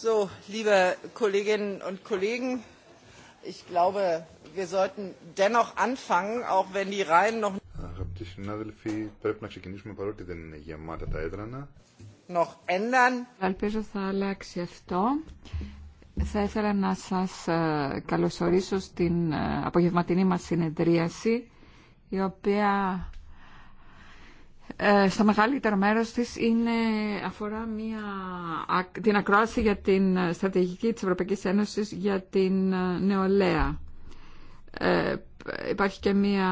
So, liebe Kolleginnen und Kollegen, ich glaube, wir sollten dennoch anfangen, auch wenn die Reihen noch Αγαπητοί συνάδελφοι, πρέπει να ξεκινήσουμε παρότι δεν είναι γεμάτα τα έδρανα. Noch ändern. Ελπίζω θα αλλάξει αυτό. Θα ήθελα να σας ε, καλωσορίσω στην ε, απογευματινή μας συνεδρίαση, η οποία ε, Στα μεγαλύτερο μέρος της είναι, αφορά μια, την ακρόαση για την στρατηγική της Ευρωπαϊκής Ένωσης για την ε, νεολαία. Ε, υπάρχει και μια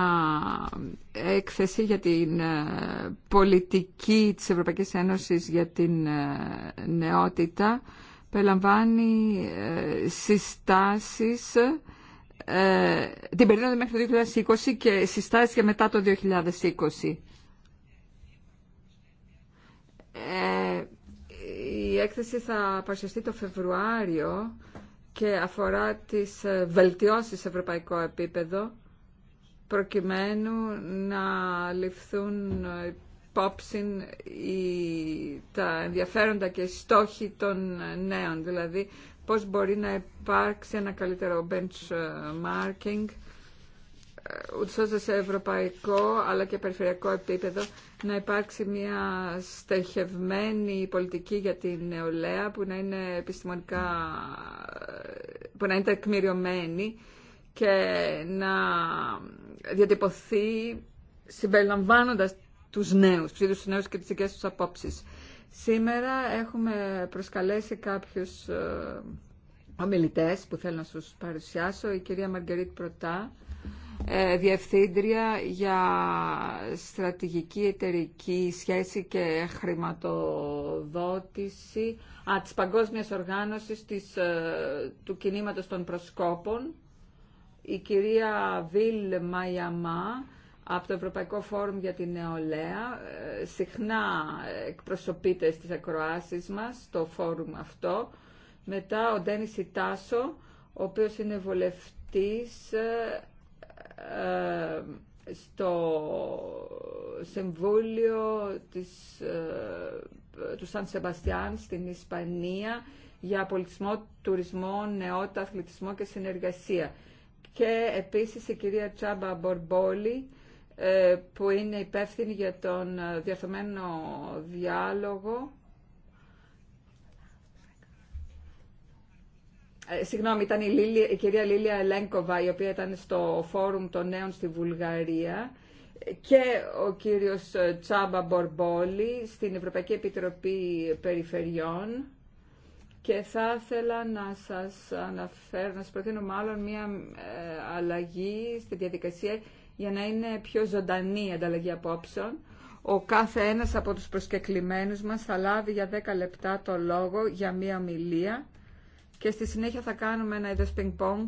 έκθεση για την ε, πολιτική της Ευρωπαϊκής Ένωσης για την νεότητα. πελαμβάνει συστάσεις ε, την περίοδο μέχρι το 2020 και συστάσεις για μετά το 2020. Ε, η έκθεση θα παρουσιαστεί το Φεβρουάριο και αφορά τις ε, βελτιώσεις σε ευρωπαϊκό επίπεδο προκειμένου να ληφθούν υπόψη τα ενδιαφέροντα και στόχοι των νέων, δηλαδή πώς μπορεί να υπάρξει ένα καλύτερο benchmarking ούτως σε ευρωπαϊκό αλλά και περιφερειακό επίπεδο να υπάρξει μια στοχευμένη πολιτική για την νεολαία που να είναι επιστημονικά, που να είναι τεκμηριωμένη και να διατυπωθεί συμπεριλαμβάνοντας τους νέους, τους ίδιους νέους και τις δικές τους απόψεις. Σήμερα έχουμε προσκαλέσει κάποιους ε, ομιλητές που θέλω να σας παρουσιάσω. Η κυρία Μαργκερίτ Πρωτά, ε, διευθύντρια για στρατηγική εταιρική σχέση και χρηματοδότηση α, της Παγκόσμιας Οργάνωσης της, ε, του Κινήματος των Προσκόπων, η κυρία Βίλ Μαϊαμά από το Ευρωπαϊκό Φόρουμ για την Νεολαία. Ε, συχνά εκπροσωπείται στις ακροάσεις μας το φόρουμ αυτό. Μετά ο Ντένις Ιτάσο, ο οποίος είναι βολευτής στο Συμβούλιο της, ε, του Σαν Σεμπαστιάν στην Ισπανία για πολιτισμό, τουρισμό, νεότητα, αθλητισμό και συνεργασία. Και επίσης η κυρία Τσάμπα Μπορμπόλη ε, που είναι υπεύθυνη για τον ε, διαρθωμένο διάλογο Ε, συγγνώμη, ήταν η, Λίλια, κυρία Λίλια Ελέγκοβα, η οποία ήταν στο φόρουμ των νέων στη Βουλγαρία και ο κύριος ε, Τσάμπα Μπορμπόλη στην Ευρωπαϊκή Επιτροπή Περιφερειών και θα ήθελα να σας αναφέρω, να σας προτείνω μάλλον μια ε, αλλαγή στη διαδικασία για να είναι πιο ζωντανή η ανταλλαγή απόψεων. Ο κάθε ένας από τους προσκεκλημένους μας θα λάβει για 10 λεπτά το λόγο για μια ομιλία και στη συνέχεια θα κάνουμε ένα ping pong,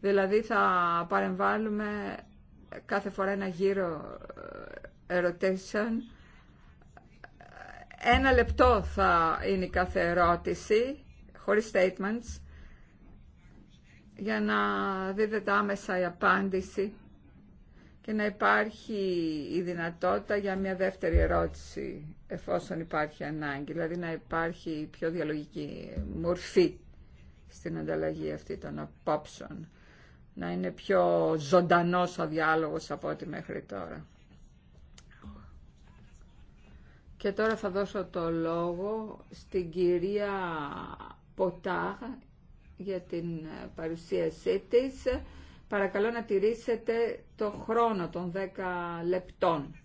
Δηλαδή θα παρεμβάλλουμε κάθε φορά ένα γύρο ερωτήσεων. Ένα λεπτό θα είναι κάθε ερώτηση, χωρίς statements, για να δίδεται άμεσα η απάντηση και να υπάρχει η δυνατότητα για μια δεύτερη ερώτηση εφόσον υπάρχει ανάγκη, δηλαδή να υπάρχει πιο διαλογική μορφή στην ανταλλαγή αυτή των απόψεων, να είναι πιο ζωντανός ο διάλογος από ό,τι μέχρι τώρα. Και τώρα θα δώσω το λόγο στην κυρία Ποτά για την παρουσίασή της Παρακαλώ να τηρήσετε το χρόνο των 10 λεπτών.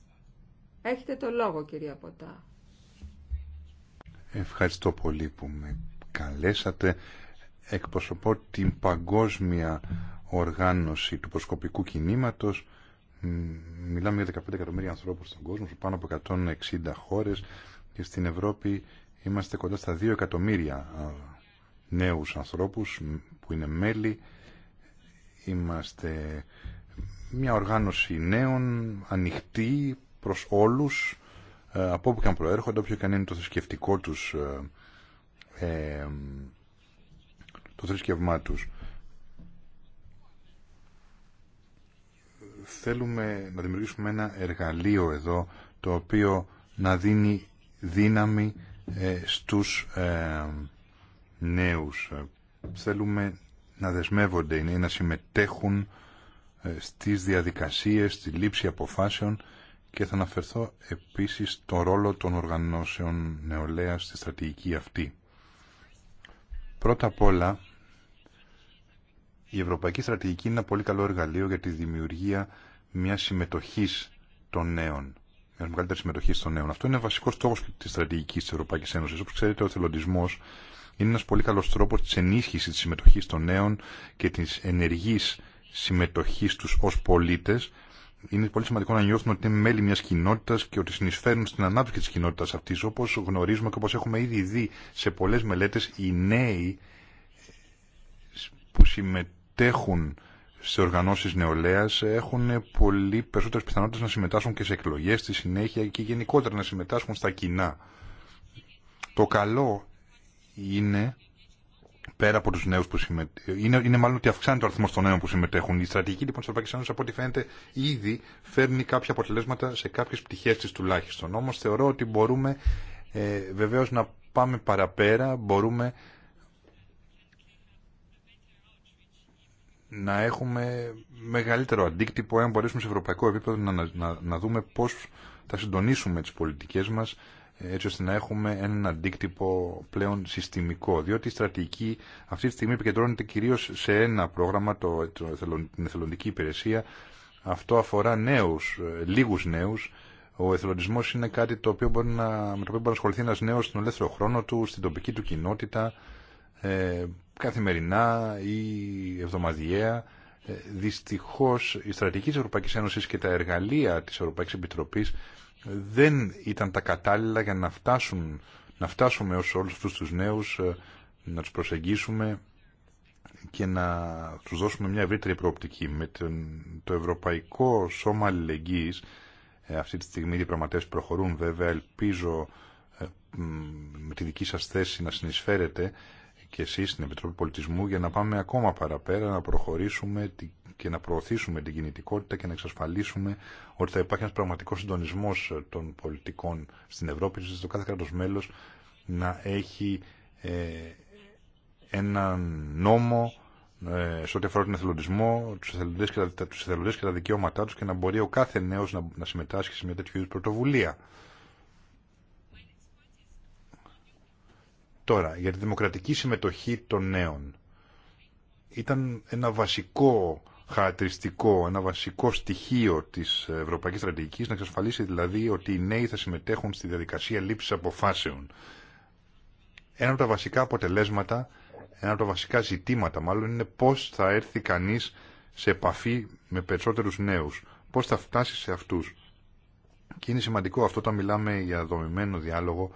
Έχετε το λόγο, κυρία Ποτά. Ευχαριστώ πολύ που με καλέσατε. Εκπροσωπώ την παγκόσμια οργάνωση του προσκοπικού κινήματος. Μιλάμε για 15 εκατομμύρια ανθρώπους στον κόσμο, πάνω από 160 χώρες και στην Ευρώπη είμαστε κοντά στα 2 εκατομμύρια νέους ανθρώπους που είναι μέλη Είμαστε μια οργάνωση νέων, ανοιχτή προς όλους, ε, από όπου και αν προέρχονται, όποιο και αν είναι το θρησκευτικό τους, ε, ε, το θρησκευμά τους. Θέλουμε να δημιουργήσουμε ένα εργαλείο εδώ, το οποίο να δίνει δύναμη στους νέους. Θέλουμε να δεσμεύονται, ή να συμμετέχουν ε, στις διαδικασίες, στη λήψη αποφάσεων και θα αναφερθώ επίσης τον ρόλο των οργανώσεων νεολαία στη στρατηγική αυτή. Πρώτα απ' όλα, η Ευρωπαϊκή Στρατηγική είναι ένα πολύ καλό εργαλείο για τη δημιουργία μιας συμμετοχής των νέων. Μια μεγαλύτερη συμμετοχή των νέων. Αυτό είναι βασικό στόχο τη στρατηγική τη Ευρωπαϊκή Ένωση. Όπω ξέρετε, ο θελοντισμό είναι ένας πολύ καλός τρόπος της ενίσχυσης της συμμετοχής των νέων και της ενεργής συμμετοχής τους ως πολίτες. Είναι πολύ σημαντικό να νιώθουν ότι είναι μέλη μιας κοινότητας και ότι συνεισφέρουν στην ανάπτυξη της κοινότητας αυτής. Όπως γνωρίζουμε και όπως έχουμε ήδη δει σε πολλές μελέτες, οι νέοι που συμμετέχουν σε οργανώσεις νεολαίας έχουν πολύ περισσότερες πιθανότητες να συμμετάσχουν και σε εκλογές στη συνέχεια και γενικότερα να συμμετάσχουν στα κοινά. Το καλό είναι πέρα από του νέου που συμμετέχουν. Είναι, είναι μάλλον ότι αυξάνεται ο αριθμό των νέων που συμμετέχουν. Η στρατηγική λοιπόν τη Ευρωπαϊκή Ένωση, από ό,τι φαίνεται, ήδη φέρνει κάποια αποτελέσματα σε κάποιε πτυχέ τη τουλάχιστον. Όμω θεωρώ ότι μπορούμε ε, βεβαίω να πάμε παραπέρα, μπορούμε να έχουμε μεγαλύτερο αντίκτυπο, εάν μπορέσουμε σε ευρωπαϊκό επίπεδο να, να, να δούμε πώ θα συντονίσουμε τι πολιτικέ μα έτσι ώστε να έχουμε έναν αντίκτυπο πλέον συστημικό. Διότι η στρατηγική αυτή τη στιγμή επικεντρώνεται κυρίω σε ένα πρόγραμμα, το, την εθελοντική υπηρεσία. Αυτό αφορά νέου, ε, λίγου νέου. Ο εθελοντισμό είναι κάτι το οποίο μπορεί να, με το οποίο μπορεί να ασχοληθεί ένα νέο στον ελεύθερο χρόνο του, στην τοπική του κοινότητα, ε, καθημερινά ή εβδομαδιαία. Ε, δυστυχώς η στρατηγική τη Ευρωπαϊκή Ένωση και τα εργαλεία της Ευρωπαϊκής Επιτροπής δεν ήταν τα κατάλληλα για να, φτάσουν, να φτάσουμε ως όλους αυτούς τους νέους, ε, να τους προσεγγίσουμε και να τους δώσουμε μια ευρύτερη προοπτική. Με το Ευρωπαϊκό Σώμα Αλληλεγγύης, ε, αυτή τη στιγμή οι προχωρούν βέβαια, ελπίζω ε, με τη δική σας θέση να συνεισφέρετε και εσείς στην Επιτροπή Πολιτισμού για να πάμε ακόμα παραπέρα, να προχωρήσουμε και να προωθήσουμε την κινητικότητα και να εξασφαλίσουμε ότι θα υπάρχει ένας πραγματικός συντονισμός των πολιτικών στην Ευρώπη, ώστε το κάθε κράτος μέλος να έχει ε, έναν νόμο ε, σε ό,τι αφορά τον εθελοντισμό, τους εθελοντές, και τα, δικαιώματά τους και να μπορεί ο κάθε νέος να, να συμμετάσχει σε μια τέτοια πρωτοβουλία. Τώρα, για τη δημοκρατική συμμετοχή των νέων. Ήταν ένα βασικό χαρακτηριστικό, ένα βασικό στοιχείο της Ευρωπαϊκής Στρατηγικής, να εξασφαλίσει δηλαδή ότι οι νέοι θα συμμετέχουν στη διαδικασία λήψης αποφάσεων. Ένα από τα βασικά αποτελέσματα, ένα από τα βασικά ζητήματα μάλλον είναι πώς θα έρθει κανείς σε επαφή με περισσότερους νέους, πώς θα φτάσει σε αυτούς. Και είναι σημαντικό αυτό όταν μιλάμε για δομημένο διάλογο,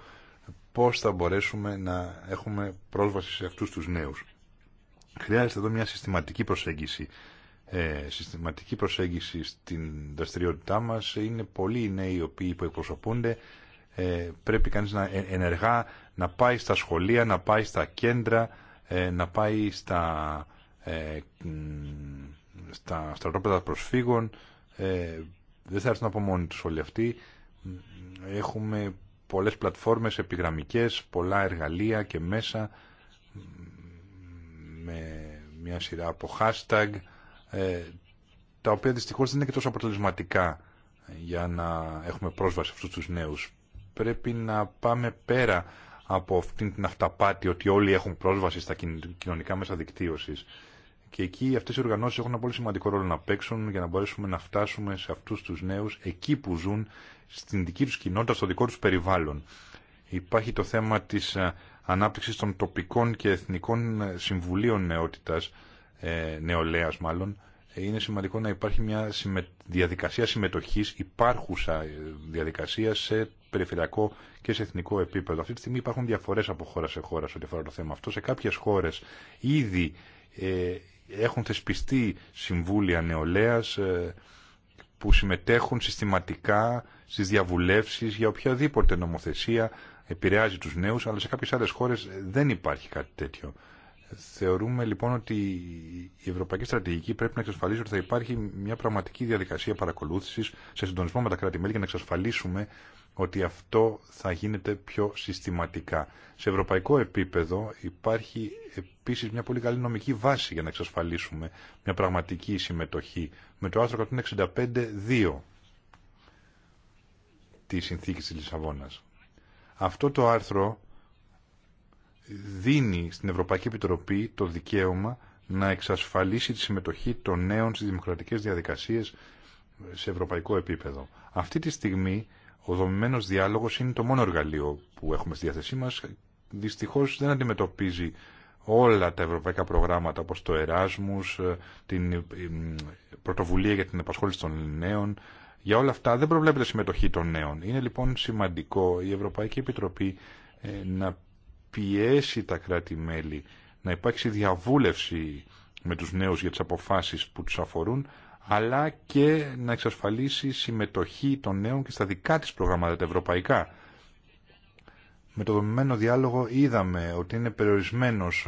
πώς θα μπορέσουμε να έχουμε πρόσβαση σε αυτούς τους νέους. Χρειάζεται εδώ μια συστηματική προσέγγιση ε, συστηματική προσέγγιση στην δραστηριότητά μας. Είναι πολλοί οι νέοι οι οποίοι υποεκπροσωπούνται. Ε, πρέπει κανείς να ε, ενεργά να πάει στα σχολεία, να πάει στα κέντρα, να πάει στα, στα στρατόπεδα προσφύγων. δεν θα έρθουν από μόνοι τους όλοι αυτοί. Έχουμε πολλές πλατφόρμες επιγραμμικές, πολλά εργαλεία και μέσα με μια σειρά από hashtag, ε, τα οποία δυστυχώς δεν είναι και τόσο αποτελεσματικά για να έχουμε πρόσβαση σε αυτούς τους νέους. Πρέπει να πάμε πέρα από αυτήν την αυταπάτη ότι όλοι έχουν πρόσβαση στα κοινωνικά μέσα δικτύωσης. Και εκεί αυτές οι οργανώσεις έχουν ένα πολύ σημαντικό ρόλο να παίξουν για να μπορέσουμε να φτάσουμε σε αυτούς τους νέους εκεί που ζουν, στην δική τους κοινότητα, στο δικό τους περιβάλλον. Υπάρχει το θέμα της ε, ανάπτυξης των τοπικών και εθνικών ε, συμβουλίων νεότητας ε, νεολαίας μάλλον, είναι σημαντικό να υπάρχει μια διαδικασία συμμετοχή, υπάρχουσα ε, διαδικασία σε περιφερειακό και σε εθνικό επίπεδο. Αυτή τη στιγμή υπάρχουν διαφορέ από χώρα σε χώρα σε ό,τι αφορά το θέμα αυτό. Σε κάποιε χώρε ήδη ε, έχουν θεσπιστεί συμβούλια νεολαία ε, που συμμετέχουν συστηματικά στι διαβουλεύσεις για οποιαδήποτε νομοθεσία επηρεάζει τους νέους, αλλά σε κάποιες άλλες χώρες δεν υπάρχει κάτι τέτοιο. Θεωρούμε λοιπόν ότι η Ευρωπαϊκή Στρατηγική πρέπει να εξασφαλίσει ότι θα υπάρχει μια πραγματική διαδικασία παρακολούθηση σε συντονισμό με τα κράτη-μέλη για να εξασφαλίσουμε ότι αυτό θα γίνεται πιο συστηματικά. Σε ευρωπαϊκό επίπεδο υπάρχει επίση μια πολύ καλή νομική βάση για να εξασφαλίσουμε μια πραγματική συμμετοχή με το άρθρο 165.2 τη συνθήκη τη Λισαβόνα. Αυτό το άρθρο δίνει στην Ευρωπαϊκή Επιτροπή το δικαίωμα να εξασφαλίσει τη συμμετοχή των νέων στις δημοκρατικές διαδικασίες σε ευρωπαϊκό επίπεδο. Αυτή τη στιγμή ο δομημένος διάλογος είναι το μόνο εργαλείο που έχουμε στη διάθεσή μας. Δυστυχώς δεν αντιμετωπίζει όλα τα ευρωπαϊκά προγράμματα όπως το Εράσμους, την ε, πρωτοβουλία για την επασχόληση των νέων. Για όλα αυτά δεν προβλέπεται συμμετοχή των νέων. Είναι λοιπόν σημαντικό η Ευρωπαϊκή Επιτροπή ε, να πιέσει τα κράτη-μέλη να υπάρξει διαβούλευση με τους νέους για τις αποφάσεις που τους αφορούν, αλλά και να εξασφαλίσει συμμετοχή των νέων και στα δικά της προγράμματα τα ευρωπαϊκά. Με το δομημένο διάλογο είδαμε ότι είναι περιορισμένος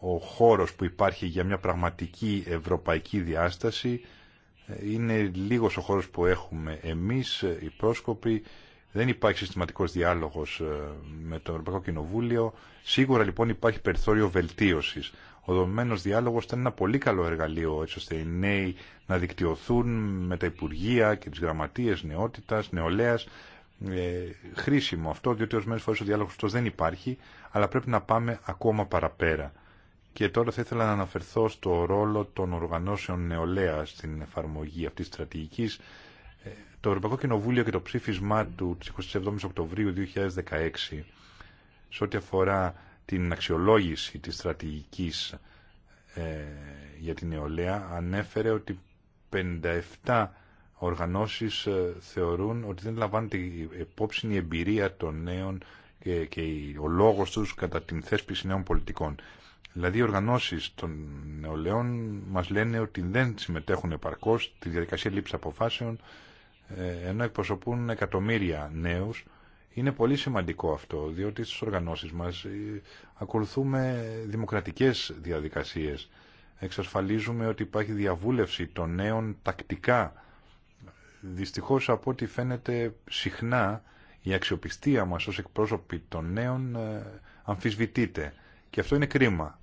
ο χώρος που υπάρχει για μια πραγματική ευρωπαϊκή διάσταση. Ε, είναι λίγος ο χώρος που έχουμε εμείς, οι πρόσκοποι, δεν υπάρχει συστηματικό διάλογο ε, με το Ευρωπαϊκό Κοινοβούλιο. Σίγουρα λοιπόν υπάρχει περιθώριο βελτίωση. Ο δομημένο διάλογο ήταν ένα πολύ καλό εργαλείο έτσι ώστε οι νέοι να δικτυωθούν με τα Υπουργεία και τι γραμματείες νεότητα, νεολαία. Ε, χρήσιμο αυτό, διότι ορισμένε φορέ ο διάλογο αυτό δεν υπάρχει, αλλά πρέπει να πάμε ακόμα παραπέρα. Και τώρα θα ήθελα να αναφερθώ στο ρόλο των οργανώσεων νεολαία στην εφαρμογή αυτή τη στρατηγική. Το Ευρωπαϊκό Κοινοβούλιο και το ψήφισμά του 27 Οκτωβρίου 2016 σε ό,τι αφορά την αξιολόγηση της στρατηγικής ε, για την νεολαία ανέφερε ότι 57 οργανώσεις ε, θεωρούν ότι δεν λαμβάνεται υπόψη η εμπειρία των νέων και, και ο λόγος τους κατά την θέσπιση νέων πολιτικών. Δηλαδή οι οργανώσεις των νεολαίων μας λένε ότι δεν συμμετέχουν επαρκώς στη διαδικασία λήψης αποφάσεων ενώ εκπροσωπούν εκατομμύρια νέους. Είναι πολύ σημαντικό αυτό, διότι στις οργανώσεις μας ε, ακολουθούμε δημοκρατικές διαδικασίες. Εξασφαλίζουμε ότι υπάρχει διαβούλευση των νέων τακτικά. Δυστυχώς από ό,τι φαίνεται συχνά η αξιοπιστία μας ως εκπρόσωποι των νέων ε, αμφισβητείται. Και αυτό είναι κρίμα,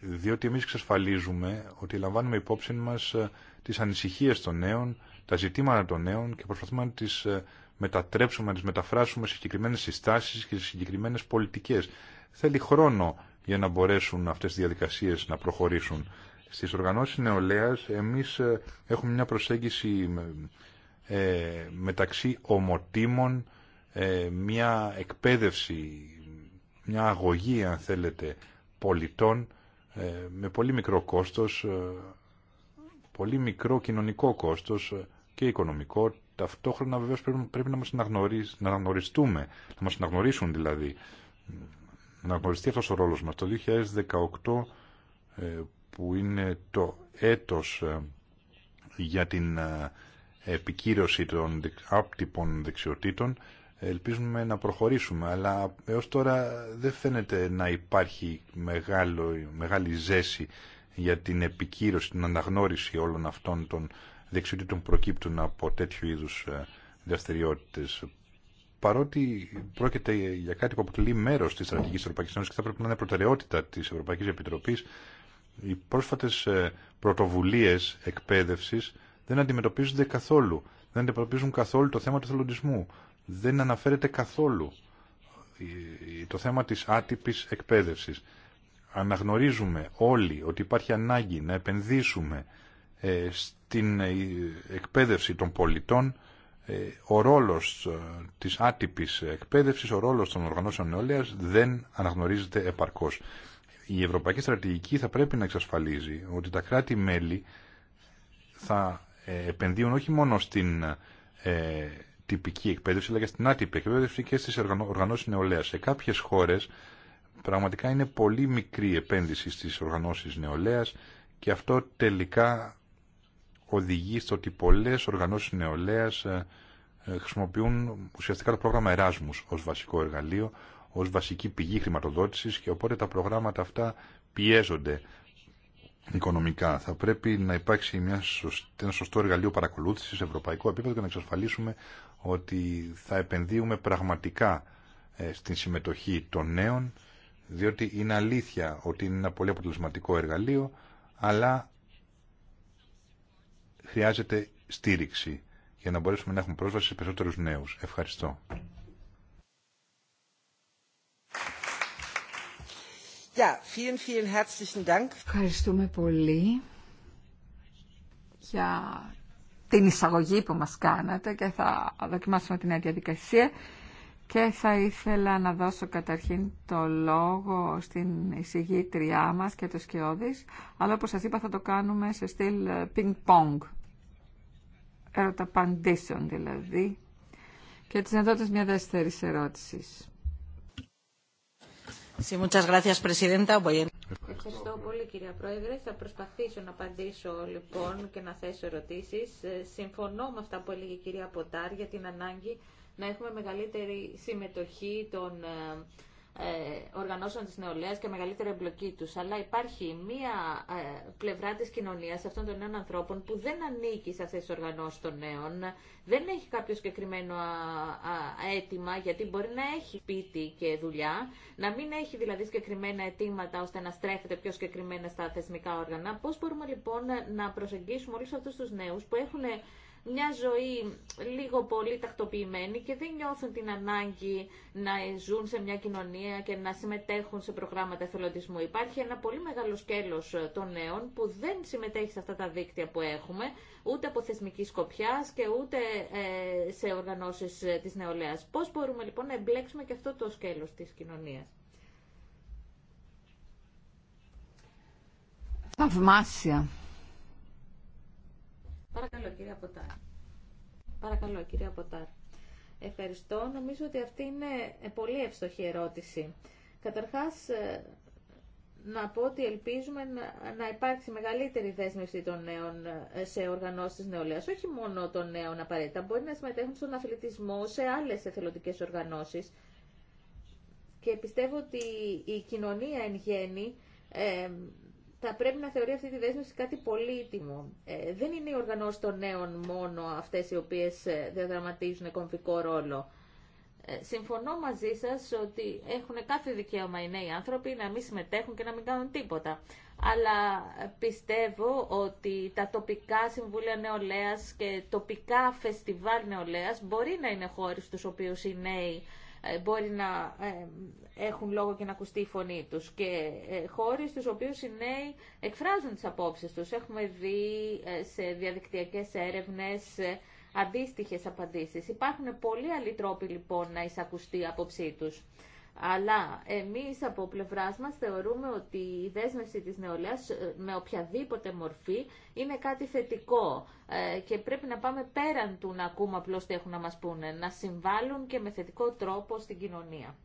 διότι εμείς εξασφαλίζουμε ότι λαμβάνουμε υπόψη μας ε, τις ανησυχίες των νέων, τα ζητήματα των νέων και προσπαθούμε να τις ε, μετατρέψουμε, να τις μεταφράσουμε σε συγκεκριμένες συστάσεις και σε συγκεκριμένες πολιτικές. Θέλει χρόνο για να μπορέσουν αυτές οι διαδικασίες να προχωρήσουν. Στις οργανώσεις νεολαίας εμείς ε, έχουμε μια προσέγγιση ε, μεταξύ ομοτήμων, μια εκπαίδευση, μια αγωγή αν θέλετε πολιτών με πολύ μικρό κόστος πολύ μικρό κοινωνικό κόστος και οικονομικό. Ταυτόχρονα βεβαίως πρέπει να μας να αναγνωριστούμε, να μας αναγνωρίσουν δηλαδή, να γνωριστεί αυτός ο ρόλος μας. Το 2018 ε, που είναι το έτος ε, για την ε, επικύρωση των άπτυπων δεξιοτήτων, ελπίζουμε να προχωρήσουμε, αλλά έως τώρα δεν φαίνεται να υπάρχει μεγάλο, μεγάλη ζέση για την επικύρωση, την αναγνώριση όλων αυτών των δεξιότητων που προκύπτουν από τέτοιου είδους ε, δραστηριότητε. Παρότι πρόκειται για κάτι που αποτελεί μέρο τη στρατηγική τη Ευρωπαϊκή Ένωση και θα πρέπει να είναι προτεραιότητα τη Ευρωπαϊκή Επιτροπή, οι πρόσφατε πρωτοβουλίε εκπαίδευση δεν αντιμετωπίζονται καθόλου. Δεν αντιμετωπίζουν καθόλου το θέμα του θελοντισμού. Δεν αναφέρεται καθόλου ε, το θέμα της άτυπης εκπαίδευση αναγνωρίζουμε όλοι ότι υπάρχει ανάγκη να επενδύσουμε ε, στην ε, εκπαίδευση των πολιτών, ε, ο ρόλος της άτυπης εκπαίδευσης, ο ρόλος των οργανώσεων νεολαίας δεν αναγνωρίζεται επαρκώς. Η Ευρωπαϊκή Στρατηγική θα πρέπει να εξασφαλίζει ότι τα κράτη-μέλη θα επενδύουν όχι μόνο στην τυπική εκπαίδευση, αλλά και στην άτυπη εκπαίδευση και στις οργανώσεις νεολαίας. Σε κάποιες χώρες πραγματικά είναι πολύ μικρή επένδυση στις οργανώσεις νεολαίας και αυτό τελικά οδηγεί στο ότι πολλές οργανώσεις νεολαίας ε, ε, χρησιμοποιούν ουσιαστικά το πρόγραμμα εράσμους ως βασικό εργαλείο, ως βασική πηγή χρηματοδότησης και οπότε τα προγράμματα αυτά πιέζονται οικονομικά. Θα πρέπει να υπάρξει μια σωστή, ένα σωστό εργαλείο παρακολούθησης σε ευρωπαϊκό επίπεδο και να εξασφαλίσουμε ότι θα επενδύουμε πραγματικά ε, στην συμμετοχή των νέων διότι είναι αλήθεια ότι είναι ένα πολύ αποτελεσματικό εργαλείο, αλλά χρειάζεται στήριξη για να μπορέσουμε να έχουμε πρόσβαση σε περισσότερους νέους. Ευχαριστώ. Ευχαριστούμε πολύ για την εισαγωγή που μας κάνατε και θα δοκιμάσουμε την διαδικασία. Και θα ήθελα να δώσω καταρχήν το λόγο στην εισηγήτριά μας και το Σκιώδης, αλλά όπως σας είπα θα το κάνουμε σε στυλ ping-pong, ερωταπαντήσεων δηλαδή, και της ενδότητας μια δεύτερη ερώτηση. Ευχαριστώ πολύ κυρία Πρόεδρε. Θα προσπαθήσω να απαντήσω λοιπόν και να θέσω ερωτήσει. Ε, συμφωνώ με αυτά που έλεγε η κυρία Ποτάρ για την ανάγκη να έχουμε μεγαλύτερη συμμετοχή των ε, ε, οργανώσεων της νεολαίας και μεγαλύτερη εμπλοκή τους. Αλλά υπάρχει μία ε, πλευρά της κοινωνίας αυτών των νέων ανθρώπων που δεν ανήκει σε αυτές τις οργανώσεις των νέων, δεν έχει κάποιο συγκεκριμένο α, αίτημα, γιατί μπορεί να έχει σπίτι και δουλειά, να μην έχει δηλαδή συγκεκριμένα αιτήματα ώστε να στρέφεται πιο συγκεκριμένα στα θεσμικά όργανα. Πώς μπορούμε λοιπόν να προσεγγίσουμε όλους αυτούς τους νέους που έχουν μια ζωή λίγο πολύ τακτοποιημένη και δεν νιώθουν την ανάγκη να ζουν σε μια κοινωνία και να συμμετέχουν σε προγράμματα εθελοντισμού. Υπάρχει ένα πολύ μεγάλο σκέλος των νέων που δεν συμμετέχει σε αυτά τα δίκτυα που έχουμε, ούτε από θεσμική σκοπιά και ούτε ε, σε οργανώσεις ε, της νεολαίας. Πώς μπορούμε λοιπόν να εμπλέξουμε και αυτό το σκέλος τη κοινωνία. Θαυμάσια. Παρακαλώ, κυρία Ποτάρ. Παρακαλώ, κυρία Ποτάρ. Ευχαριστώ. Νομίζω ότι αυτή είναι πολύ ευστοχή ερώτηση. Καταρχάς, ε, να πω ότι ελπίζουμε να υπάρξει μεγαλύτερη δέσμευση των νέων ε, σε οργανώσεις νεολαίας, όχι μόνο των νέων απαραίτητα, μπορεί να συμμετέχουν στον αθλητισμό, σε άλλες εθελοντικέ οργανώσει. Και πιστεύω ότι η κοινωνία εν γέννη ε, θα πρέπει να θεωρεί αυτή τη δέσμευση κάτι πολύτιμο. Ε, δεν είναι οι οργανώσει των νέων μόνο αυτές οι οποίες ε, διαδραματίζουν κομβικό ρόλο. Ε, συμφωνώ μαζί σα ότι έχουν κάθε δικαίωμα οι νέοι άνθρωποι να μην συμμετέχουν και να μην κάνουν τίποτα. Αλλά πιστεύω ότι τα τοπικά συμβούλια νεολαία και τοπικά φεστιβάλ νεολαία μπορεί να είναι χώρες στου οποίου οι νέοι ε, μπορεί να ε, έχουν λόγο και να ακουστεί η φωνή τους και ε, χώρες στους οποίους οι νέοι εκφράζουν τις απόψεις τους. Έχουμε δει σε διαδικτυακές έρευνες αντίστοιχες απαντήσεις. Υπάρχουν πολλοί άλλοι τρόποι λοιπόν να εισακουστεί η άποψή τους. Αλλά εμείς από πλευρά μας θεωρούμε ότι η δέσμευση της νεολαίας ε, με οποιαδήποτε μορφή είναι κάτι θετικό ε, και πρέπει να πάμε πέραν του να ακούμε απλώ τι έχουν να μας πούνε, να συμβάλλουν και με θετικό τρόπο στην κοινωνία.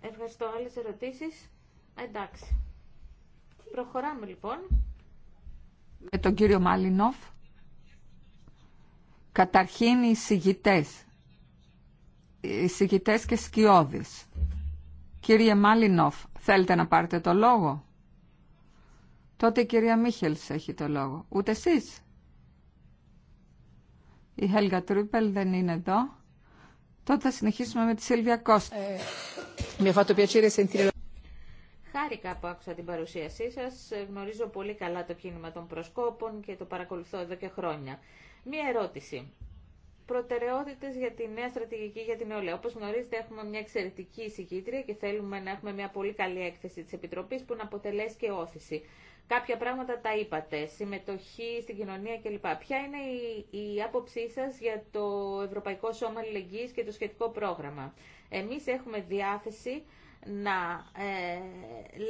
Ευχαριστώ. Άλλες ερωτήσεις. Εντάξει. Προχωράμε λοιπόν. Με τον κύριο Μάλινοφ. Καταρχήν οι συγητές εισηγητέ και σκιώδεις. Κύριε Μάλινοφ, θέλετε να πάρετε το λόγο. Τότε η κυρία Μίχελς έχει το λόγο. Ούτε εσείς. Η Χέλγα Τρούπελ δεν είναι εδώ. Τότε θα συνεχίσουμε με τη Σίλβια Κώστα. Ε, Χάρηκα που άκουσα την παρουσίασή σας. Γνωρίζω πολύ καλά το κίνημα των προσκόπων και το παρακολουθώ εδώ και χρόνια. Μία ερώτηση προτεραιότητε για τη νέα στρατηγική για την νεολαία. Όπω γνωρίζετε έχουμε μια εξαιρετική συγκήτρια και θέλουμε να έχουμε μια πολύ καλή έκθεση τη Επιτροπή που να αποτελέσει και όθηση. Κάποια πράγματα τα είπατε, συμμετοχή στην κοινωνία κλπ. Ποια είναι η, η άποψή σα για το Ευρωπαϊκό Σώμα Αλληλεγγύη και το σχετικό πρόγραμμα. Εμεί έχουμε διάθεση να ε,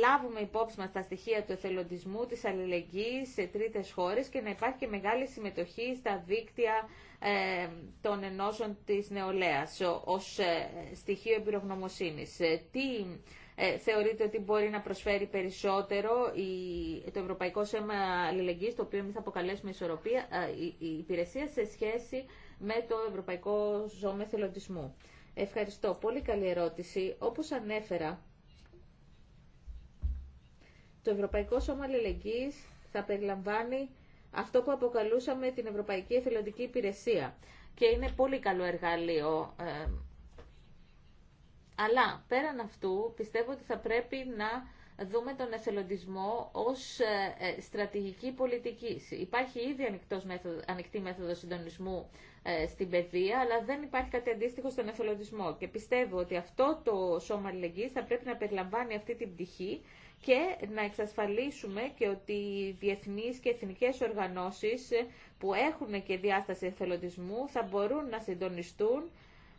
λάβουμε υπόψη μας τα στοιχεία του εθελοντισμού, της αλληλεγγύης σε τρίτες χώρες και να υπάρχει και μεγάλη συμμετοχή στα δίκτυα ε, των ενώσεων της νεολαίας ως ε, στοιχείο εμπειρογνωμοσύνης. Ε, τι θεωρείτε ότι μπορεί να προσφέρει περισσότερο το Ευρωπαϊκό Σέμα Αλληλεγγύης, το οποίο εμείς θα αποκαλέσουμε η υπηρεσία σε σχέση με το Ευρωπαϊκό Σώμα Εθελοντισμού. Ευχαριστώ. Πολύ καλή ερώτηση. Όπως ανέφερα, το Ευρωπαϊκό Σώμα Αλληλεγγύης θα περιλαμβάνει αυτό που αποκαλούσαμε την Ευρωπαϊκή Εθελοντική Υπηρεσία. Και είναι πολύ καλό εργαλείο. Ε, αλλά πέραν αυτού πιστεύω ότι θα πρέπει να δούμε τον εθελοντισμό ως ε, ε, στρατηγική πολιτική. Υπάρχει ήδη ανοιχτός μέθοδο, ανοιχτή μέθοδος συντονισμού στην παιδεία, αλλά δεν υπάρχει κάτι αντίστοιχο στον εθελοντισμό. Και πιστεύω ότι αυτό το σώμα αλληλεγγύης θα πρέπει να περιλαμβάνει αυτή την πτυχή και να εξασφαλίσουμε και ότι οι διεθνείς και εθνικές οργανώσεις που έχουν και διάσταση εθελοντισμού θα μπορούν να συντονιστούν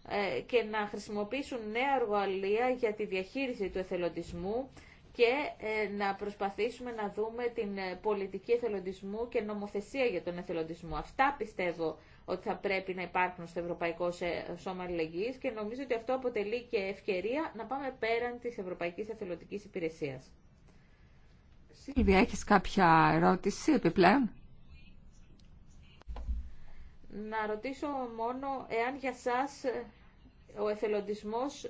ε, και να χρησιμοποιήσουν νέα εργαλεία για τη διαχείριση του εθελοντισμού και ε, να προσπαθήσουμε να δούμε την ε, πολιτική εθελοντισμού και νομοθεσία για τον εθελοντισμό. Αυτά πιστεύω ότι θα πρέπει να υπάρχουν στο Ευρωπαϊκό Σώμα Αλληλεγγύης και νομίζω ότι αυτό αποτελεί και ευκαιρία να πάμε πέραν της Ευρωπαϊκής Εθελοντικής Υπηρεσίας. Σίλβια, έχεις κάποια ερώτηση επιπλέον? Να ρωτήσω μόνο εάν για σας ε, ο εθελοντισμός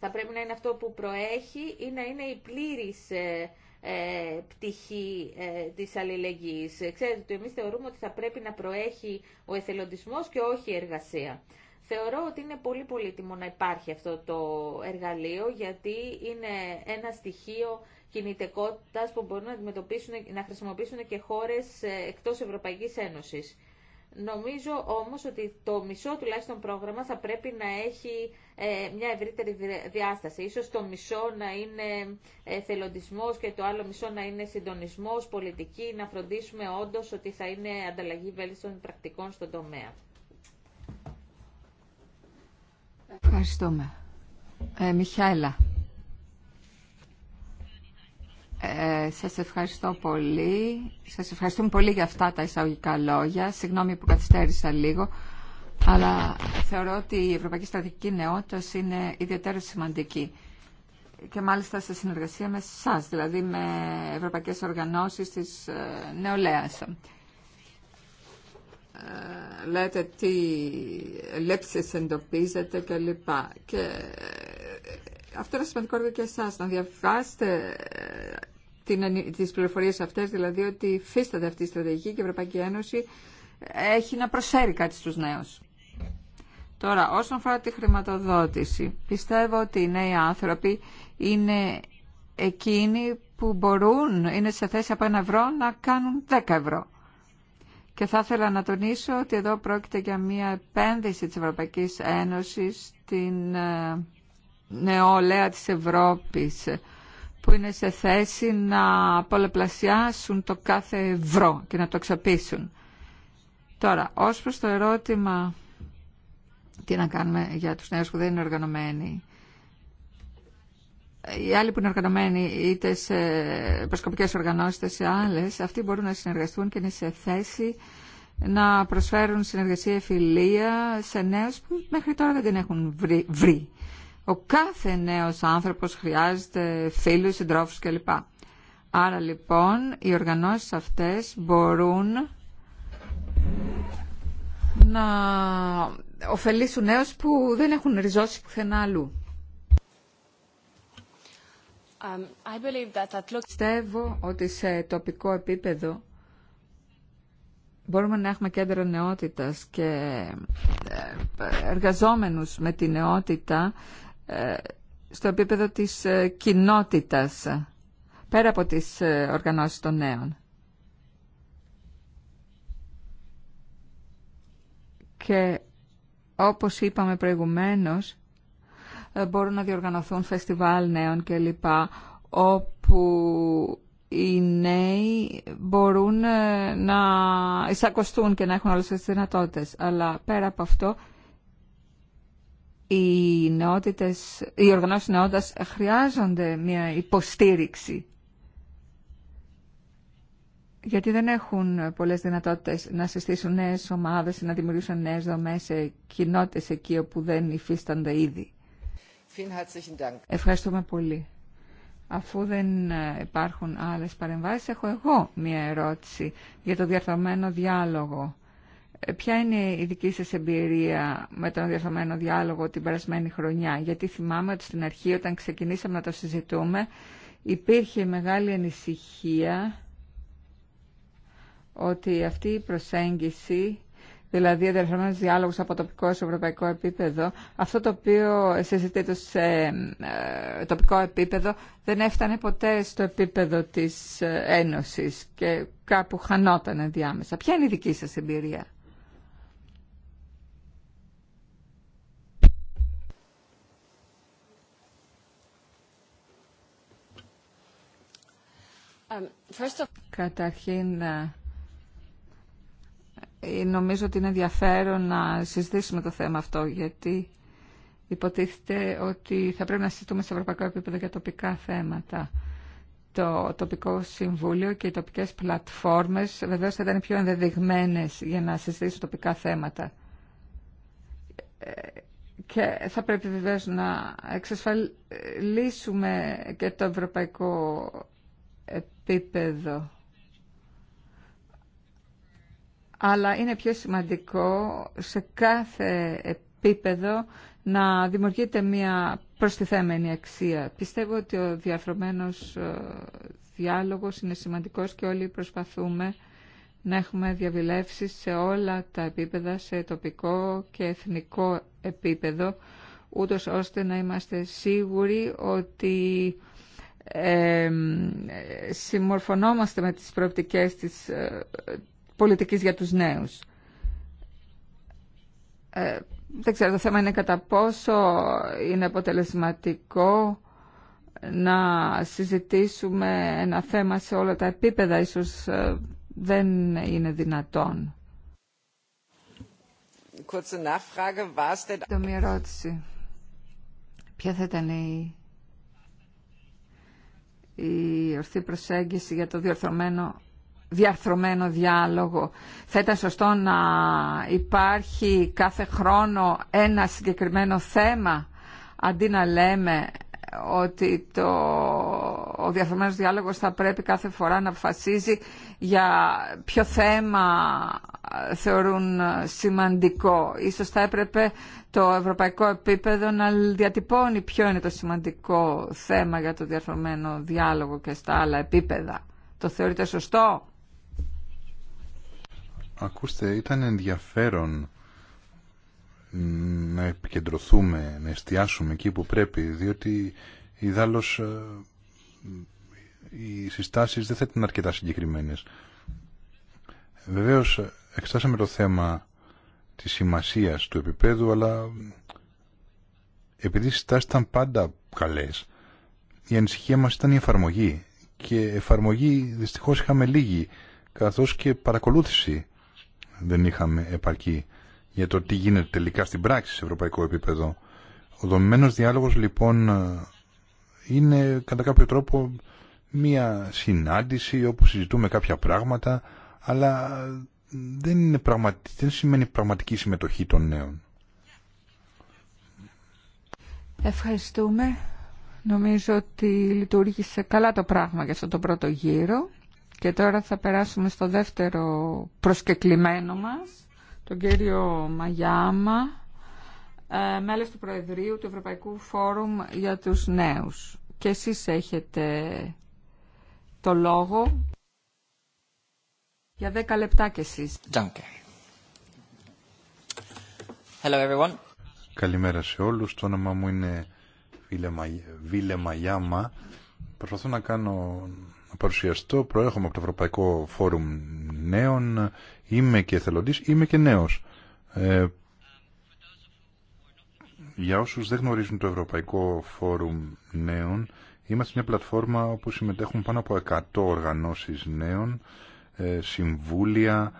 θα πρέπει να είναι αυτό που προέχει ή να είναι η πλήρης ε, ε, πτυχή της αλληλεγγύης. Ξέρετε ότι εμείς θεωρούμε ότι θα πρέπει να προέχει ο εθελοντισμός και όχι η εργασία. Θεωρώ ότι είναι πολύ πολύτιμο να υπάρχει αυτό το εργαλείο γιατί είναι ένα στοιχείο κινητικότητας που μπορούν να, αντιμετωπίσουν, να χρησιμοποιήσουν και χώρες ε, εκτός Ευρωπαϊκής Ένωσης. Νομίζω όμως ότι το μισό τουλάχιστον πρόγραμμα θα πρέπει να έχει ε, μια ευρύτερη διάσταση. Ίσως το μισό να είναι ε, θελοντισμός και το άλλο μισό να είναι συντονισμός, πολιτική, να φροντίσουμε όντως ότι θα είναι ανταλλαγή βέλτιστων πρακτικών στον τομέα. Ευχαριστούμε. Ε, Μιχαέλα. Ε, σας ευχαριστώ πολύ. Σας ευχαριστούμε πολύ για αυτά τα εισαγωγικά λόγια. Συγγνώμη που καθυστέρησα λίγο. Αλλά θεωρώ ότι η Ευρωπαϊκή Στρατηγική Νεότητας είναι ιδιαίτερα σημαντική. Και μάλιστα σε συνεργασία με εσά, δηλαδή με ευρωπαϊκές οργανώσεις της ε, νεολαίας. Ε, λέτε τι λέψεις εντοπίζετε κλπ. Και ε, αυτό είναι σημαντικό και εσά να διαβάσετε ε, τις πληροφορίες αυτές, δηλαδή ότι υφίσταται αυτή η στρατηγική και η Ευρωπαϊκή Ένωση έχει να προσφέρει κάτι στους νέους. Τώρα, όσον αφορά τη χρηματοδότηση, πιστεύω ότι οι νέοι άνθρωποι είναι εκείνοι που μπορούν, είναι σε θέση από ένα ευρώ να κάνουν δέκα ευρώ. Και θα ήθελα να τονίσω ότι εδώ πρόκειται για μια επένδυση της Ευρωπαϊκής Ένωσης στην ε, νεολαία της Ευρώπης που είναι σε θέση να πολλαπλασιάσουν το κάθε ευρώ και να το εξοπλίσουν. Τώρα, ως προς το ερώτημα τι να κάνουμε για τους νέους που δεν είναι οργανωμένοι οι άλλοι που είναι οργανωμένοι είτε σε προσκοπικές οργανώσεις είτε σε άλλες, αυτοί μπορούν να συνεργαστούν και είναι σε θέση να προσφέρουν συνεργασία φιλία σε νέους που μέχρι τώρα δεν την έχουν βρει. βρει. Ο κάθε νέος άνθρωπος χρειάζεται φίλους, συντρόφους κλπ. Άρα λοιπόν οι οργανώσεις αυτές μπορούν να ωφελήσουν νέους που δεν έχουν ριζώσει πουθενά αλλού. Um, Πιστεύω ότι σε τοπικό επίπεδο μπορούμε να έχουμε κέντρο νεότητας και ε, εργαζόμενους με τη νεότητα ε, στο επίπεδο της ε, κοινότητας πέρα από τις οργανώσεις των νέων. Και όπως είπαμε προηγουμένως, ε, μπορούν να διοργανωθούν φεστιβάλ νέων κλπ. όπου οι νέοι μπορούν ε, να εισακωστούν και να έχουν όλες τις δυνατότητες. Αλλά πέρα από αυτό, οι, νεότητες, οι οργανώσεις νεότητας χρειάζονται μια υποστήριξη. Γιατί δεν έχουν πολλές δυνατότητες να συστήσουν νέες ομάδες, να δημιουργήσουν νέες δομές σε κοινότητες εκεί όπου δεν υφίστανται ήδη. Ευχαριστούμε πολύ. Αφού δεν ε, υπάρχουν άλλες παρεμβάσεις, έχω εγώ μία ερώτηση για το διαρθωμένο διάλογο. Ε, ποια είναι η δική σας εμπειρία με τον διαρθωμένο διάλογο την περασμένη χρονιά. Γιατί θυμάμαι ότι στην αρχή όταν ξεκινήσαμε να το συζητούμε υπήρχε μεγάλη ανησυχία ότι αυτή η προσέγγιση δηλαδή ενδιαφερόμενους διάλογο από τοπικό σε ευρωπαϊκό επίπεδο, αυτό το οποίο συζητείται σε ε, τοπικό επίπεδο δεν έφτανε ποτέ στο επίπεδο της ε, Ένωσης και κάπου χανόταν ενδιάμεσα. Ποια είναι η δική σας εμπειρία? Um, Καταρχήν, νομίζω ότι είναι ενδιαφέρον να συζητήσουμε το θέμα αυτό, γιατί υποτίθεται ότι θα πρέπει να συζητούμε σε ευρωπαϊκό επίπεδο για τοπικά θέματα. Το τοπικό συμβούλιο και οι τοπικές πλατφόρμες βεβαίως θα ήταν πιο ενδεδειγμένες για να συζητήσουν τοπικά θέματα. Και θα πρέπει βεβαίως να εξασφαλίσουμε και το ευρωπαϊκό επίπεδο αλλά είναι πιο σημαντικό σε κάθε επίπεδο να δημιουργείται μια προστιθέμενη αξία. Πιστεύω ότι ο διαφρομένος ε, διάλογος είναι σημαντικός και όλοι προσπαθούμε να έχουμε διαβιλεύσεις σε όλα τα επίπεδα, σε τοπικό και εθνικό επίπεδο, ούτως ώστε να είμαστε σίγουροι ότι ε, συμμορφωνόμαστε με τις προοπτικές της, ε, πολιτικής για τους νέους. Ε, δεν ξέρω, το θέμα είναι κατά πόσο είναι αποτελεσματικό να συζητήσουμε ένα θέμα σε όλα τα επίπεδα. Ίσως ε, δεν είναι δυνατόν. Το μία ερώτηση. Ποια θα ήταν η... η ορθή προσέγγιση για το διορθωμένο διαρθρωμένο διάλογο. Θα ήταν σωστό να υπάρχει κάθε χρόνο ένα συγκεκριμένο θέμα αντί να λέμε ότι το, ο διαρθρωμένος διάλογος θα πρέπει κάθε φορά να αποφασίζει για ποιο θέμα θεωρούν σημαντικό. Ίσως θα έπρεπε το ευρωπαϊκό επίπεδο να διατυπώνει ποιο είναι το σημαντικό θέμα για το διαρθρωμένο διάλογο και στα άλλα επίπεδα. Το θεωρείτε σωστό. Ακούστε, ήταν ενδιαφέρον να επικεντρωθούμε, να εστιάσουμε εκεί που πρέπει, διότι δάλος ε, οι συστάσεις δεν θα ήταν αρκετά συγκεκριμένες. Βεβαίως, εξτάσαμε το θέμα της σημασίας του επίπεδου, αλλά επειδή οι ήταν πάντα καλές, η ανησυχία μας ήταν η εφαρμογή. Και εφαρμογή δυστυχώς είχαμε λίγη, καθώς και παρακολούθηση δεν είχαμε επαρκή για το τι γίνεται τελικά στην πράξη σε ευρωπαϊκό επίπεδο. Ο δομημένος διάλογος λοιπόν είναι κατά κάποιο τρόπο μία συνάντηση όπου συζητούμε κάποια πράγματα αλλά δεν, είναι πραγματι... δεν σημαίνει πραγματική συμμετοχή των νέων. Ευχαριστούμε. Νομίζω ότι λειτουργήσε καλά το πράγμα για αυτό το πρώτο γύρο. Και τώρα θα περάσουμε στο δεύτερο προσκεκλημένο μας, τον κύριο Μαγιάμα, ε, μέλος του Προεδρείου του Ευρωπαϊκού Φόρουμ για τους Νέους. Και εσείς έχετε το λόγο για 10 λεπτά κι εσείς. Hello everyone. Καλημέρα σε όλους. Το όνομα μου είναι Βίλε Μαγιάμα. Προσπαθώ να κάνω παρουσιαστώ, προέρχομαι από το Ευρωπαϊκό Φόρουμ Νέων, είμαι και εθελοντής, είμαι και νέος. Ε, για όσους δεν γνωρίζουν το Ευρωπαϊκό Φόρουμ Νέων, είμαστε μια πλατφόρμα όπου συμμετέχουν πάνω από 100 οργανώσεις νέων, ε, συμβούλια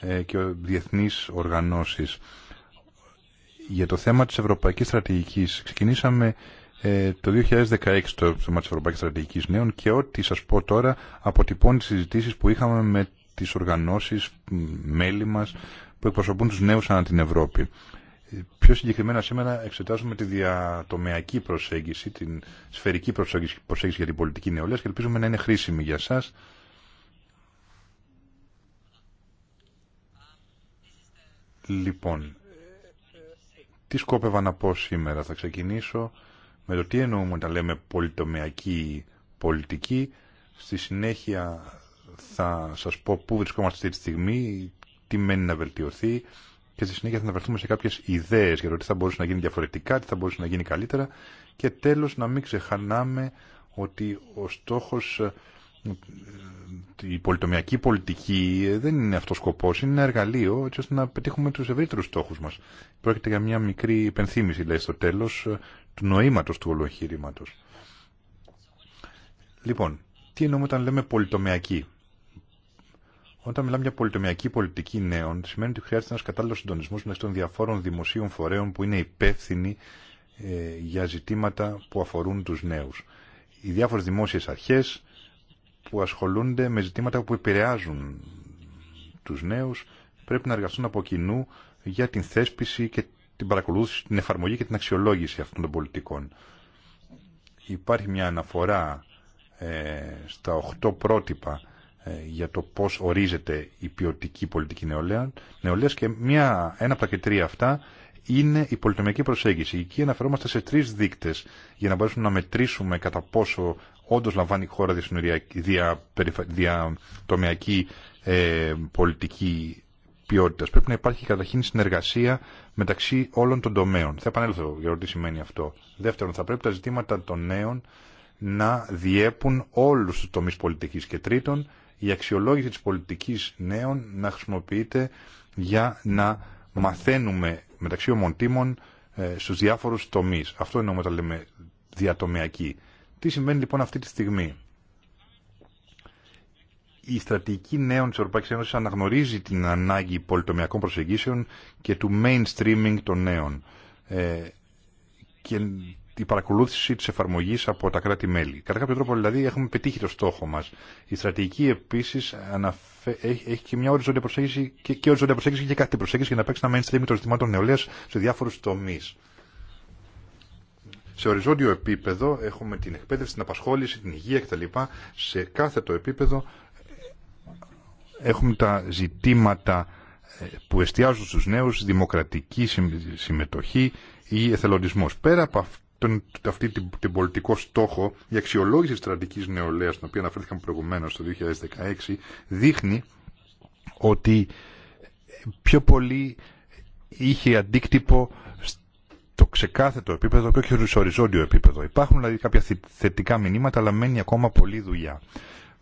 ε, και διεθνείς οργανώσεις. Για το θέμα της Ευρωπαϊκής Στρατηγικής ξεκινήσαμε ε, το 2016 το θέμα τη Ευρωπαϊκή Στρατηγικής Νέων και ό,τι σα πω τώρα αποτυπώνει τι συζητήσει που είχαμε με τι οργανώσει μέλη μα που εκπροσωπούν του νέου ανά την Ευρώπη. Ε, πιο συγκεκριμένα σήμερα εξετάζουμε τη διατομεακή προσέγγιση, την σφαιρική προσέγγιση, για την πολιτική νεολαία και ελπίζουμε να είναι χρήσιμη για εσά. Λοιπόν, τι σκόπευα να πω σήμερα. Θα ξεκινήσω με το τι εννοούμε όταν λέμε πολυτομιακή πολιτική. Στη συνέχεια θα σας πω πού βρισκόμαστε αυτή τη στιγμή, τι μένει να βελτιωθεί και στη συνέχεια θα αναφερθούμε σε κάποιες ιδέες για το τι θα μπορούσε να γίνει διαφορετικά, τι θα μπορούσε να γίνει καλύτερα και τέλος να μην ξεχανάμε ότι ο στόχος ε, η πολιτομιακή πολιτική δεν είναι αυτό ο σκοπός, είναι ένα εργαλείο έτσι ώστε να πετύχουμε του ευρύτερου στόχου μα. Πρόκειται για μια μικρή υπενθύμηση, λέει, στο τέλο ε, του νόήματο του ολοχηρήματο. Λοιπόν, τι εννοούμε όταν λέμε πολυτομιακή. Όταν μιλάμε για πολιτομιακή πολιτική νέων, σημαίνει ότι χρειάζεται ένα κατάλληλο συντονισμό μεταξύ των διαφόρων δημοσίων φορέων που είναι υπεύθυνοι ε, για ζητήματα που αφορούν του νέου. Οι διάφορε δημόσιε αρχέ που ασχολούνται με ζητήματα που επηρεάζουν τους νέους πρέπει να εργαστούν από κοινού για την θέσπιση και την παρακολούθηση, την εφαρμογή και την αξιολόγηση αυτών των πολιτικών. Υπάρχει μια αναφορά ε, στα οχτώ πρότυπα ε, για το πώς ορίζεται η ποιοτική πολιτική νεολαία, νεολαίας και μια, ένα από τα τρία αυτά είναι η πολιτομιακή προσέγγιση. Εκεί αναφερόμαστε σε τρεις δείκτες για να μπορέσουμε να μετρήσουμε κατά πόσο όντω λαμβάνει η χώρα διατομιακή ε, πολιτική ποιότητα. Πρέπει να υπάρχει καταρχήν συνεργασία μεταξύ όλων των τομέων. Θα επανέλθω για το τι σημαίνει αυτό. Δεύτερον, θα πρέπει τα ζητήματα των νέων να διέπουν όλους τους τομεί πολιτικής. Και τρίτον, η αξιολόγηση της πολιτικής νέων να χρησιμοποιείται για να μαθαίνουμε μεταξύ ομοντήμων ε, στους διάφορους τομείς. Αυτό εννοούμε όταν λέμε διατομιακή. Τι συμβαίνει λοιπόν αυτή τη στιγμή. Η στρατηγική νέων της Ευρωπαϊκής Ένωσης αναγνωρίζει την ανάγκη πολυτομιακών προσεγγίσεων και του mainstreaming των νέων ε, και η παρακολούθηση της εφαρμογής από τα κράτη-μέλη. Κατά κάποιο τρόπο δηλαδή έχουμε πετύχει το στόχο μας. Η στρατηγική επίσης αναφε... έχει, και μια οριζόντια προσέγγιση και, και οριζόντια προσέγγιση και κάτι προσέγγιση για να παίξει ένα mainstreaming των ζητημάτων νεολαίας σε διάφορους τομείς. Σε οριζόντιο επίπεδο έχουμε την εκπαίδευση, την απασχόληση, την υγεία κτλ. Σε κάθε το επίπεδο ε, έχουμε τα ζητήματα ε, που εστιάζουν στους νέους, δημοκρατική συμμετοχή ή εθελοντισμός. Πέρα από αυτόν, αυτή την, πολιτικό στόχο, η αξιολόγηση της στρατικής νεολαίας, την οποία αναφέρθηκαμε προηγουμένως το 2016, δείχνει ότι πιο πολύ είχε αντίκτυπο το ξεκάθετο επίπεδο και όχι στο οριζόντιο επίπεδο. Υπάρχουν δηλαδή κάποια θετικά μηνύματα, αλλά μένει ακόμα πολλή δουλειά.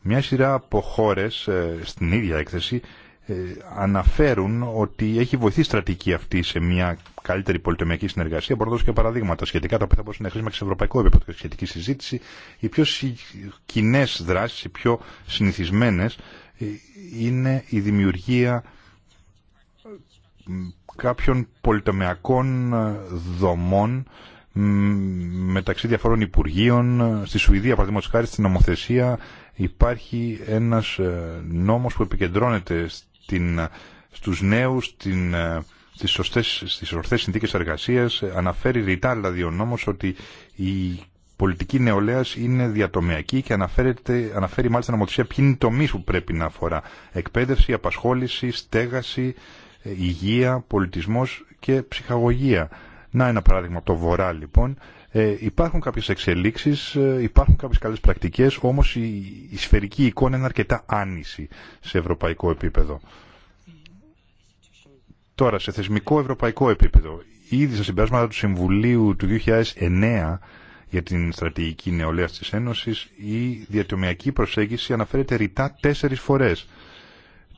Μια σειρά από χώρε ε, στην ίδια έκθεση ε, αναφέρουν ότι έχει βοηθήσει η στρατηγική αυτή σε μια καλύτερη πολυτεμιακή συνεργασία. Μπορώ να δώσω και παραδείγματα σχετικά τα οποία θα μπορούσαν να χρήσουμε και σε ευρωπαϊκό επίπεδο και σχετική συζήτηση. Οι πιο κοινέ δράσει, οι πιο συνηθισμένε ε, είναι η δημιουργία κάποιων πολυτομιακών ε, δομών μεταξύ διαφορών υπουργείων. Ε, στη Σουηδία, παραδείγματος χάρη, στην νομοθεσία υπάρχει ένας ε, νόμος που επικεντρώνεται στην, στους νέους, στην, στις, σωστές, στις σωστές συνθήκες εργασίας. Αναφέρει ρητά δηλαδή ο νόμος ότι η πολιτική νεολαία είναι διατομιακή και αναφέρει μάλιστα νομοθεσία ποιοι είναι οι τομεί που πρέπει να αφορά. Εκπαίδευση, απασχόληση, στέγαση, υγεία, πολιτισμός και ψυχαγωγία. Να ένα παράδειγμα από το Βορρά λοιπόν. Ε, υπάρχουν κάποιες εξελίξεις, ε, υπάρχουν κάποιες καλές πρακτικές, όμως η, η σφαιρική εικόνα είναι αρκετά άνηση σε ευρωπαϊκό επίπεδο. Τώρα, σε θεσμικό ευρωπαϊκό επίπεδο, ήδη στα συμπεράσματα του Συμβουλίου του 2009 για την στρατηγική νεολαία της Ένωσης, η διατομιακή προσέγγιση αναφέρεται ρητά τέσσερις φορές.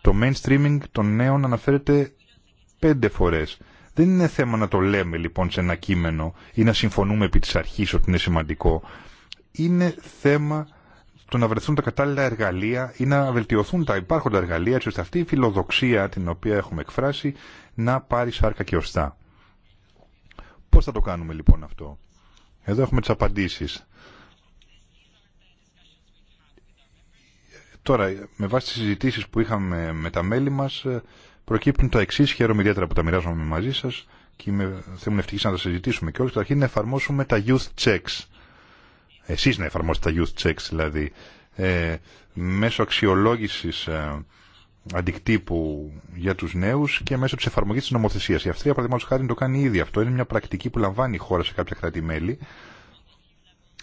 Το mainstreaming των νέων αναφέρεται πέντε φορές. Δεν είναι θέμα να το λέμε λοιπόν σε ένα κείμενο ή να συμφωνούμε επί της αρχής ότι είναι σημαντικό. Είναι θέμα το να βρεθούν τα κατάλληλα εργαλεία ή να βελτιωθούν τα υπάρχοντα εργαλεία έτσι ώστε αυτή η φιλοδοξία την οποία έχουμε εκφράσει να πάρει σάρκα και οστά. Πώς θα το κάνουμε λοιπόν αυτό. Εδώ έχουμε τις απαντήσεις. Τώρα, με βάση τις συζητήσεις που είχαμε με τα μέλη μας, ε, προκύπτουν τα εξής, χαίρομαι ιδιαίτερα που τα μοιράζομαι μαζί σας και είμαι, θα ήμουν ευτυχής να τα συζητήσουμε και όλες. Καταρχήν να εφαρμόσουμε τα youth checks. Εσείς να εφαρμόσετε τα youth checks, δηλαδή. Ε, μέσω αξιολόγησης ε, αντικτύπου για τους νέους και μέσω της εφαρμογής της νομοθεσίας. Η Αυστρία, παραδείγματος χάρη, το κάνει ήδη αυτό. Είναι μια πρακτική που λαμβάνει η χώρα σε κάποια κράτη-μέλη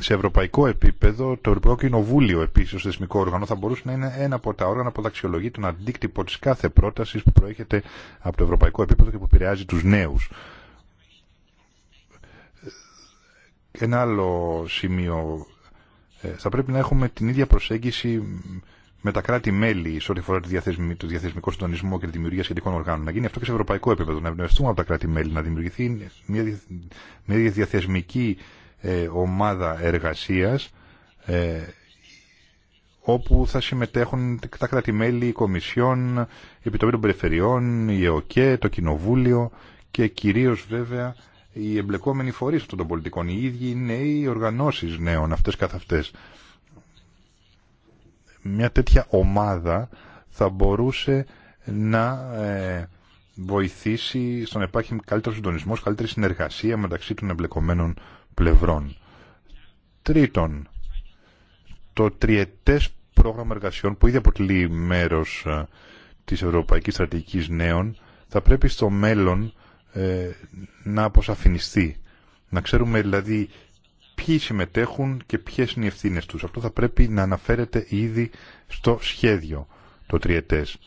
σε ευρωπαϊκό επίπεδο, το Ευρωπαϊκό Κοινοβούλιο επίση ω θεσμικό όργανο θα μπορούσε να είναι ένα από τα όργανα που θα αξιολογεί τον αντίκτυπο τη κάθε πρόταση που προέρχεται από το ευρωπαϊκό επίπεδο και που επηρεάζει του νέου. Ένα άλλο σημείο. Ε, θα πρέπει να έχουμε την ίδια προσέγγιση με τα κράτη-μέλη σε ό,τι αφορά το, διαθεσμι... το διαθεσμικό συντονισμό και τη δημιουργία σχετικών οργάνων. Να γίνει αυτό και σε ευρωπαϊκό επίπεδο, να εμπνευστούμε από τα κράτη-μέλη, να δημιουργηθεί μια διαθεσμική ε, ομάδα εργασίας ε, όπου θα συμμετέχουν τα κράτη-μέλη, η Κομισιόν, η Επιτροπή των Περιφερειών, η ΕΟΚΕ, το Κοινοβούλιο και κυρίως βέβαια οι εμπλεκόμενοι φορείς αυτών των πολιτικών, οι ίδιοι οι νέοι οργανώσεις νέων αυτές καθ' αυτές. Μια τέτοια ομάδα θα μπορούσε να ε, βοηθήσει στον να καλύτερο συντονισμό, καλύτερη συνεργασία μεταξύ των εμπλεκομένων πλευρών. Τρίτον, το τριετές πρόγραμμα εργασιών που ήδη αποτελεί μέρος ε, της Ευρωπαϊκής Στρατηγικής Νέων θα πρέπει στο μέλλον ε, να αποσαφινιστεί. Να ξέρουμε δηλαδή ποιοι συμμετέχουν και ποιες είναι οι ευθύνες τους. Αυτό θα πρέπει να αναφέρεται ήδη στο σχέδιο το τριετές.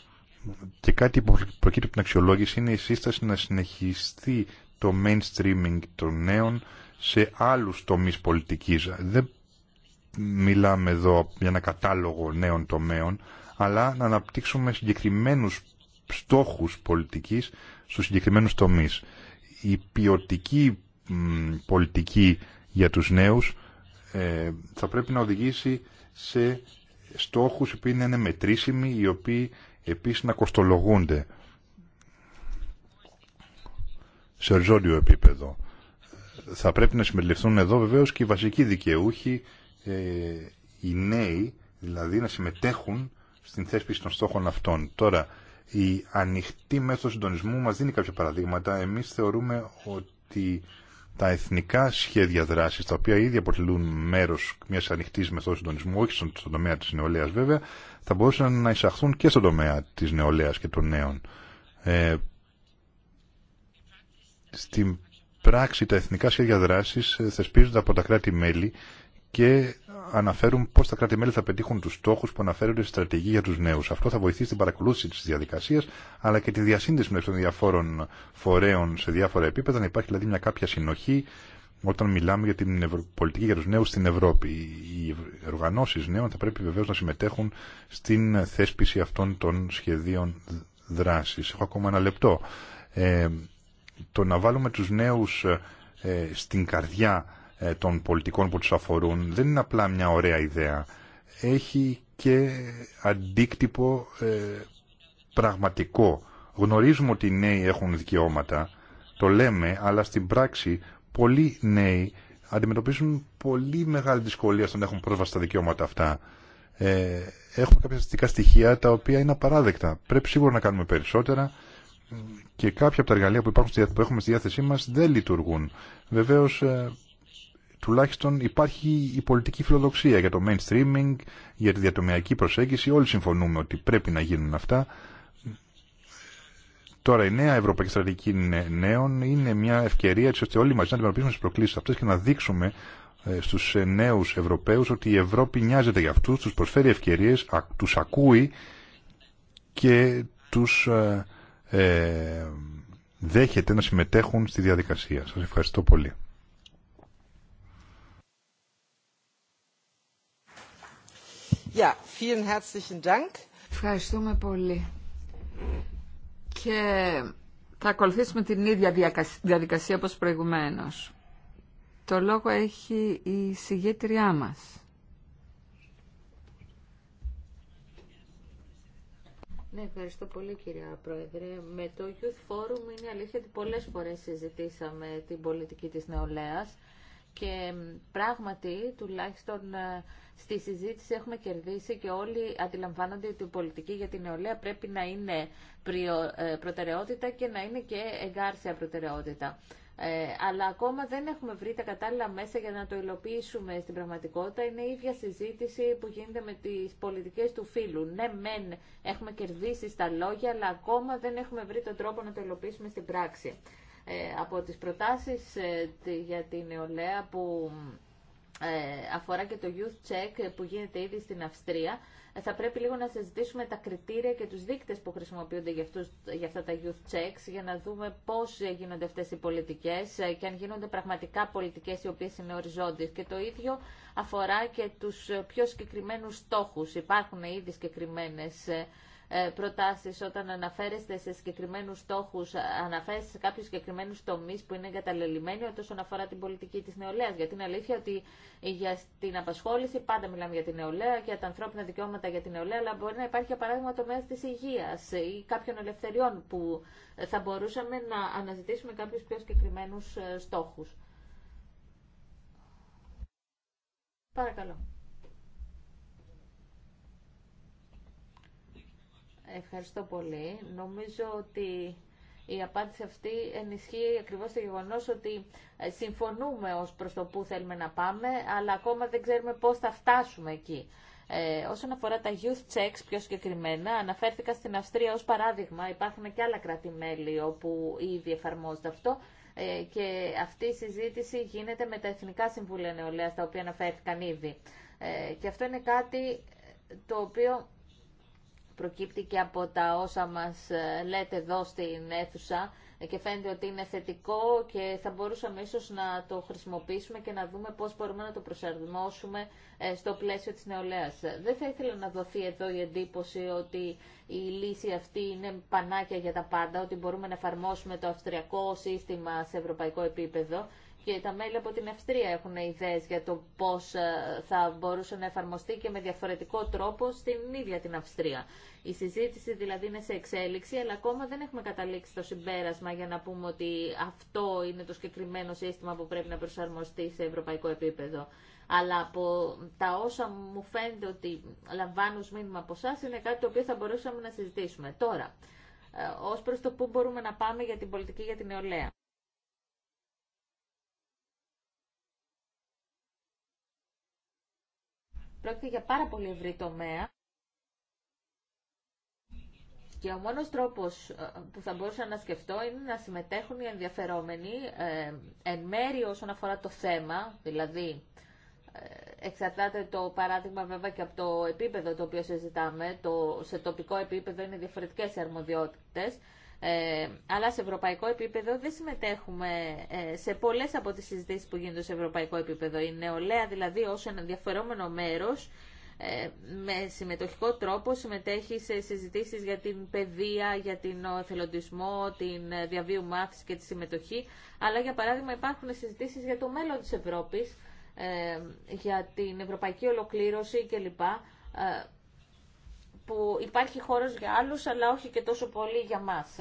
Και κάτι που προκύπτει από την αξιολόγηση είναι η σύσταση να συνεχιστεί το mainstreaming των νέων σε άλλους τομείς πολιτικής. Δεν μιλάμε εδώ για ένα κατάλογο νέων τομέων, αλλά να αναπτύξουμε συγκεκριμένους στόχους πολιτικής στους συγκεκριμένους τομείς. Η ποιοτική πολιτική για τους νέους ε, θα πρέπει να οδηγήσει σε στόχους οι οποίοι είναι μετρήσιμοι, οι οποίοι επίσης να κοστολογούνται σε οριζόντιο επίπεδο θα πρέπει να συμπεριληφθούν εδώ βεβαίως και οι βασικοί δικαιούχοι, ε, οι νέοι, δηλαδή να συμμετέχουν στην θέσπιση των στόχων αυτών. Τώρα, η ανοιχτή μέθοδος συντονισμού μας δίνει κάποια παραδείγματα. Εμείς θεωρούμε ότι τα εθνικά σχέδια δράσης, τα οποία ήδη αποτελούν μέρος μιας ανοιχτής μεθόδου συντονισμού, όχι στον τομέα της νεολαίας βέβαια, θα μπορούσαν να εισαχθούν και στον τομέα της νεολαία και των νέων. Ε, πράξη τα εθνικά σχέδια δράση ε, θεσπίζονται από τα κράτη-μέλη και αναφέρουν πώ τα κράτη-μέλη θα πετύχουν του στόχου που αναφέρονται στη στρατηγική για του νέου. Αυτό θα βοηθήσει την παρακολούθηση τη διαδικασία αλλά και τη διασύνδεση μεταξύ των διαφόρων φορέων σε διάφορα επίπεδα, να υπάρχει δηλαδή μια κάποια συνοχή όταν μιλάμε για την πολιτική για του νέου στην Ευρώπη. Οι οργανώσει νέων θα πρέπει βεβαίω να συμμετέχουν στην θέσπιση αυτών των σχεδίων δράση. Έχω ακόμα ένα λεπτό. Ε, το να βάλουμε τους νέους ε, στην καρδιά ε, των πολιτικών που τους αφορούν δεν είναι απλά μια ωραία ιδέα. Έχει και αντίκτυπο ε, πραγματικό. Γνωρίζουμε ότι οι νέοι έχουν δικαιώματα, το λέμε, αλλά στην πράξη πολλοί νέοι αντιμετωπίζουν πολύ μεγάλη δυσκολία στον έχουν πρόσβαση στα δικαιώματα αυτά. Ε, έχουμε κάποια στατιστικά στοιχεία τα οποία είναι απαράδεκτα. Πρέπει σίγουρα να κάνουμε περισσότερα και κάποια από τα εργαλεία που, υπάρχουν, που έχουμε στη διάθεσή μας δεν λειτουργούν. Βεβαίως, ε, τουλάχιστον υπάρχει η πολιτική φιλοδοξία για το mainstreaming, για τη διατομιακή προσέγγιση. Όλοι συμφωνούμε ότι πρέπει να γίνουν αυτά. Τώρα η νέα Ευρωπαϊκή Στρατηγική Νέων είναι μια ευκαιρία έτσι ώστε όλοι μαζί να αντιμετωπίσουμε τι προκλήσει αυτέ και να δείξουμε ε, στου ε, νέου Ευρωπαίου ότι η Ευρώπη νοιάζεται για αυτού, του προσφέρει ευκαιρίε, του ακούει και τους ε, δέχεται να συμμετέχουν στη διαδικασία. Σας ευχαριστώ πολύ. vielen Ευχαριστούμε πολύ. Και θα ακολουθήσουμε την ίδια διαδικασία όπως προηγουμένως. Το λόγο έχει η συγγέτριά μας. Ναι, ευχαριστώ πολύ κυρία Πρόεδρε. Με το Youth Forum είναι αλήθεια ότι πολλές φορές συζητήσαμε την πολιτική της νεολαίας και πράγματι τουλάχιστον ε, στη συζήτηση έχουμε κερδίσει και όλοι αντιλαμβάνονται ότι η πολιτική για την νεολαία πρέπει να είναι ε, προτεραιότητα και να είναι και εγκάρσια προτεραιότητα. Ε, αλλά ακόμα δεν έχουμε βρει τα κατάλληλα μέσα για να το υλοποιήσουμε στην πραγματικότητα. Είναι η ίδια συζήτηση που γίνεται με τις πολιτικές του φίλου. Ναι, μεν έχουμε κερδίσει στα λόγια, αλλά ακόμα δεν έχουμε βρει τον τρόπο να το υλοποιήσουμε στην πράξη. Ε, από τις προτάσεις ε, για την νεολαία που ε, αφορά και το Youth Check που γίνεται ήδη στην Αυστρία. Ε, θα πρέπει λίγο να συζητήσουμε τα κριτήρια και τους δείκτες που χρησιμοποιούνται για, αυτούς, για αυτά τα Youth Checks για να δούμε πώς γίνονται αυτές οι πολιτικές ε, και αν γίνονται πραγματικά πολιτικές οι οποίες είναι οριζόντιες. Και το ίδιο αφορά και τους πιο συγκεκριμένους στόχους. Υπάρχουν ήδη συγκεκριμένες ε, προτάσεις όταν αναφέρεστε σε συγκεκριμένους στόχους, ε, αναφέρεστε σε κάποιους συγκεκριμένους τομείς που είναι εγκαταλελειμμένοι όσον αφορά την πολιτική της νεολαίας. Γιατί είναι αλήθεια ότι για την απασχόληση πάντα μιλάμε για την νεολαία, για τα ανθρώπινα δικαιώματα για την νεολαία, αλλά μπορεί να υπάρχει για παράδειγμα τομέα της υγείας ή κάποιων ελευθεριών που ε, θα μπορούσαμε να αναζητήσουμε κάποιους πιο συγκεκριμένους στόχους. Παρακαλώ. Ευχαριστώ πολύ. Νομίζω ότι η απάντηση αυτή ενισχύει ακριβώς το γεγονός ότι ε, συμφωνούμε ως προς το που θέλουμε να πάμε, αλλά ακόμα δεν ξέρουμε πώς θα φτάσουμε εκεί. Ε, όσον αφορά τα youth checks πιο συγκεκριμένα, αναφέρθηκα στην Αυστρία ως παράδειγμα, υπάρχουν και άλλα κράτη-μέλη όπου ήδη εφαρμόζεται αυτό ε, και αυτή η συζήτηση γίνεται με τα Εθνικά Συμβούλια Νεολαίας, τα οποία αναφέρθηκαν ήδη. Ε, και αυτό είναι κάτι το οποίο προκύπτει και από τα όσα μας ε, λέτε εδώ στην αίθουσα και φαίνεται ότι είναι θετικό και θα μπορούσαμε ίσως να το χρησιμοποιήσουμε και να δούμε πώς μπορούμε να το προσαρμόσουμε ε, στο πλαίσιο της νεολαίας. Δεν θα ήθελα να δοθεί εδώ η εντύπωση ότι η λύση αυτή είναι πανάκια για τα πάντα, ότι μπορούμε να εφαρμόσουμε το αυστριακό σύστημα σε ευρωπαϊκό επίπεδο και τα μέλη από την Αυστρία έχουν ιδέες για το πώ ε, θα μπορούσε να εφαρμοστεί και με διαφορετικό τρόπο στην ίδια την Αυστρία. Η συζήτηση δηλαδή είναι σε εξέλιξη, αλλά ακόμα δεν έχουμε καταλήξει το συμπέρασμα για να πούμε ότι αυτό είναι το συγκεκριμένο σύστημα που πρέπει να προσαρμοστεί σε ευρωπαϊκό επίπεδο. Αλλά από τα όσα μου φαίνεται ότι λαμβάνω ως μήνυμα από εσά είναι κάτι το οποίο θα μπορούσαμε να συζητήσουμε. Τώρα, ε, ως προς το πού μπορούμε να πάμε για την πολιτική για την νεολαία. Πρόκειται για πάρα πολύ ευρύ τομέα. Και ο μόνος τρόπος ε, που θα μπορούσα να σκεφτώ είναι να συμμετέχουν οι ενδιαφερόμενοι ε, εν μέρη όσον αφορά το θέμα, δηλαδή ε, εξαρτάται το παράδειγμα βέβαια και από το επίπεδο το οποίο συζητάμε, το, σε τοπικό επίπεδο είναι διαφορετικές αρμοδιότητες, ε, αλλά σε ευρωπαϊκό επίπεδο δεν συμμετέχουμε ε, σε πολλές από τις συζητήσεις που γίνονται σε ευρωπαϊκό επίπεδο. Η νεολαία δηλαδή ως ένα ενδιαφερόμενο μέρος ε, με συμμετοχικό τρόπο συμμετέχει σε συζητήσεις για την παιδεία, για την εθελοντισμό, την ε, διαβίου μάθηση και τη συμμετοχή. Αλλά για παράδειγμα υπάρχουν συζητήσεις για το μέλλον της Ευρώπης, για την ευρωπαϊκή ολοκλήρωση κλπ που υπάρχει χώρος για άλλους, αλλά όχι και τόσο πολύ για μας.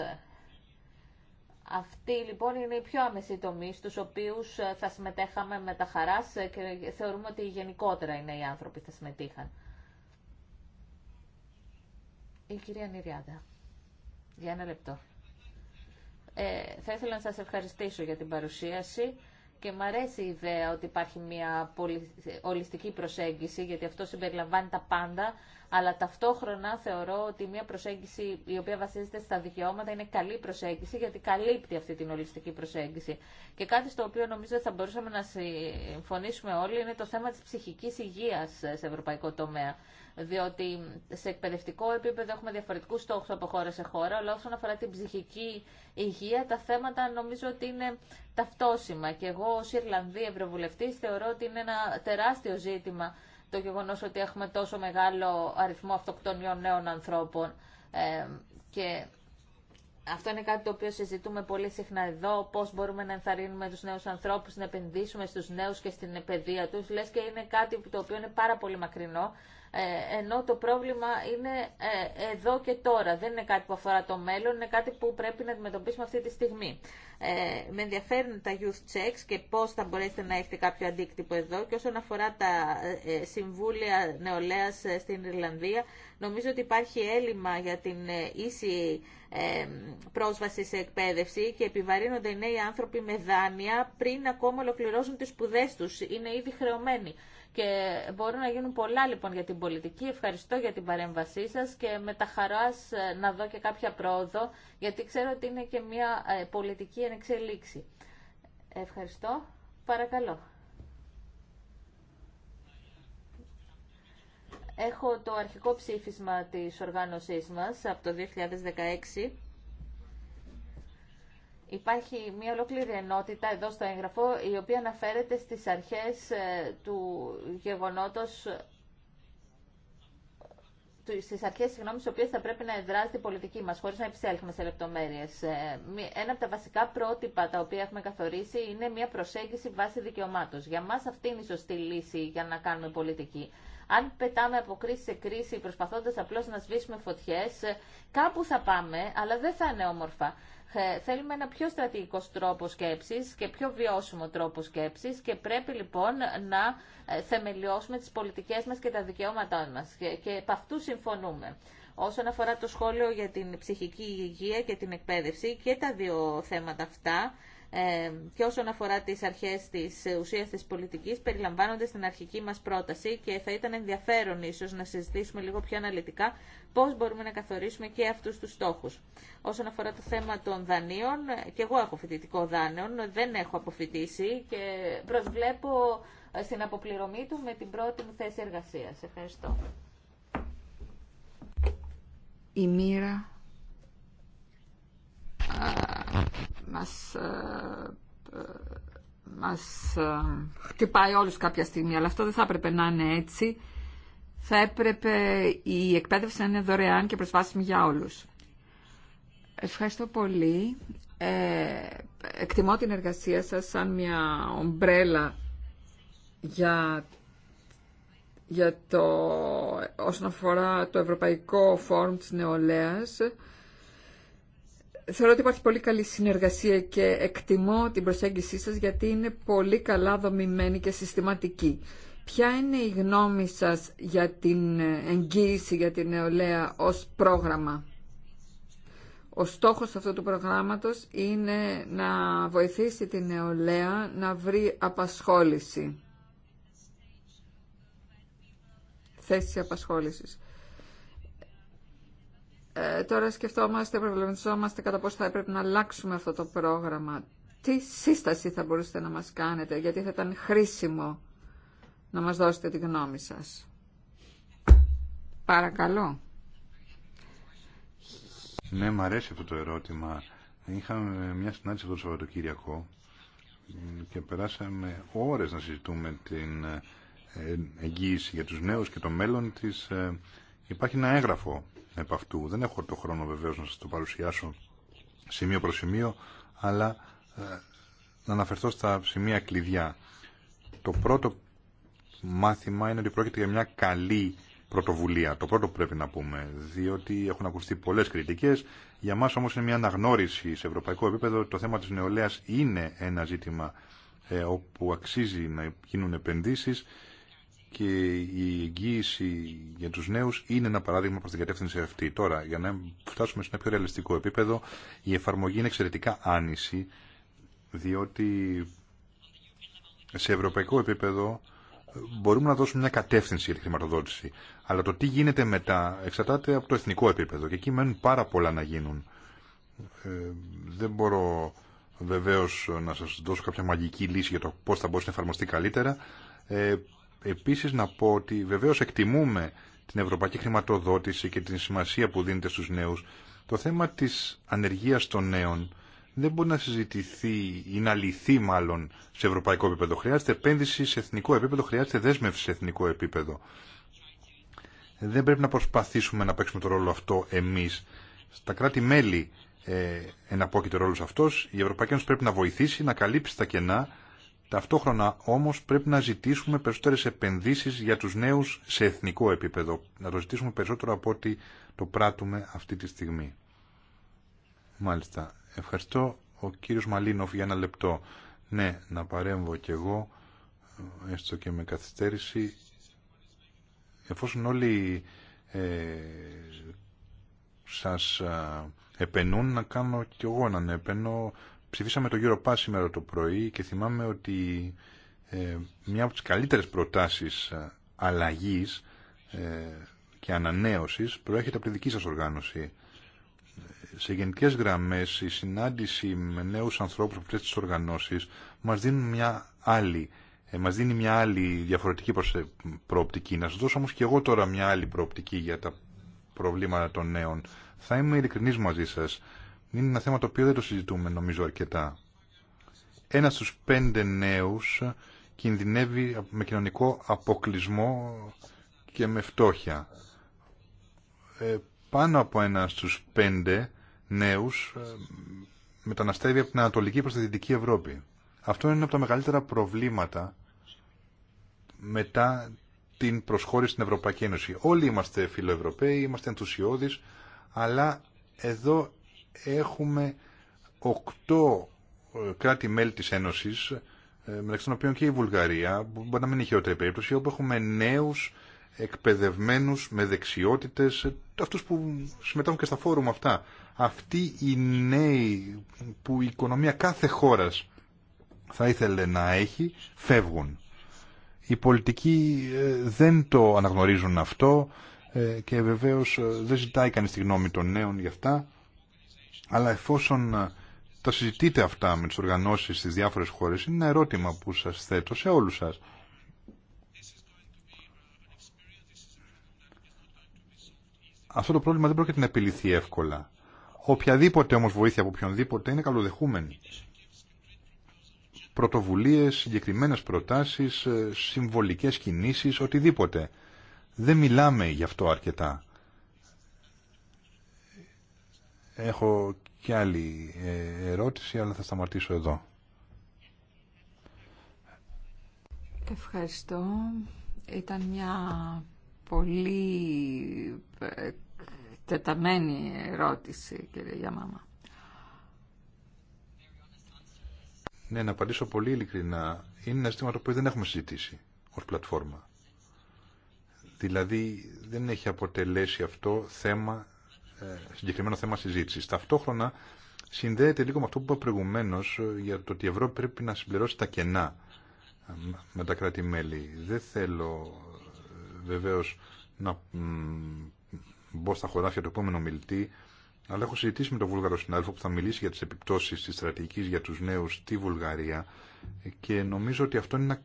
Αυτή λοιπόν είναι η πιο άμεση τομή στους οποίους ε, θα συμμετέχαμε με τα χαράς ε, και θεωρούμε ότι γενικότερα είναι οι άνθρωποι θα συμμετείχαν. Η κυρία Νηριάδα. Για ένα λεπτό. Ε, θα ήθελα να σας ευχαριστήσω για την παρουσίαση και μου αρέσει η ιδέα ότι υπάρχει μια ολιστική προσέγγιση, γιατί αυτό συμπεριλαμβάνει τα πάντα, αλλά ταυτόχρονα θεωρώ ότι μια προσέγγιση η οποία βασίζεται στα δικαιώματα είναι καλή προσέγγιση, γιατί καλύπτει αυτή την ολιστική προσέγγιση. Και κάτι στο οποίο νομίζω θα μπορούσαμε να συμφωνήσουμε όλοι είναι το θέμα τη ψυχική υγεία σε ευρωπαϊκό τομέα διότι σε εκπαιδευτικό επίπεδο έχουμε διαφορετικού στόχους από χώρα σε χώρα, αλλά όσον αφορά την ψυχική υγεία, τα θέματα νομίζω ότι είναι ταυτόσιμα. Και εγώ ως Ιρλανδή Ευρωβουλευτή, θεωρώ ότι είναι ένα τεράστιο ζήτημα το γεγονός ότι έχουμε τόσο μεγάλο αριθμό αυτοκτονιών νέων ανθρώπων. Ε, και αυτό είναι κάτι το οποίο συζητούμε πολύ συχνά εδώ, πώς μπορούμε να ενθαρρύνουμε τους νέους ανθρώπους, να επενδύσουμε στους νέους και στην παιδεία τους, λες και είναι κάτι το οποίο είναι πάρα πολύ μακρινό, ε, ενώ το πρόβλημα είναι ε, εδώ και τώρα. Δεν είναι κάτι που αφορά το μέλλον, είναι κάτι που πρέπει να αντιμετωπίσουμε αυτή τη στιγμή. Ε, με ενδιαφέρουν τα youth checks και πώς θα μπορέσετε να έχετε κάποιο αντίκτυπο εδώ και όσον αφορά τα ε, συμβούλια νεολαίας στην Ιρλανδία νομίζω ότι υπάρχει έλλειμμα για την ίση πρόσβαση σε εκπαίδευση και επιβαρύνονται οι νέοι άνθρωποι με δάνεια πριν ακόμα ολοκληρώσουν τις σπουδέ τους. Είναι ήδη χρεωμένοι. Και μπορούν να γίνουν πολλά λοιπόν για την πολιτική. Ευχαριστώ για την παρέμβασή σας και με τα χαράς ε, να δω και κάποια πρόοδο, γιατί ξέρω ότι είναι και μια ε, πολιτική ενεξελίξη. Ευχαριστώ. Παρακαλώ. Έχω το αρχικό ψήφισμα της οργάνωσής μας από το 2016 Υπάρχει μια ολόκληρη ενότητα εδώ στο έγγραφο η οποία αναφέρεται στις αρχές ε, του γεγονότος ε, στι αρχέ συγγνώμη, στι οποίε θα πρέπει να εδράζεται η πολιτική μα, χωρί να επισέλθουμε σε λεπτομέρειε. Ε, ένα από τα βασικά πρότυπα τα οποία έχουμε καθορίσει είναι μια προσέγγιση βάσει δικαιωμάτων. Για μα αυτή είναι η σωστή λύση για να κάνουμε πολιτική. Αν πετάμε από κρίση σε κρίση, προσπαθώντα απλώ να σβήσουμε φωτιέ, κάπου θα πάμε, αλλά δεν θα είναι όμορφα. Ε, θέλουμε ένα πιο στρατηγικό τρόπο σκέψη και πιο βιώσιμο τρόπο σκέψη, και πρέπει λοιπόν να ε, θεμελιώσουμε τις πολιτικές μας και τα δικαιώματά μας. Και επ' αυτού συμφωνούμε. Όσον αφορά το σχόλιο για την ψυχική υγεία και την εκπαίδευση και τα δύο θέματα αυτά και όσον αφορά τις αρχές της ουσίας της πολιτικής περιλαμβάνονται στην αρχική μας πρόταση και θα ήταν ενδιαφέρον ίσως να συζητήσουμε λίγο πιο αναλυτικά πώς μπορούμε να καθορίσουμε και αυτούς τους στόχους. Όσον αφορά το θέμα των δανείων, και εγώ έχω φοιτητικό δάνειο, δεν έχω αποφοιτήσει και προσβλέπω ε, στην αποπληρωμή του με την πρώτη μου θέση εργασίας. Ευχαριστώ. Η μας, ε, ε, μας ε, χτυπάει όλους κάποια στιγμή, αλλά αυτό δεν θα έπρεπε να είναι έτσι. Θα έπρεπε η εκπαίδευση να είναι δωρεάν και προσβάσιμη για όλους. Ευχαριστώ πολύ. εκτιμώ την εργασία σας σαν μια ομπρέλα για, για το, όσον αφορά το Ευρωπαϊκό Φόρουμ της Νεολαίας θεωρώ ότι υπάρχει πολύ καλή συνεργασία και εκτιμώ την προσέγγισή σας γιατί είναι πολύ καλά δομημένη και συστηματική. Ποια είναι η γνώμη σας για την εγγύηση για την νεολαία ως πρόγραμμα. Ο στόχος αυτού του προγράμματος είναι να βοηθήσει την νεολαία να βρει απασχόληση. Θέση απασχόλησης. Ε, τώρα σκεφτόμαστε, προβληματιζόμαστε κατά πώς θα έπρεπε να αλλάξουμε αυτό το πρόγραμμα. Τι σύσταση θα μπορούσατε να μας κάνετε, γιατί θα ήταν χρήσιμο να μας δώσετε τη γνώμη σας. Παρακαλώ. Ναι, μου αρέσει αυτό το ερώτημα. Είχαμε μια συνάντηση αυτό το Σαββατοκύριακο και περάσαμε ώρες να συζητούμε την ε, εγγύηση για τους νέους και το μέλλον της. Ε, υπάρχει ένα έγγραφο επ' αυτού. Δεν έχω το χρόνο βεβαίως να σας το παρουσιάσω σημείο προς σημείο, αλλά ε, να αναφερθώ στα σημεία κλειδιά. Το πρώτο μάθημα είναι ότι πρόκειται για μια καλή πρωτοβουλία. Το πρώτο που πρέπει να πούμε, διότι έχουν ακουστεί πολλές κριτικές. Για μας όμως είναι μια αναγνώριση σε ευρωπαϊκό επίπεδο. Το θέμα της νεολαίας είναι ένα ζήτημα ε, όπου αξίζει να γίνουν επενδύσεις και η εγγύηση για τους νέους είναι ένα παράδειγμα προς την κατεύθυνση αυτή. Τώρα, για να φτάσουμε σε ένα πιο ρεαλιστικό επίπεδο, η εφαρμογή είναι εξαιρετικά άνηση, διότι σε ευρωπαϊκό επίπεδο μπορούμε να δώσουμε μια κατεύθυνση για τη χρηματοδότηση. Αλλά το τι γίνεται μετά εξαρτάται από το εθνικό επίπεδο και εκεί μένουν πάρα πολλά να γίνουν. Ε, δεν μπορώ βεβαίως να σας δώσω κάποια μαγική λύση για το πώς θα μπορούσε να εφαρμοστεί καλύτερα. Ε, επίσης να πω ότι βεβαίως εκτιμούμε την ευρωπαϊκή χρηματοδότηση και την σημασία που δίνεται στους νέους. Το θέμα της ανεργίας των νέων δεν μπορεί να συζητηθεί ή να λυθεί μάλλον σε ευρωπαϊκό επίπεδο. Χρειάζεται επένδυση σε εθνικό επίπεδο, χρειάζεται δέσμευση σε εθνικό επίπεδο. Δεν πρέπει να προσπαθήσουμε να παίξουμε το ρόλο αυτό εμείς. Στα κράτη-μέλη ε, εναπόκειται ο ρόλος αυτός. Η Ευρωπαϊκή Ένωση πρέπει να βοηθήσει, να καλύψει τα κενά Ταυτόχρονα όμως πρέπει να ζητήσουμε περισσότερες επενδύσεις για τους νέους σε εθνικό επίπεδο. Να το ζητήσουμε περισσότερο από ό,τι το πράττουμε αυτή τη στιγμή. Μάλιστα. Ευχαριστώ ο κύριος Μαλίνοφ για ένα λεπτό. Ναι, να παρέμβω κι εγώ, έστω και με καθυστέρηση. Εφόσον όλοι ε, σας επενούν, να κάνω κι εγώ έναν επενό Ψηφίσαμε το Europass σήμερα το πρωί και θυμάμαι ότι ε, μια από τις καλύτερες προτάσεις ε, αλλαγής ε, και ανανέωσης προέρχεται από τη δική σας οργάνωση. Σε γενικές γραμμές η συνάντηση με νέους ανθρώπους από αυτές τις οργανώσεις μας δίνουν μια άλλη μας δίνει μια άλλη διαφορετική προοπτική. Να σας δώσω όμως και εγώ τώρα μια άλλη προοπτική για τα προβλήματα των νέων. Θα είμαι ειλικρινής μαζί σας είναι ένα θέμα το οποίο δεν το συζητούμε νομίζω αρκετά. Ένα στους πέντε νέους κινδυνεύει με κοινωνικό αποκλεισμό και με φτώχεια. Ε, πάνω από ένα στους πέντε νέους ε, μεταναστεύει από την Ανατολική προς τη Δυτική Ευρώπη. Αυτό είναι ένα από τα μεγαλύτερα προβλήματα μετά την προσχώρηση στην Ευρωπαϊκή Ένωση. Όλοι είμαστε φιλοευρωπαίοι, είμαστε ενθουσιώδεις, αλλά εδώ έχουμε οκτώ ε, κράτη-μέλη της Ένωσης, ε, μεταξύ των οποίων και η Βουλγαρία, που μπορεί να μην είναι χειρότερη περίπτωση, όπου έχουμε νέους εκπαιδευμένους με δεξιότητες, ε, αυτούς που συμμετέχουν και στα φόρουμ αυτά. Αυτοί οι νέοι που η οικονομία κάθε χώρας θα ήθελε να έχει, φεύγουν. Οι πολιτικοί δεν το αναγνωρίζουν αυτό και βεβαίως δεν ζητάει κανείς τη γνώμη των νέων για αυτά. Αλλά εφόσον ε, τα συζητείτε αυτά με τις οργανώσεις στις διάφορες χώρες, είναι ένα ερώτημα που σας θέτω σε όλους σας. Αυτό το πρόβλημα δεν πρόκειται να επιληθεί εύκολα. Οποιαδήποτε όμως βοήθεια από οποιονδήποτε είναι καλοδεχούμενη. Πρωτοβουλίες, συγκεκριμένες προτάσεις, ε, συμβολικές κινήσεις, οτιδήποτε. Δεν μιλάμε γι' αυτό αρκετά. Έχω και άλλη ε, ερώτηση, αλλά θα σταματήσω εδώ. Ευχαριστώ. Ήταν μια πολύ ε, τεταμένη ερώτηση, κύριε Γιαμάμα. Ναι, να απαντήσω πολύ ειλικρινά. Είναι ένα ζήτημα το οποίο δεν έχουμε συζητήσει ως πλατφόρμα. Δηλαδή δεν έχει αποτελέσει αυτό θέμα συγκεκριμένο θέμα συζήτηση. Ταυτόχρονα συνδέεται λίγο με αυτό που είπα προηγουμένω ε, για το ότι η Ευρώπη πρέπει να συμπληρώσει τα κενά ε, με τα κράτη-μέλη. Δεν θέλω ε, βεβαίως να μπω στα χωράφια του επόμενου μιλητή, αλλά έχω συζητήσει με τον Βούλγαρο συνάδελφο που θα μιλήσει για τις επιπτώσεις τη στρατηγική για του νέου στη Βουλγαρία και νομίζω ότι αυτό είναι ένα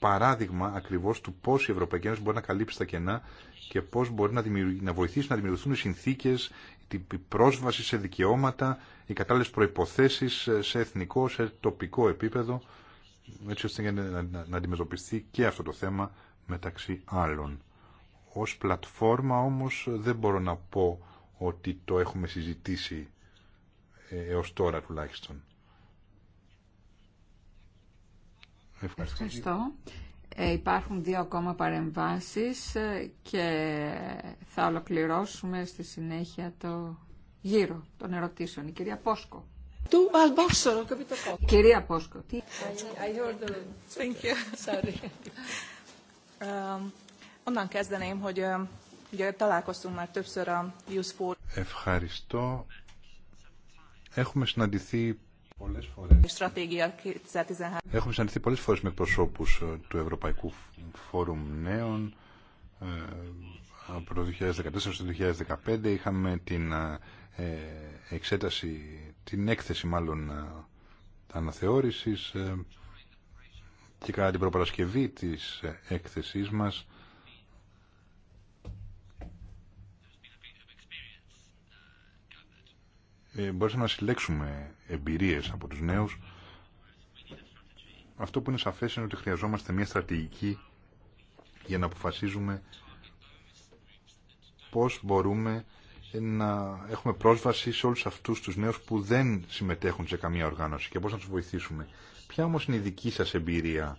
παράδειγμα ακριβώς του πώς η Ευρωπαϊκή Ένωση μπορεί να καλύψει τα κενά και πώς μπορεί να, να βοηθήσει να δημιουργηθούν οι συνθήκες, η πρόσβαση σε δικαιώματα, οι κατάλληλες προϋποθέσεις σε εθνικό, σε τοπικό επίπεδο, έτσι ώστε να αντιμετωπιστεί και αυτό το θέμα μεταξύ άλλων. Ως πλατφόρμα όμως δεν μπορώ να πω ότι το έχουμε συζητήσει ε, έως τώρα τουλάχιστον. Ευχαριστώ. Ε, υπάρχουν δύο ακόμα παρεμβάσεις ε, και θα ολοκληρώσουμε στη συνέχεια το γύρο των ερωτήσεων. Η κυρία Πόσκο. Του Κυρία Πόσκο. Τι... Ευχαριστώ. Έχουμε συναντηθεί Έχουμε συναντηθεί πολλές φορές με προσώπους ε, του Ευρωπαϊκού Φόρουμ Νέων ε, από το 2014 στο 2015 είχαμε την ε, εξέταση, την έκθεση μάλλον αναθεώρησης και κατά την προπαρασκευή της έκθεσής μας Ε, μπορέσαμε να συλλέξουμε εμπειρίες από τους νέους. Αυτό που είναι σαφές είναι ότι χρειαζόμαστε μια στρατηγική για να αποφασίζουμε πώς μπορούμε να έχουμε πρόσβαση σε όλους αυτούς τους νέους που δεν συμμετέχουν σε καμία οργάνωση και πώς να τους βοηθήσουμε. Ποια όμως είναι η δική σας εμπειρία.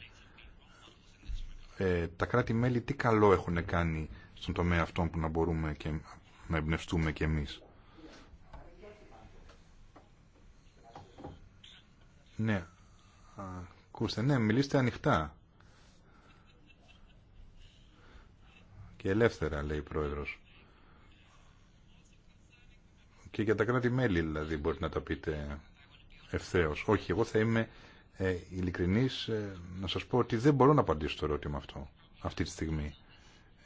Ε, τα κράτη-μέλη τι καλό έχουν κάνει στον τομέα αυτό που να μπορούμε και να εμπνευστούμε και εμείς. Ναι, ακούστε, ναι, μιλήστε ανοιχτά. Και ελεύθερα, λέει η Πρόεδρος. Και για τα κράτη-μέλη, δηλαδή, μπορείτε να τα πείτε ευθέως. Όχι, εγώ θα είμαι ε, ειλικρινής ε, να σας πω ότι δεν μπορώ να απαντήσω το ερώτημα αυτό, αυτή τη στιγμή.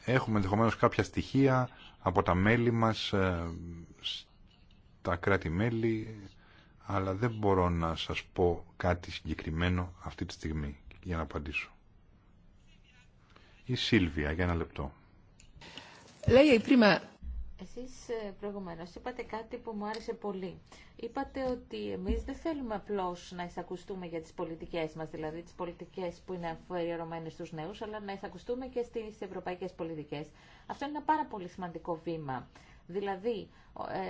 Έχουμε ενδεχομένω κάποια στοιχεία από τα μέλη μας ε, τα κράτη-μέλη αλλά δεν μπορώ να σας πω κάτι συγκεκριμένο αυτή τη στιγμή για να απαντήσω. Η Σίλβια, για ένα λεπτό. Λέει πρίμα. Εσείς ε, προηγουμένως είπατε κάτι που μου άρεσε πολύ. Είπατε ότι εμείς δεν θέλουμε απλώς να εισακουστούμε για τις πολιτικές μας, δηλαδή τις πολιτικές που είναι αφιερωμένες στους νέους, αλλά να εισακουστούμε και στις ευρωπαϊκές πολιτικές. Αυτό είναι ένα πάρα πολύ σημαντικό βήμα. Δηλαδή,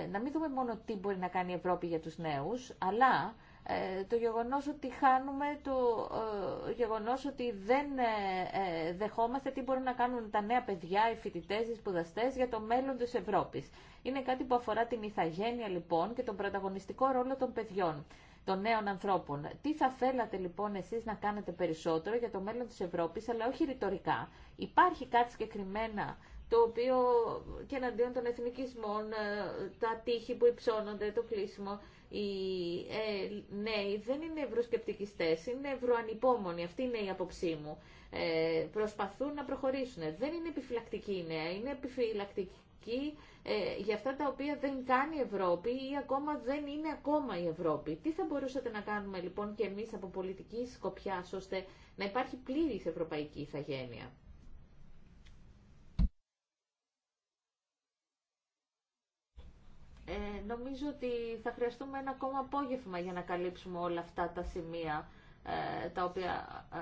ε, να μην δούμε μόνο τι μπορεί να κάνει η Ευρώπη για τους νέους, αλλά ε, το γεγονός ότι χάνουμε, το ε, γεγονός ότι δεν δεχόμαστε τι μπορούν να κάνουν τα νέα παιδιά, οι φοιτητές, οι σπουδαστές για το μέλλον της Ευρώπης. Είναι κάτι που αφορά την ηθαγένεια λοιπόν και τον πρωταγωνιστικό ρόλο των παιδιών των νέων ανθρώπων. Τι θα θέλατε λοιπόν εσείς να κάνετε περισσότερο για το μέλλον της Ευρώπης, αλλά όχι ρητορικά. Υπάρχει κάτι συγκεκριμένα το οποίο και εναντίον των εθνικισμών, ε, τα τείχη που υψώνονται, το κλείσιμο. Οι ε, νέοι δεν είναι ευρωσκεπτικιστές, είναι ευρωανυπόμονοι, αυτή είναι η απόψή μου. Ε, προσπαθούν να προχωρήσουν. Δεν είναι επιφυλακτική η νέα, είναι επιφυλακτική ε, για αυτά τα οποία δεν κάνει η Ευρώπη ή ακόμα δεν είναι ακόμα η Ευρώπη. Τι θα μπορούσατε να κάνουμε λοιπόν και εμείς από πολιτική σκοπιά, ώστε να υπάρχει πλήρης ευρωπαϊκή ηθαγένεια. Ε, νομίζω ότι θα χρειαστούμε ένα ακόμα απόγευμα για να καλύψουμε όλα αυτά τα σημεία ε, τα οποία ε,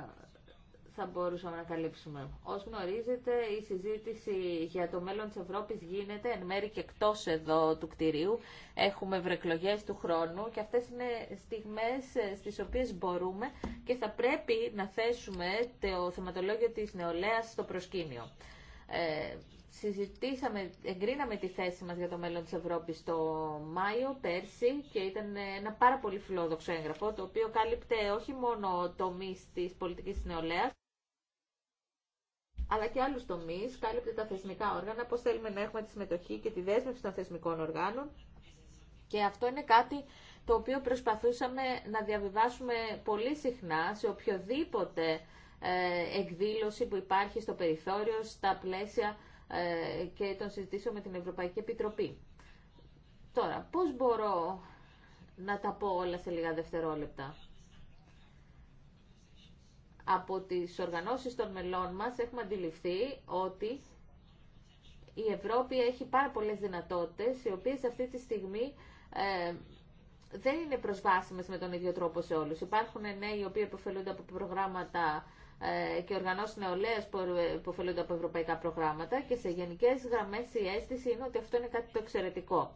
θα μπορούσαμε να καλύψουμε. Ως γνωρίζετε, η συζήτηση για το μέλλον της Ευρώπης γίνεται εν μέρη και εκτός εδώ του κτηρίου. Έχουμε ευρωεκλογέ του χρόνου και αυτές είναι στιγμές ε, στις οποίες μπορούμε και θα πρέπει να θέσουμε το θεματολόγιο της νεολαίας στο προσκήνιο συζητήσαμε, εγκρίναμε τη θέση μας για το μέλλον της Ευρώπης το Μάιο, πέρσι και ήταν ένα πάρα πολύ φιλόδοξο έγγραφο το οποίο κάλυπτε όχι μόνο τομεί της πολιτικής νεολαίας αλλά και άλλους τομείς, κάλυπτε τα θεσμικά όργανα, πώς θέλουμε να έχουμε τη συμμετοχή και τη δέσμευση των θεσμικών οργάνων και αυτό είναι κάτι το οποίο προσπαθούσαμε να διαβιβάσουμε πολύ συχνά σε οποιοδήποτε ε, εκδήλωση που υπάρχει στο περιθώριο, στα πλαίσια ε, και τον συζητήσω με την Ευρωπαϊκή Επιτροπή. Τώρα, πώς μπορώ να τα πω όλα σε λίγα δευτερόλεπτα. Από τις οργανώσεις των μελών μας έχουμε αντιληφθεί ότι η Ευρώπη έχει πάρα πολλές δυνατότητες, οι οποίες αυτή τη στιγμή ε, δεν είναι προσβάσιμες με τον ίδιο τρόπο σε όλους. Υπάρχουν νέοι οι οποίοι αποφελούνται από προγράμματα ε, και οργανώσει νεολαία που ωφελούνται από ευρωπαϊκά προγράμματα και σε γενικέ γραμμέ η αίσθηση είναι ότι αυτό είναι κάτι το εξαιρετικό.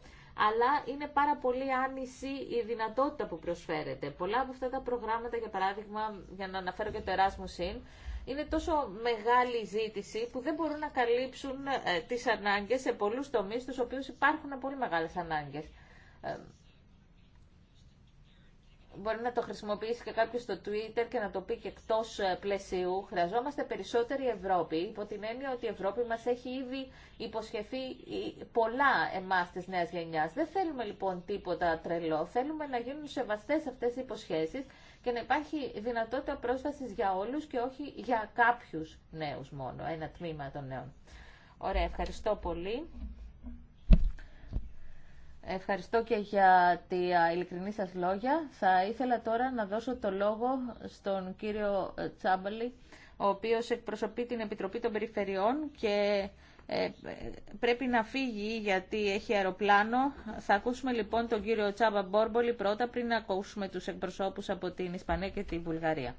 Αλλά είναι πάρα πολύ άνηση η δυνατότητα που προσφέρεται. Πολλά από αυτά τα προγράμματα, για παράδειγμα, για να αναφέρω και το Erasmus In, είναι τόσο μεγάλη ζήτηση που δεν μπορούν να καλύψουν ε, τις ανάγκες σε πολλούς τομείς, στους οποίους υπάρχουν πολύ μεγάλες ανάγκες. Ε, μπορεί να το χρησιμοποιήσει και κάποιο στο Twitter και να το πει και εκτό ε, πλαισίου. Χρειαζόμαστε περισσότερη Ευρώπη, υπό την έννοια ότι η Ευρώπη μας έχει ήδη υποσχεθεί ε, πολλά εμάς τη νέα γενιά. Δεν θέλουμε λοιπόν τίποτα τρελό, θέλουμε να γίνουν σεβαστές αυτές οι υποσχέσεις και να υπάρχει δυνατότητα πρόσβαση για όλου και όχι για κάποιου νέου μόνο, ένα τμήμα των νέων. Ωραία, ευχαριστώ πολύ. Ευχαριστώ και για τη ειλικρινή σας λόγια. Θα ήθελα τώρα να δώσω το λόγο στον κύριο Τσάμπαλη, ο οποίος εκπροσωπεί την Επιτροπή των Περιφερειών και ε, πρέπει να φύγει γιατί έχει αεροπλάνο. Θα ακούσουμε λοιπόν τον κύριο Τσάμπα Μπόρμπολη πρώτα πριν να ακούσουμε τους εκπροσώπους από την Ισπανία και την Βουλγαρία.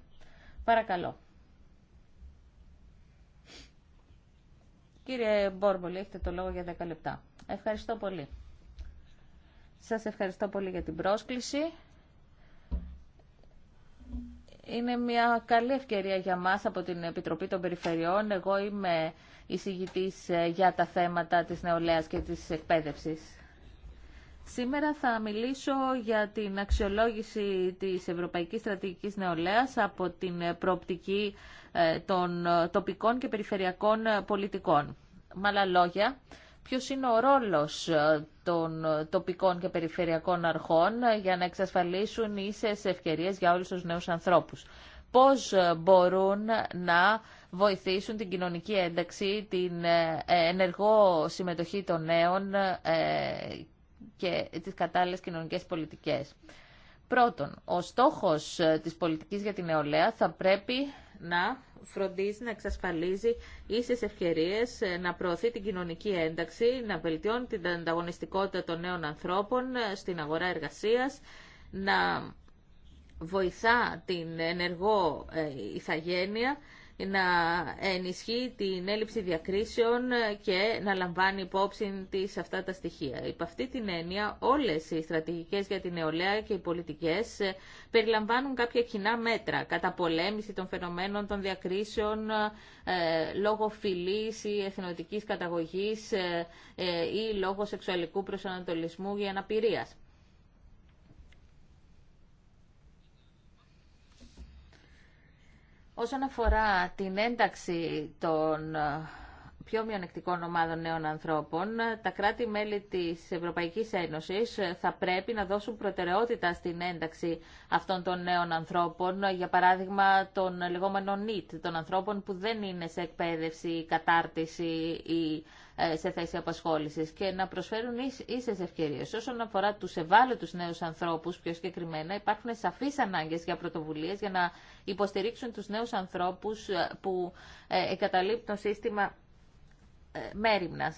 Παρακαλώ. Κύριε Μπόρμπολη, έχετε το λόγο για 10 λεπτά. Ευχαριστώ πολύ. Σας ευχαριστώ πολύ για την πρόσκληση. Είναι μια καλή ευκαιρία για μας από την Επιτροπή των Περιφερειών. Εγώ είμαι εισηγητής ε, για τα θέματα της νεολαίας και της εκπαίδευσης. Σήμερα θα μιλήσω για την αξιολόγηση της Ευρωπαϊκής Στρατηγικής Νεολαίας από την προοπτική ε, των τοπικών και περιφερειακών πολιτικών. Με άλλα λόγια, ποιος είναι ο ρόλος ε, των τοπικών και περιφερειακών αρχών ε, για να εξασφαλίσουν ίσες ευκαιρίες για όλους τους νέους ανθρώπους. Πώς ε, μπορούν να βοηθήσουν την κοινωνική ένταξη, την ενεργό συμμετοχή των νέων και τις κατάλληλες κοινωνικές πολιτικές. Πρώτον, ο στόχος της πολιτικής για την νεολαία θα πρέπει να φροντίζει να εξασφαλίζει ίσες ευκαιρίες, ε, να προωθεί την κοινωνική ένταξη, να βελτιώνει την ανταγωνιστικότητα των νέων ανθρώπων ε, στην αγορά εργασίας, να βοηθά την ενεργό ε, ηθαγένεια να ενισχύει την έλλειψη διακρίσεων και να λαμβάνει υπόψη τη αυτά τα στοιχεία. Υπ' αυτή την έννοια όλες οι στρατηγικές για την νεολαία και οι πολιτικές περιλαμβάνουν κάποια κοινά μέτρα, κατά πολέμηση των φαινομένων των διακρίσεων ε, λόγω φυλής ή εθνοτικής καταγωγής ε, ε ή λόγω σεξουαλικού προσανατολισμού ή αναπηρίας. Όσον αφορά την ένταξη των ε, πιο μειονεκτικών ομάδων νέων ανθρώπων, τα κράτη-μέλη της Ευρωπαϊκής Ένωσης ε, θα πρέπει να δώσουν προτεραιότητα στην ένταξη αυτών των νέων ανθρώπων, ε, για παράδειγμα των λεγόμενων NEET, των ανθρώπων που δεν είναι σε εκπαίδευση, κατάρτιση ή ε, σε θέση απασχόληση και να προσφέρουν ίσες ευκαιρίες. Όσον αφορά τους ευάλωτου νέους ανθρώπους πιο συγκεκριμένα, υπάρχουν σαφεί ανάγκες για πρωτοβουλίε για να υποστηρίξουν τους νέους ανθρώπους ε, που ε, εγκαταλείπουν το σύστημα μέρημνα.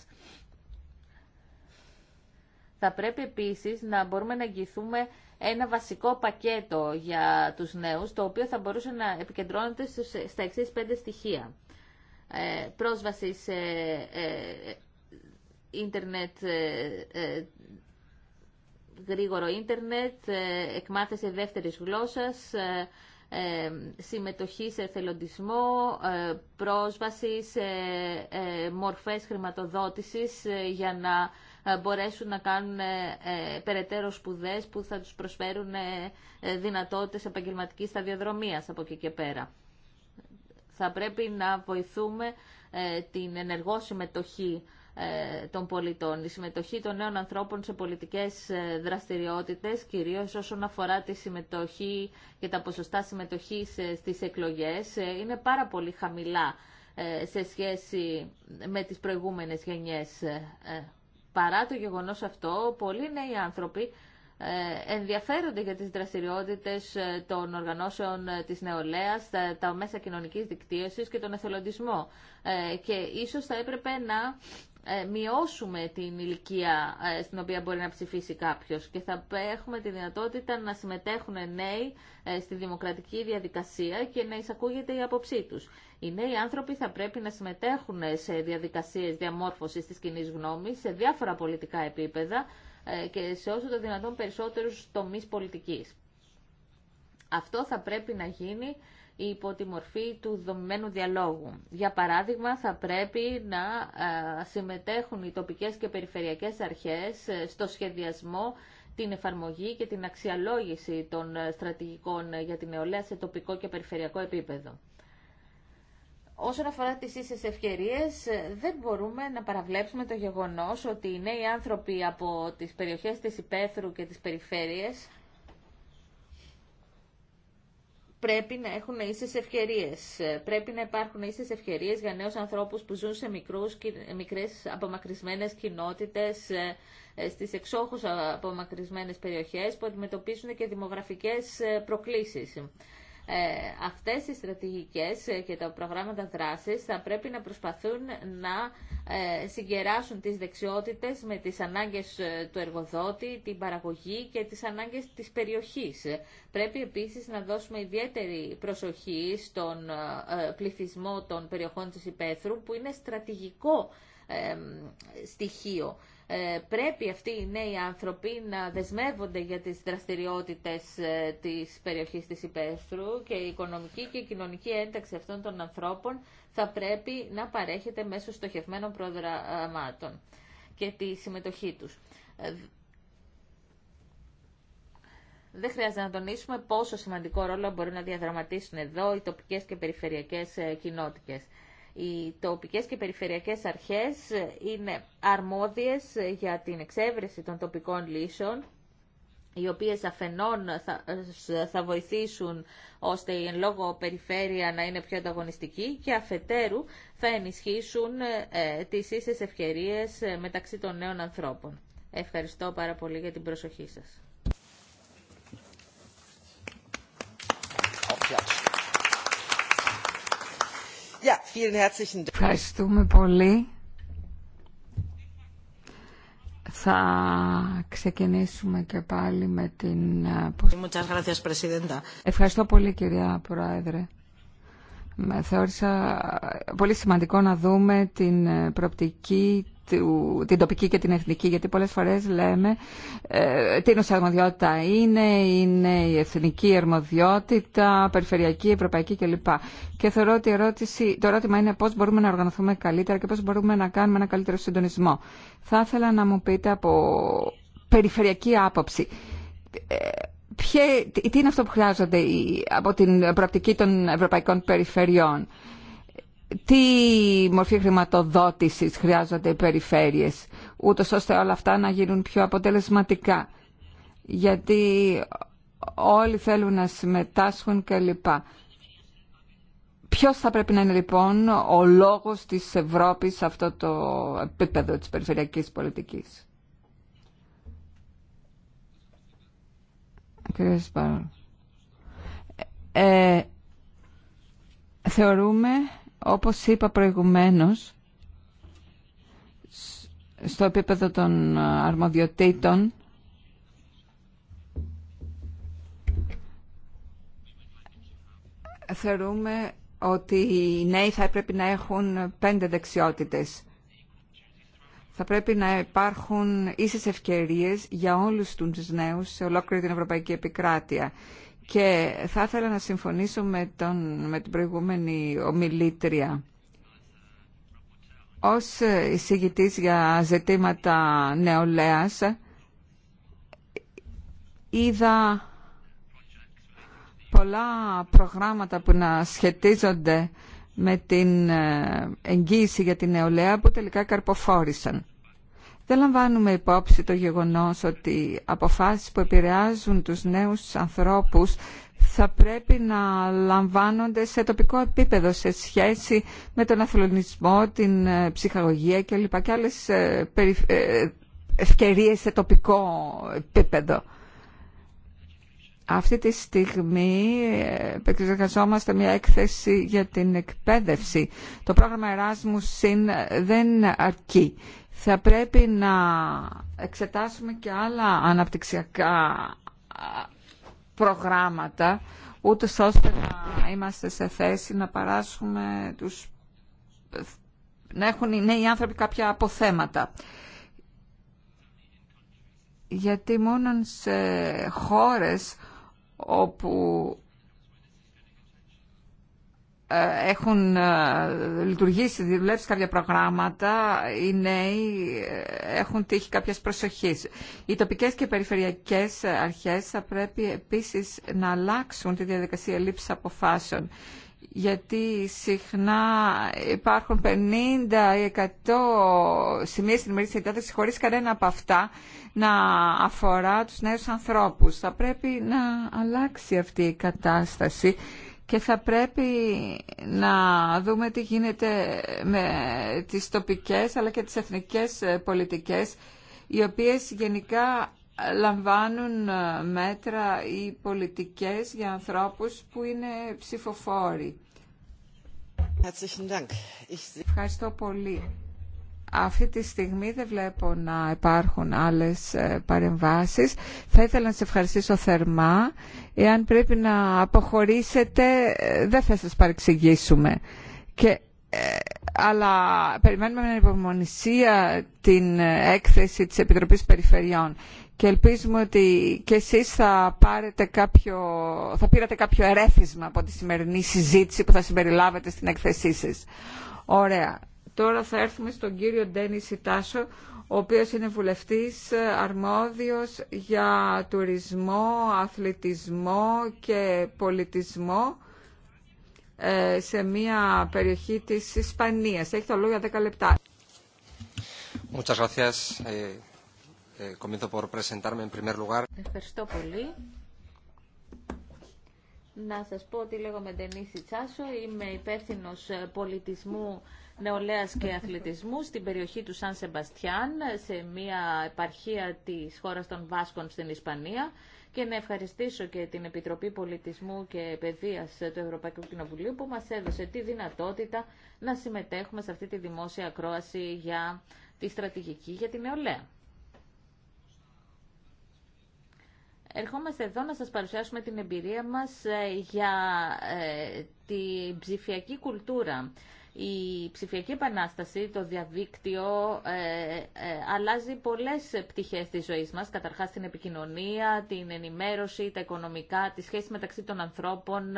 Θα πρέπει επίσης να μπορούμε να εγγυηθούμε ένα βασικό πακέτο για τους νέους, το οποίο θα μπορούσε να επικεντρώνεται στα εξής πέντε στοιχεία. Ε, πρόσβαση σε ε, ε, ίντερνετ γρήγορο ίντερνετ, εκμάθηση δεύτερης γλώσσας, συμμετοχή σε εθελοντισμό, πρόσβαση σε μορφές χρηματοδότησης για να μπορέσουν να κάνουν περαιτέρω σπουδές που θα τους προσφέρουν δυνατότητες επαγγελματικής σταδιοδρομίας από εκεί και πέρα θα πρέπει να βοηθούμε ε, την ενεργό συμμετοχή ε, των πολιτών. Η συμμετοχή των νέων ανθρώπων σε πολιτικές ε, δραστηριότητες, κυρίως όσον αφορά τη συμμετοχή και τα ποσοστά συμμετοχής στις εκλογές, είναι πάρα πολύ χαμηλά σε σχέση με τις προηγούμενες γενιές. Παρά το γεγονός αυτό, πολλοί νέοι άνθρωποι ε, ενδιαφέρονται για τις δραστηριότητες ε, των οργανώσεων ε, της νεολαίας, τα μέσα κοινωνικής δικτύωσης και τον εθελοντισμό. Και ίσως θα έπρεπε να μειώσουμε την ηλικία στην οποία μπορεί να ψηφίσει κάποιος και θα έχουμε τη δυνατότητα να συμμετέχουν νέοι στη δημοκρατική διαδικασία και να εισακούγεται η άποψή τους. Οι νέοι άνθρωποι θα πρέπει να συμμετέχουν σε διαδικασίες διαμόρφωσης της κοινή γνώμης σε διάφορα πολιτικά επίπεδα ε, και σε όσο το δυνατόν περισσότερους τομείς πολιτικής. Αυτό θα πρέπει να γίνει υπό τη μορφή του δομημένου διαλόγου. Για παράδειγμα, θα πρέπει να ε, συμμετέχουν οι τοπικές και περιφερειακές αρχές ε, στο σχεδιασμό, την εφαρμογή και την αξιολόγηση των στρατηγικών για την νεολαία σε τοπικό και περιφερειακό επίπεδο. Όσον αφορά τις ίσες ευκαιρίες, ε, δεν μπορούμε να παραβλέψουμε το γεγονός ότι οι νέοι άνθρωποι από τις περιοχές της Υπέθρου και τις περιφέρειες πρέπει να έχουν ίσες ευκαιρίες. Ε, πρέπει να υπάρχουν ίσες ευκαιρίες για νέους ανθρώπους που ζουν σε μικρούς, μικρές απομακρυσμένες κοινότητες, ε, στις εξόχους απομακρυσμένες περιοχές που αντιμετωπίζουν και δημογραφικές προκλήσεις ε, αυτές οι στρατηγικές ε, και τα προγράμματα δράσης θα πρέπει να προσπαθούν να ε, συγκεράσουν τις δεξιότητες με τις ανάγκες ε, του εργοδότη, την παραγωγή και τις ανάγκες της περιοχής. Πρέπει επίσης να δώσουμε ιδιαίτερη προσοχή στον πληθυσμό των περιοχών της υπαίθρου που είναι στρατηγικό στοιχείο ε, πρέπει αυτοί οι νέοι άνθρωποι να δεσμεύονται για τις δραστηριότητες ε, της περιοχής της υπέστρου και η οικονομική και η κοινωνική ένταξη αυτών των ανθρώπων θα πρέπει να παρέχεται μέσω στοχευμένων προγραμμάτων και τη συμμετοχή τους. Ε, δεν χρειάζεται να τονίσουμε πόσο σημαντικό ρόλο μπορεί να διαδραματίσουν εδώ οι τοπικές και περιφερειακές κοινότητες. Οι τοπικές και περιφερειακές αρχές είναι αρμόδιες για την εξέβρεση των τοπικών λύσεων οι οποίες αφενών θα, βοηθήσουν ώστε η εν λόγω περιφέρεια να είναι πιο ανταγωνιστική και αφετέρου θα ενισχύσουν ε, τις ίσες ευκαιρίες μεταξύ των νέων ανθρώπων. Ευχαριστώ πάρα πολύ για την προσοχή σας. Ευχαριστούμε πολύ. Θα ξεκινήσουμε και πάλι με την... Ε, Ευχαριστώ πολύ κυρία Πρόεδρε θεώρησα πολύ σημαντικό να δούμε την ε, προοπτική την τοπική και την εθνική, γιατί πολλές φορές λέμε ε, τι είναι αρμοδιότητα είναι, είναι η εθνική αρμοδιότητα, περιφερειακή, ευρωπαϊκή κλπ. Και θεωρώ ότι ερώτηση, το ερώτημα είναι πώς μπορούμε να οργανωθούμε καλύτερα και πώς μπορούμε να κάνουμε ένα καλύτερο συντονισμό. Θα ήθελα να μου πείτε από περιφερειακή άποψη. Ε, τι είναι αυτό που χρειάζονται από την προοπτική των ευρωπαϊκών περιφερειών. Τι μορφή χρηματοδότησης χρειάζονται οι περιφέρειες, ούτως ώστε όλα αυτά να γίνουν πιο αποτελεσματικά. Γιατί όλοι θέλουν να συμμετάσχουν κλπ. Ποιος θα πρέπει να είναι λοιπόν ο λόγος της Ευρώπης σε αυτό το επίπεδο της περιφερειακής πολιτικής. κύριε ε, θεωρούμε, όπως είπα προηγουμένως, στο επίπεδο των αρμοδιοτήτων, θεωρούμε ότι οι νέοι θα πρέπει να έχουν πέντε δεξιότητες θα πρέπει να υπάρχουν ίσες ευκαιρίες για όλους τους νέους σε ολόκληρη την Ευρωπαϊκή Επικράτεια. Και θα ήθελα να συμφωνήσω με, τον, με την προηγούμενη ομιλήτρια. Ως εισηγητής για ζητήματα νεολαίας, είδα πολλά προγράμματα που να σχετίζονται με την ε, εγγύηση για την νεολαία που τελικά καρποφόρησαν. Δεν λαμβάνουμε υπόψη το γεγονός ότι αποφάσεις που επηρεάζουν τους νέους ανθρώπους θα πρέπει να λαμβάνονται σε τοπικό επίπεδο σε σχέση με τον αθλονισμό, την ε, ψυχαγωγία κλπ. και άλλες ε, ευκαιρίες σε τοπικό επίπεδο. Αυτή τη στιγμή ε, επεξεργαζόμαστε μια έκθεση για την εκπαίδευση. Το πρόγραμμα Erasmus δεν αρκεί. Θα πρέπει να εξετάσουμε και άλλα αναπτυξιακά προγράμματα, ούτε ώστε να είμαστε σε θέση να παράσχουμε τους... να έχουν οι νέοι άνθρωποι κάποια αποθέματα γιατί μόνο σε χώρες όπου ε, έχουν ε, λειτουργήσει, δουλέψει κάποια προγράμματα, οι νέοι ε, έχουν τύχει κάποιας προσοχής. Οι τοπικές και περιφερειακές αρχές θα πρέπει επίσης να αλλάξουν τη διαδικασία λήψης αποφάσεων γιατί συχνά υπάρχουν 50 ή 100 σημεία στην ημερήσια διάταξη χωρίς κανένα από αυτά να αφορά τους νέους ανθρώπους. Θα πρέπει να αλλάξει αυτή η 100 σημεια στην ημερησια χωρις κανενα απο αυτα να αφορα τους νεους ανθρωπους θα πρεπει να αλλαξει αυτη η κατασταση και θα πρέπει να δούμε τι γίνεται με τις τοπικές αλλά και τις εθνικές πολιτικές οι οποίες γενικά λαμβάνουν ε, μέτρα οι πολιτικές για ανθρώπους που είναι ψηφοφόροι. Ευχαριστώ πολύ. Αυτή τη στιγμή δεν βλέπω να υπάρχουν άλλες ε, παρεμβάσεις. Θα ήθελα να σε ευχαριστήσω θερμά. Εάν πρέπει να αποχωρήσετε, ε, δεν θα σας παρεξηγήσουμε. Και, αλλά περιμένουμε με ανυπομονησία την έκθεση της Επιτροπής Περιφερειών και ελπίζουμε ότι και εσείς θα, πάρετε κάποιο, θα πήρατε κάποιο ερέθισμα από τη σημερινή συζήτηση που θα συμπεριλάβετε στην εκθεσή σας. Ωραία. Τώρα θα έρθουμε στον κύριο Ντένι Σιτάσο, ο οποίος είναι βουλευτής αρμόδιος για τουρισμό, αθλητισμό και πολιτισμό ε, σε μια περιοχή της Ισπανίας. Έχει το λόγο για 10 λεπτά. Eh, Eh, Ευχαριστώ πολύ. Να σας πω ότι λέγομαι Ντενίση Τσάσο, είμαι υπεύθυνο πολιτισμού, νεολαίας και αθλητισμού στην περιοχή του Σαν Σεμπαστιάν, σε μια επαρχία της χώρας των Βάσκων στην Ισπανία και να ευχαριστήσω και την Επιτροπή Πολιτισμού και Παιδείας του Ευρωπαϊκού Κοινοβουλίου που μας έδωσε τη δυνατότητα να συμμετέχουμε σε αυτή τη δημόσια ακρόαση για τη στρατηγική για την νεολαία. Ερχόμαστε εδώ να σας παρουσιάσουμε την εμπειρία μας ε, για ε, την ψηφιακή κουλτούρα. Η ψηφιακή επανάσταση, το διαδίκτυο, ε, αλλάζει πολλές πτυχές της ζωής μας. Καταρχάς την επικοινωνία, την ενημέρωση, τα οικονομικά, τη σχέση μεταξύ των ανθρώπων,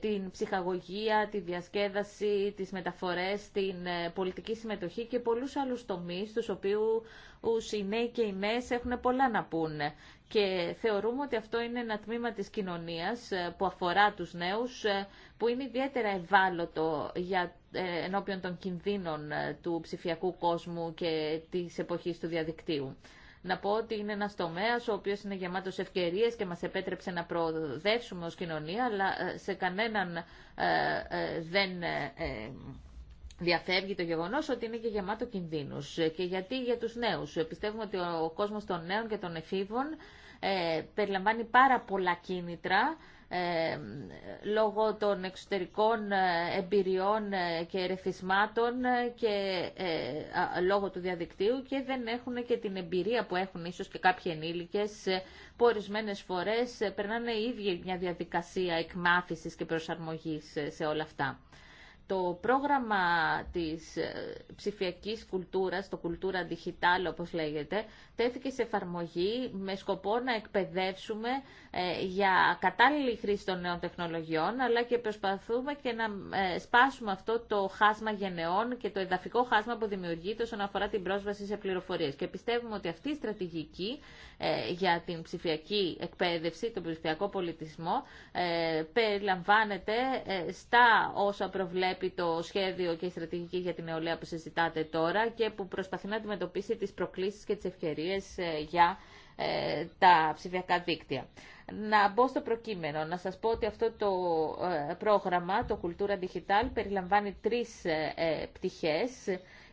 την ψυχαγωγία, τη διασκέδαση, τις μεταφορές, την πολιτική συμμετοχή και πολλούς άλλους τομείς, στους οποίους οι νέοι και οι νέες έχουν πολλά να πούνε και θεωρούμε ότι αυτό είναι ένα τμήμα της κοινωνίας ε, που αφορά τους νέους, ε, που είναι ιδιαίτερα ευάλωτο για, ε, ενώπιον των κινδύνων του ψηφιακού κόσμου και της εποχής του διαδικτύου. Να πω ότι είναι ένας τομέας ο οποίος είναι γεμάτος ευκαιρίες και μα επέτρεψε να προοδεύσουμε ω κοινωνία, αλλά σε κανέναν δεν διαφεύγει το γεγονό ότι είναι και γεμάτο κινδύνους. Και γιατί για τους νέους. Πιστεύουμε ότι ο κόσμο των νέων και των εφήβων ε, περιλαμβάνει πάρα πολλά κίνητρα ε, λόγω των εξωτερικών ε, εμπειριών και ερεθισμάτων και λόγω του διαδικτύου και δεν έχουν και την εμπειρία που έχουν ίσως και κάποιοι ενήλικες που ορισμένε φορές περνάνε ίδια μια διαδικασία εκμάθησης και προσαρμογή σε όλα αυτά. Το πρόγραμμα της ε, ψηφιακής κουλτούρας, το κουλτούρα digital όπως λέγεται, τέθηκε σε εφαρμογή με σκοπό να εκπαιδεύσουμε ε, για κατάλληλη χρήση των νέων τεχνολογιών, αλλά και προσπαθούμε και να ε, σπάσουμε αυτό το χάσμα γενεών και το εδαφικό χάσμα που δημιουργείται όσον αφορά την πρόσβαση σε πληροφορίες. Και πιστεύουμε ότι αυτή η στρατηγική για την ψηφιακή εκπαίδευση, τον ψηφιακό πολιτισμό, περιλαμβάνεται στα όσα προβλέπουμε ...επί το σχέδιο και η στρατηγική για την νεολαία που συζητάτε τώρα και που προσπαθεί να αντιμετωπίσει τις προκλήσεις και τις ευκαιρίες ε, για ε, τα ψηφιακά δίκτυα. Να μπω στο προκείμενο, να σας πω ότι αυτό το ε, πρόγραμμα, το Cultura Digital, περιλαμβάνει τρεις πτυχές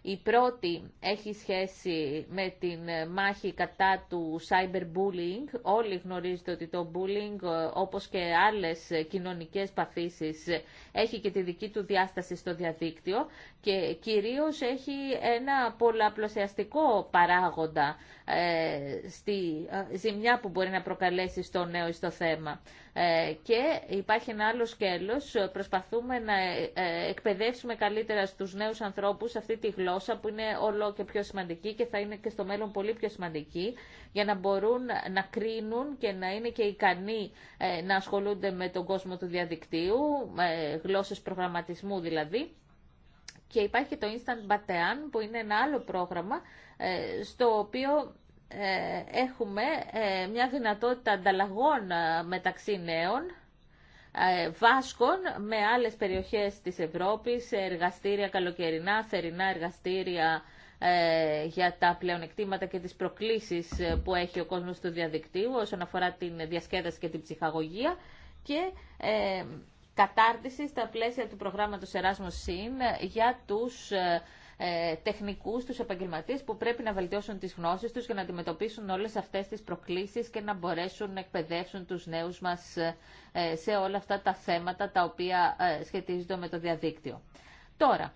η πρώτη έχει σχέση με την μάχη κατά του cyberbullying. Όλοι γνωρίζετε ότι το bullying, όπως και άλλες κοινωνικές παθήσεις, έχει και τη δική του διάσταση στο διαδίκτυο και κυρίως έχει ένα πολλαπλασιαστικό παράγοντα ε, στη ε, ζημιά που μπορεί να προκαλέσει στο νέο ή στο θέμα. Ε, και υπάρχει ένα άλλο σκέλος, προσπαθούμε να εκπαιδεύσουμε καλύτερα στους νέους ανθρώπους αυτή τη γλώσσα που είναι όλο και πιο σημαντική και θα είναι και στο μέλλον πολύ πιο σημαντική για να μπορούν να κρίνουν και να είναι και ικανοί να ασχολούνται με τον κόσμο του διαδικτύου, γλώσσες προγραμματισμού δηλαδή. Και υπάρχει και το Instant Batean που είναι ένα άλλο πρόγραμμα στο οποίο ε, έχουμε ε, μια δυνατότητα ανταλλαγών ε, μεταξύ νέων Βάσκων με άλλες περιοχές της Ευρώπης, εργαστήρια καλοκαιρινά, θερινά εργαστήρια για τα πλεονεκτήματα και τις προκλήσεις που έχει ο κόσμος του διαδικτύου όσον αφορά την διασκέδαση και την ψυχαγωγία και κατάρτιση στα πλαίσια του προγράμματος Erasmus Sin για τους ε, τεχνικούς, τους επαγγελματίες που πρέπει να βελτιώσουν τις γνώσεις τους και να αντιμετωπίσουν όλες αυτές τις προκλήσεις και να μπορέσουν να εκπαιδεύσουν τους νέους μας ε, ε, σε όλα αυτά τα θέματα τα οποία ε, σχετίζονται με το διαδίκτυο. Τώρα,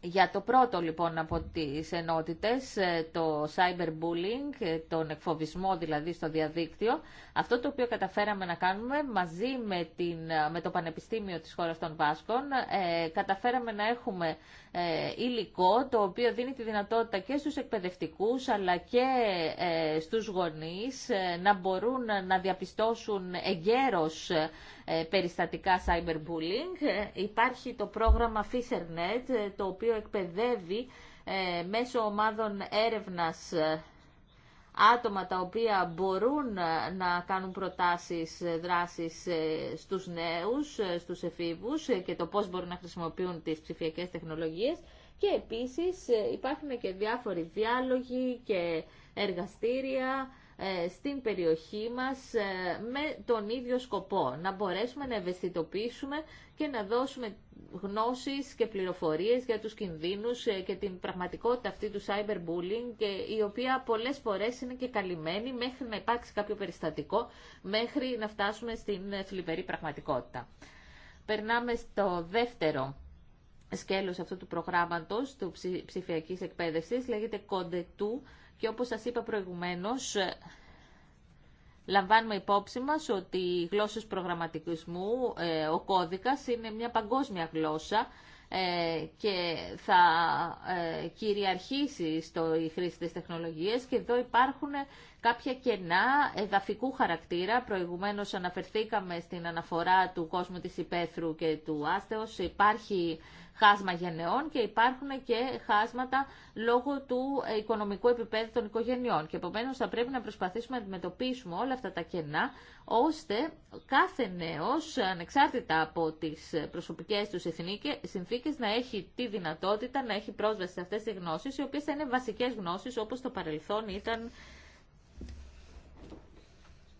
για το πρώτο λοιπόν από τις ενότητες, το cyberbullying, τον εκφοβισμό δηλαδή στο διαδίκτυο, αυτό το οποίο καταφέραμε να κάνουμε μαζί με, την, με το Πανεπιστήμιο της χώρας των Βάσκων, καταφέραμε να έχουμε ε, υλικό το οποίο δίνει τη δυνατότητα και στους εκπαιδευτικούς αλλά και ε, στους γονείς ε, να μπορούν να διαπιστώσουν εγκαίρως περιστατικά cyberbullying. Υπάρχει το πρόγραμμα FisherNet το οποίο εκπαιδεύει μέσω ομάδων έρευνας άτομα τα οποία μπορούν να κάνουν προτάσεις ε, δράσεις ε, στους νέους, ε, στους εφήβους και το πώς μπορούν να χρησιμοποιούν τις ψηφιακές τεχνολογίες και επίσης υπάρχουν και διάφοροι διάλογοι και εργαστήρια ε, στην περιοχή μας ε, με τον ίδιο σκοπό, να μπορέσουμε να ευαισθητοποιήσουμε και να δώσουμε γνώσεις και πληροφορίες για τους κινδύνους ε, και την πραγματικότητα αυτή του cyberbullying και η οποία πολλές φορές είναι και καλυμμένη μέχρι να υπάρξει κάποιο περιστατικό, μέχρι να φτάσουμε στην θλιβερή πραγματικότητα. Περνάμε στο δεύτερο σκέλος αυτού του προγράμματος του ψηφιακής εκπαίδευσης, λέγεται Code και όπως σας είπα προηγουμένως, ε, λαμβάνουμε υπόψη μας ότι οι γλώσσες προγραμματισμού, ε, ο κώδικας είναι μια παγκόσμια γλώσσα ε, και θα κυριαρχήσει στο η χρήση της τεχνολογίας και εδώ υπάρχουν κάποια κενά εδαφικού χαρακτήρα. Προηγουμένως αναφερθήκαμε στην αναφορά του κόσμου της υπαίθρου και του άστεως. Υπάρχει χάσμα γενεών και υπάρχουν και χάσματα λόγω του οικονομικού επίπεδου των οικογενειών. Και επομένω θα πρέπει να προσπαθήσουμε να αντιμετωπίσουμε όλα αυτά τα κενά, ώστε κάθε νέος, ανεξάρτητα από τις προσωπικές του συνθήκες, να έχει τη δυνατότητα να έχει πρόσβαση σε αυτές τις γνώσεις, οι οποίες θα είναι βασικέ γνώσει, όπω το παρελθόν ήταν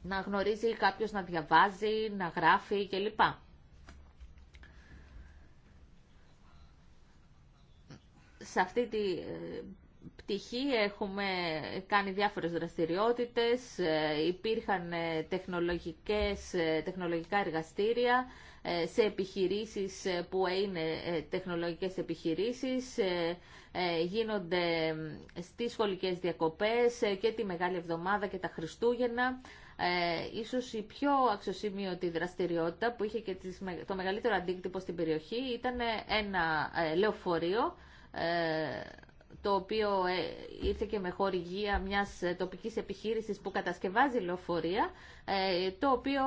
να γνωρίζει κάποιος να διαβάζει, να γράφει κλπ. σε αυτή τη ε, πτυχή έχουμε κάνει διάφορες δραστηριότητες, ε, υπήρχαν ε, τεχνολογικές, τεχνολογικά εργαστήρια σε επιχειρήσεις που είναι τεχνολογικές επιχειρήσεις, γίνονται στις σχολικές διακοπές και τη Μεγάλη Εβδομάδα και τα Χριστούγεννα. Ε, ίσως η πιο αξιοσημείωτη δραστηριότητα που είχε και το μεγαλύτερο αντίκτυπο στην περιοχή ήταν ένα λεωφορείο ε, το οποίο ε, ήρθε και με χορηγία μιας ε, τοπικής επιχείρησης που κατασκευάζει λεωφορεία, το οποίο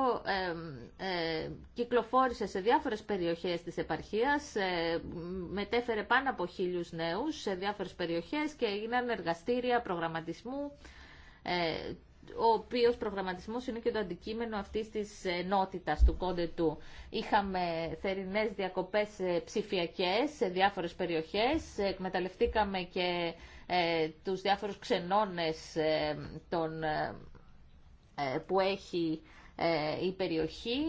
κυκλοφόρησε σε διάφορες περιοχές της επαρχίας, μετέφερε πάνω από χίλιους νέους σε διάφορες περιοχές και έγιναν εργαστήρια προγραμματισμού ο οποίος προγραμματισμός είναι και το αντικείμενο αυτής της ενότητας του κόντε του. Είχαμε θερινές διακοπές ε, ψηφιακές σε διάφορες περιοχές, εκμεταλλευτήκαμε και ε, τους διάφορους ξενώνες ε, που έχει η περιοχή.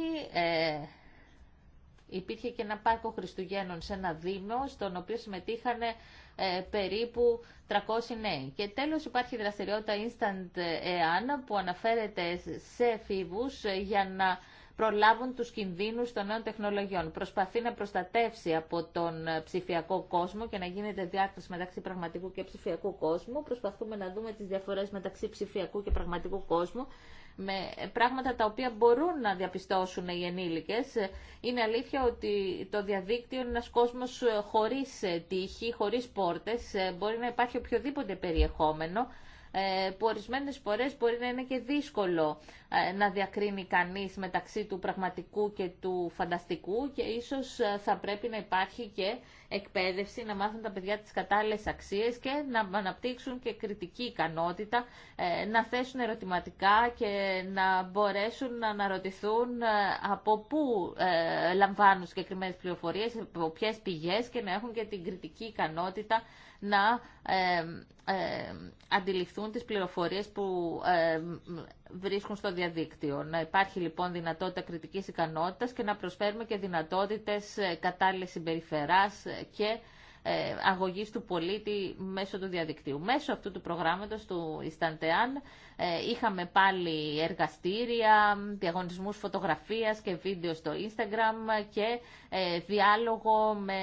Υπήρχε και ένα πάρκο Χριστουγέννων σε ένα δήμο, στον οποίο συμμετείχανε ε, περίπου 300 νέοι. Και τέλος υπάρχει η δραστηριότητα Instant EAN που αναφέρεται σε φίβους ε, για να προλάβουν τους κινδύνους των νέων τεχνολογιών. Προσπαθεί να προστατεύσει από τον ε, ψηφιακό κόσμο και να γίνεται διάκριση μεταξύ πραγματικού και ψηφιακού κόσμου. Προσπαθούμε να δούμε τις διαφορές μεταξύ ψηφιακού και πραγματικού κόσμου με πράγματα τα οποία μπορούν να διαπιστώσουν οι ενήλικες. Είναι αλήθεια ότι το διαδίκτυο είναι ένας κόσμος ε, χωρίς ε, τύχη, χωρίς πόρτες, ε, μπορεί να υπάρχει οποιοδήποτε περιεχόμενο ε, που ορισμένες φορές μπορεί να είναι και δύσκολο ε, να διακρίνει κανείς μεταξύ του πραγματικού και του φανταστικού και ίσως ε, θα πρέπει να υπάρχει και εκπαίδευση, να μάθουν τα παιδιά τις κατάλληλες αξίες και να αναπτύξουν και κριτική ικανότητα, να θέσουν ερωτηματικά και να μπορέσουν να αναρωτηθούν από πού λαμβάνουν συγκεκριμένες πληροφορίες, από ποιες πηγές και να έχουν και την κριτική ικανότητα να αντιληφθούν τις πληροφορίες που βρίσκουν στο διαδίκτυο. Να υπάρχει λοιπόν δυνατότητα κριτικής ικανότητας και να προσφέρουμε και δυνατότητες ε, κατάλληλης συμπεριφεράς ε, και ε, αγωγής του πολίτη μέσω του διαδικτύου. Μέσω αυτού του προγράμματος του Ισταντεάν ε, είχαμε πάλι εργαστήρια, διαγωνισμούς φωτογραφίας και βίντεο στο Instagram και ε, διάλογο με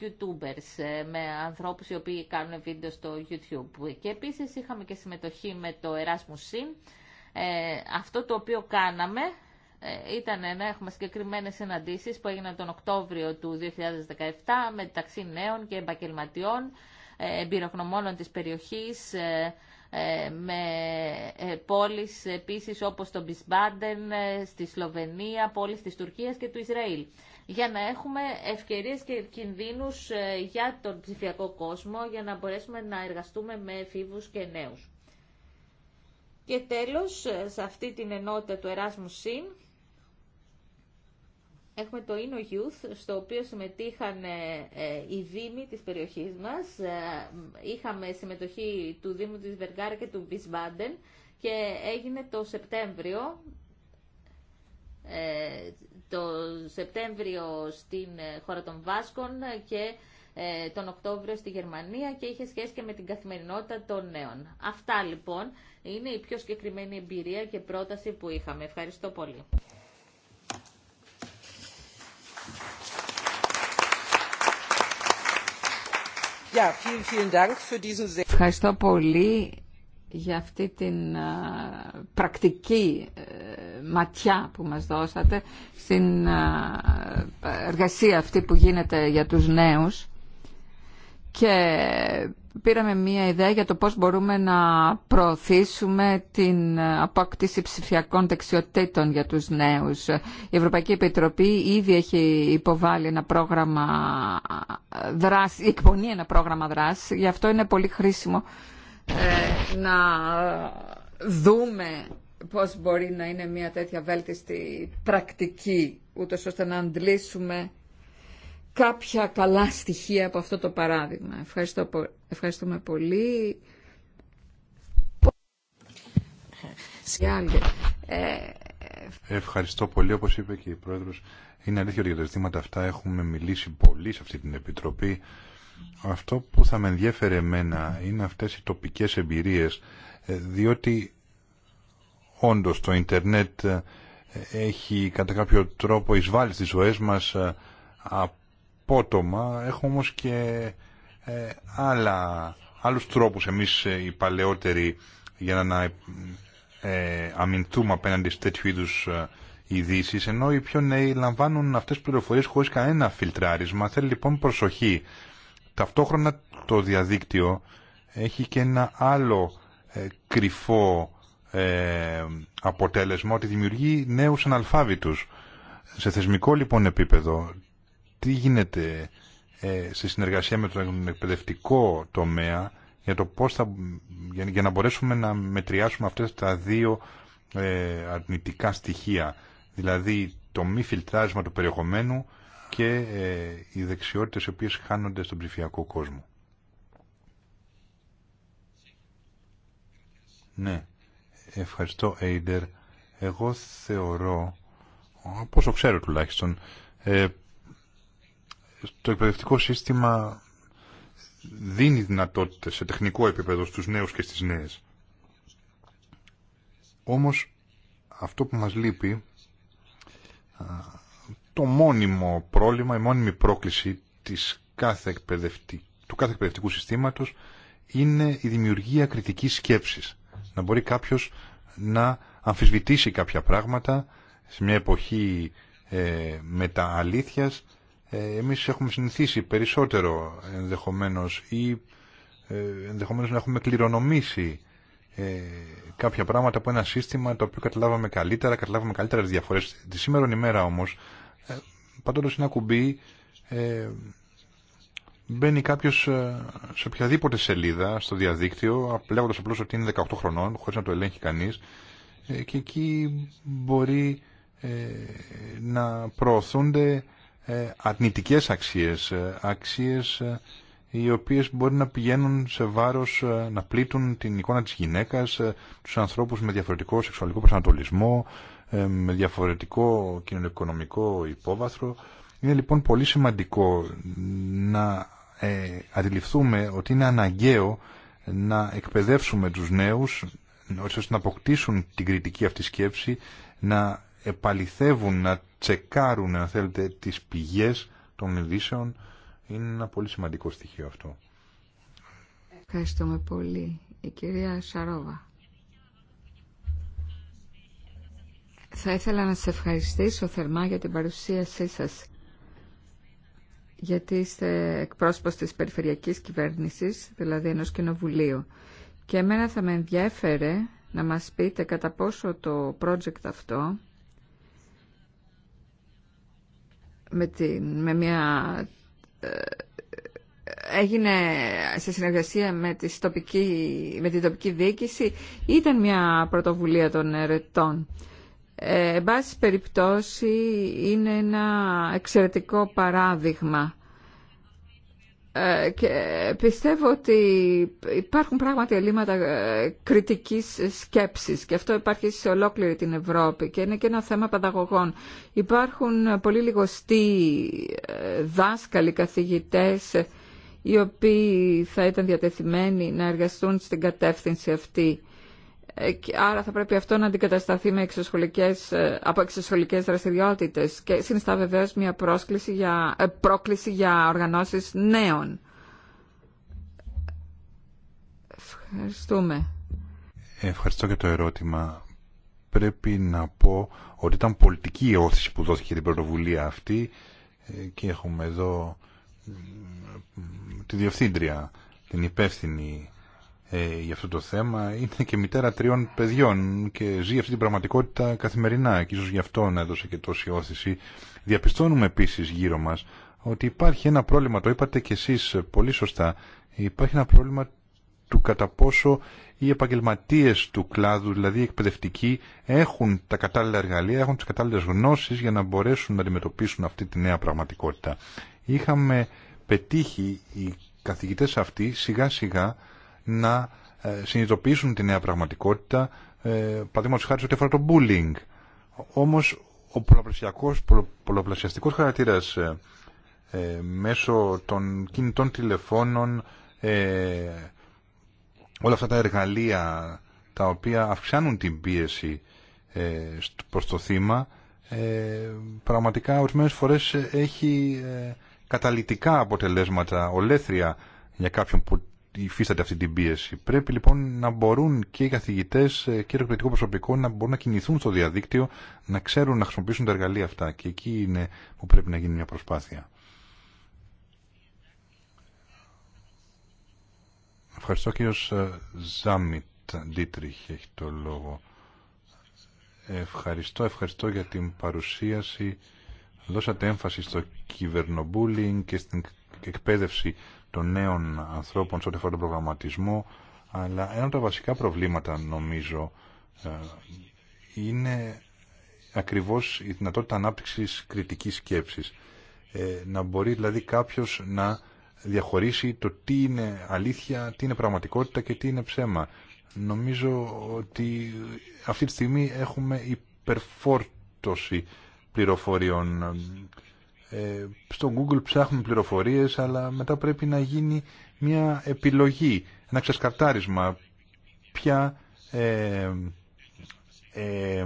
YouTubers, με ανθρώπους οι οποίοι κάνουν βίντεο στο YouTube. Και επίσης είχαμε και συμμετοχή με το Erasmus Sim. αυτό το οποίο κάναμε ε, ήταν να έχουμε συγκεκριμένε συναντήσει που έγιναν τον Οκτώβριο του 2017 μεταξύ νέων και επαγγελματιών, ε, εμπειρογνωμόνων της περιοχής, ε, με πόλεις επίσης όπως το Μπισμπάντεν, στη Σλοβενία, πόλεις της Τουρκίας και του Ισραήλ. Για να έχουμε ευκαιρίες και κινδύνους για τον ψηφιακό κόσμο, για να μπορέσουμε να εργαστούμε με εφήβους και νέου. Και τέλος, σε αυτή την ενότητα του Erasmus Sin, Έχουμε το Inno Youth, στο οποίο συμμετείχαν ε, ε, οι δήμοι της περιοχής μας. Ε, είχαμε συμμετοχή του Δήμου της Βεργάρα και του Βισβάντεν και έγινε το Σεπτέμβριο το Σεπτέμβριο στην χώρα των Βάσκων και τον Οκτώβριο στη Γερμανία και είχε σχέση και με την καθημερινότητα των νέων. Αυτά λοιπόν είναι η πιο συγκεκριμένη εμπειρία και πρόταση που είχαμε. Ευχαριστώ πολύ. Ευχαριστώ πολύ για αυτή την πρακτική ε, ματιά που μας δώσατε στην εργασία αυτή που γίνεται για τους νέους και πήραμε μία ιδέα για το πώς μπορούμε να προωθήσουμε την απόκτηση ψηφιακών δεξιοτήτων για τους νέους. Η Ευρωπαϊκή Επιτροπή ήδη έχει υποβάλει ένα πρόγραμμα δράση, εκπονεί ένα πρόγραμμα δράση, γι' αυτό είναι πολύ χρήσιμο ε, να δούμε πώς μπορεί να είναι μια τέτοια βέλτιστη πρακτική, ούτως ώστε να αντλήσουμε κάποια καλά στοιχεία από αυτό το παράδειγμα. Ευχαριστώ, ευχαριστούμε πολύ. Ε, Ευχαριστώ πολύ, όπως είπε και η Πρόεδρος. Είναι αλήθεια ότι για τα ζητήματα αυτά έχουμε μιλήσει πολύ σε αυτή την Επιτροπή. Αυτό που θα με ενδιέφερε εμένα είναι αυτές οι τοπικές εμπειρίες, ε, διότι όντως το ίντερνετ ε, έχει κατά κάποιο τρόπο εισβάλλει στις ζωές μας πότομα Έχουμε όμως και ε, άλλα, άλλους τρόπους εμείς ε, οι παλαιότεροι για να ε, αμυνθούμε απέναντι σε τέτοιου είδου ε, ειδήσει, ενώ οι πιο νέοι λαμβάνουν αυτές τις πληροφορίες χωρίς κανένα φιλτράρισμα. Θέλει λοιπόν προσοχή. Ταυτόχρονα το διαδίκτυο έχει και ένα άλλο ε, κρυφό ε, αποτέλεσμα ότι δημιουργεί νέους αναλφάβητους. Σε θεσμικό λοιπόν επίπεδο τι γίνεται ε, σε συνεργασία με τον εκπαιδευτικό τομέα για, το πώς θα, για, να μπορέσουμε να μετριάσουμε αυτές τα δύο ε, αρνητικά στοιχεία. Δηλαδή το μη φιλτράρισμα του περιεχομένου και ε, οι δεξιότητες οι οποίες χάνονται στον ψηφιακό κόσμο. Ναι, ευχαριστώ Έιντερ. Εγώ θεωρώ, πόσο ξέρω τουλάχιστον, το εκπαιδευτικό σύστημα δίνει δυνατότητες σε τεχνικό επίπεδο στους νέους και στις νέες. Όμως αυτό που μας λείπει, το μόνιμο πρόβλημα, η μόνιμη πρόκληση της κάθε του κάθε εκπαιδευτικού συστήματος είναι η δημιουργία κριτικής σκέψης. Να μπορεί κάποιος να αμφισβητήσει κάποια πράγματα σε μια εποχή ε, μετααλήθειας ε, εμείς έχουμε συνηθίσει περισσότερο ενδεχομένως ή ε, ενδεχομένως να έχουμε κληρονομήσει ε, κάποια πράγματα από ένα σύστημα το οποίο καταλάβαμε καλύτερα, καταλάβαμε καλύτερα τις διαφορές. Τη σήμερα ημέρα όμως, ε, πατώντας ένα κουμπί, μπαίνει κάποιος σε οποιαδήποτε σελίδα στο διαδίκτυο, λέγοντας απλώς ότι είναι 18 χρονών, χωρίς να το ελέγχει κανείς, και εκεί μπορεί να προωθούνται ε, αρνητικές αξίες, ε, αξίες ε, οι οποίες μπορεί να πηγαίνουν σε βάρος, να πλήττουν την εικόνα της γυναίκας, τους ανθρώπους με διαφορετικό σεξουαλικό προσανατολισμό, με διαφορετικό κοινωνικονομικό υπόβαθρο. Είναι λοιπόν πολύ σημαντικό να αντιληφθούμε ότι είναι αναγκαίο να εκπαιδεύσουμε τους νέους ώστε να αποκτήσουν την κριτική αυτή σκέψη, να επαληθεύουν, να τσεκάρουν, αν θέλετε, τις πηγές των ειδήσεων. Είναι ένα πολύ σημαντικό στοιχείο αυτό. Ευχαριστούμε πολύ. Η κυρία Σαρόβα. Θα ήθελα να σας ευχαριστήσω θερμά για την παρουσίασή σας γιατί είστε εκπρόσωπος της περιφερειακής κυβέρνησης, δηλαδή ενός κοινοβουλίου. Και εμένα θα με ενδιέφερε να μας πείτε κατά πόσο το project αυτό με, την, με μια ε, έγινε σε συνεργασία με, τοπική, με την τοπική διοίκηση ήταν μια πρωτοβουλία των ερετών. Ε, εν πάση περιπτώσει είναι ένα εξαιρετικό παράδειγμα ε, και πιστεύω ότι υπάρχουν πράγματι ελλείμματα ε, κριτικής σκέψης και αυτό υπάρχει σε ολόκληρη την Ευρώπη και είναι και ένα θέμα παιδαγωγών. Υπάρχουν πολύ λιγοστοί ε, δάσκαλοι, καθηγητές οι οποίοι θα ήταν διατεθειμένοι να εργαστούν στην κατεύθυνση αυτή. Ε, άρα θα πρέπει αυτό να αντικατασταθεί με εξωσχολικές, ε, από εξωσχολικές δραστηριότητες και συνιστά βεβαίω μια για, ε, πρόκληση για οργανώσεις νέων. Ευχαριστούμε. Ευχαριστώ για το ερώτημα. Πρέπει να πω ότι ήταν πολιτική η όθηση που δόθηκε την πρωτοβουλία αυτή και έχουμε εδώ τη διευθύντρια, την υπεύθυνη ε, για αυτό το θέμα είναι και μητέρα τριών παιδιών και ζει αυτή την πραγματικότητα καθημερινά και ίσως γι' αυτό να έδωσε και τόση όθηση. Διαπιστώνουμε επίσης γύρω μας ότι υπάρχει ένα πρόβλημα, το είπατε κι εσείς πολύ σωστά, υπάρχει ένα πρόβλημα του κατά πόσο οι επαγγελματίες του κλάδου, δηλαδή οι εκπαιδευτικοί, έχουν τα κατάλληλα εργαλεία, έχουν τις κατάλληλες γνώσεις για να μπορέσουν να αντιμετωπίσουν αυτή τη νέα πραγματικότητα. Είχαμε πετύχει οι καθηγητές αυτοί σιγά σιγά να ε, συνειδητοποιήσουν τη νέα πραγματικότητα, ε, παραδείγματο χάρη ό,τι αφορά το bullying. όμως ο πολλαπλασιαστικό χαρακτήρα ε, ε, μέσω των κινητών τηλεφώνων, ε, όλα αυτά τα εργαλεία τα οποία αυξάνουν την πίεση ε, προς το θύμα, ε, πραγματικά ορισμένες φορές έχει καταλυτικά αποτελέσματα, ολέθρια για κάποιον που υφίσταται αυτή την πίεση. Πρέπει λοιπόν να μπορούν και οι καθηγητέ ε, και το εκπαιδευτικό προσωπικό να μπορούν να κινηθούν στο διαδίκτυο, να ξέρουν να χρησιμοποιήσουν τα εργαλεία αυτά. Και εκεί είναι που πρέπει να γίνει μια προσπάθεια. Ευχαριστώ κύριο ε, Ζάμιτ Ντίτριχ έχει το λόγο. Ευχαριστώ, ευχαριστώ για την παρουσίαση. Δώσατε έμφαση στο κυβερνομπούλινγκ και στην εκπαίδευση των νέων ανθρώπων σε ό,τι αφορά τον προγραμματισμό, αλλά ένα από τα βασικά προβλήματα νομίζω ε, είναι ακριβώς η δυνατότητα ανάπτυξης κριτικής σκέψης. Ε, να μπορεί δηλαδή κάποιος να διαχωρίσει το τι είναι αλήθεια, τι είναι πραγματικότητα και τι είναι ψέμα. Νομίζω ότι αυτή τη στιγμή έχουμε υπερφόρτωση πληροφοριών ε, στο Google ψάχνουμε πληροφορίες, αλλά μετά πρέπει να γίνει μια επιλογή, ένα ξεσκαρτάρισμα. Ποια ε, ε,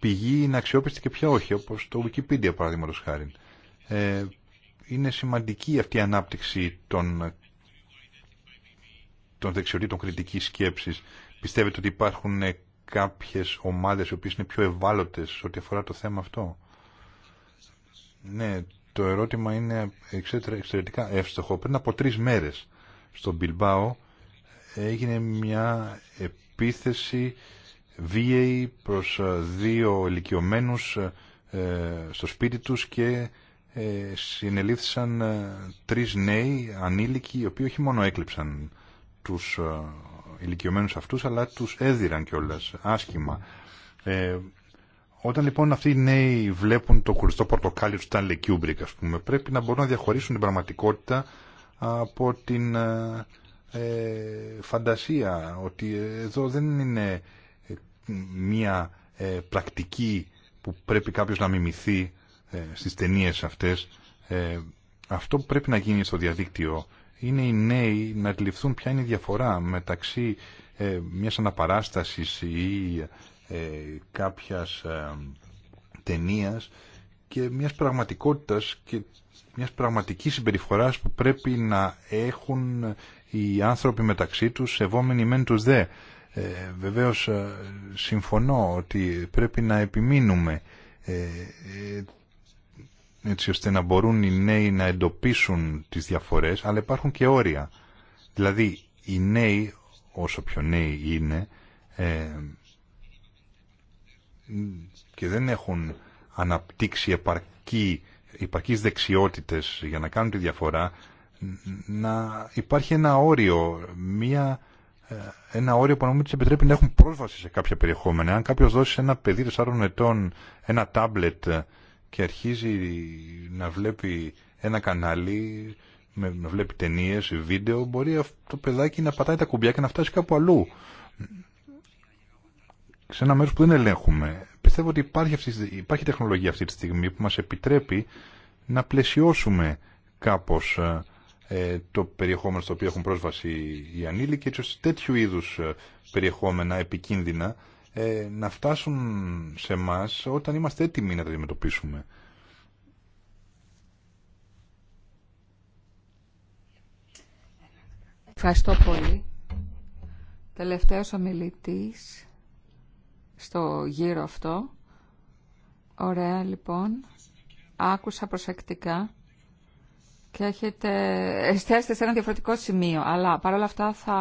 πηγή είναι αξιόπιστη και ποια όχι, όπως το Wikipedia παραδείγματος χάρη. Ε, είναι σημαντική αυτή η ανάπτυξη των, των δεξιοτήτων κριτικής σκέψης. Πιστεύετε ότι υπάρχουν κάποιες ομάδες οι οποίες είναι πιο ευάλωτες ό,τι αφορά το θέμα αυτό. Ναι, το ερώτημα είναι εξαιρετικά εύστοχο. Πριν από τρεις μέρες στο Μπιλμπάο έγινε μια επίθεση βίαιη προς ε, δύο ηλικιωμένους ε, ε, στο σπίτι τους και συνελήφθησαν τρεις νέοι ανήλικοι οι οποίοι όχι μόνο έκλειψαν τους ηλικιωμένους αυτούς αλλά τους έδιραν κιόλας άσχημα. Όταν λοιπόν αυτοί οι νέοι βλέπουν το κουριστό πορτοκάλι του Στάνλε Κιούμπρικ, πούμε, πρέπει να μπορούν να διαχωρίσουν την πραγματικότητα από την ε, ε φαντασία, ότι εδώ δεν είναι ε, μία ε, πρακτική που πρέπει κάποιος να μιμηθεί ε, στις ταινίες αυτές. αυτό που πρέπει να γίνει στο διαδίκτυο είναι οι νέοι να αντιληφθούν ποια είναι η διαφορά μεταξύ μιας αναπαράστασης ή ε, κάποιας ε, ταινίας και μιας πραγματικότητας και μιας πραγματικής συμπεριφοράς που πρέπει να έχουν οι άνθρωποι μεταξύ τους σεβόμενοι μεν τους δε. Ε, βεβαίως ε, συμφωνώ ότι πρέπει να επιμείνουμε ε, έτσι ώστε να μπορούν οι νέοι να εντοπίσουν τις διαφορές αλλά υπάρχουν και όρια. Δηλαδή οι νέοι, όσο πιο νέοι είναι, και δεν έχουν αναπτύξει επαρκή, επαρκείς δεξιότητες για να κάνουν τη διαφορά, να υπάρχει ένα όριο, μια, ε, ένα όριο που να μην τους επιτρέπει να έχουν πρόσβαση σε κάποια περιεχόμενα. Αν κάποιος δώσει ένα παιδί 4 ετών ένα τάμπλετ και αρχίζει να βλέπει ένα κανάλι, να βλέπει ταινίες, βίντεο, μπορεί αυτό το παιδάκι να πατάει τα κουμπιά και να φτάσει κάπου αλλού σε ένα μέρος που δεν ελέγχουμε. Πιστεύω ότι υπάρχει, αυτή, υπάρχει τεχνολογία αυτή τη στιγμή που μας επιτρέπει να πλαισιώσουμε κάπως ε, ε, το περιεχόμενο στο οποίο έχουν πρόσβαση οι ανήλικοι, έτσι ώστε τέτοιου είδους ε, περιεχόμενα επικίνδυνα να φτάσουν σε εμά όταν είμαστε έτοιμοι να τα αντιμετωπίσουμε. Ευχαριστώ πολύ. Τελευταίος ομιλητής στο γύρο αυτό. Ωραία, λοιπόν. Άκουσα προσεκτικά και έχετε εστιάσει σε ένα διαφορετικό σημείο. Αλλά παρόλα αυτά θα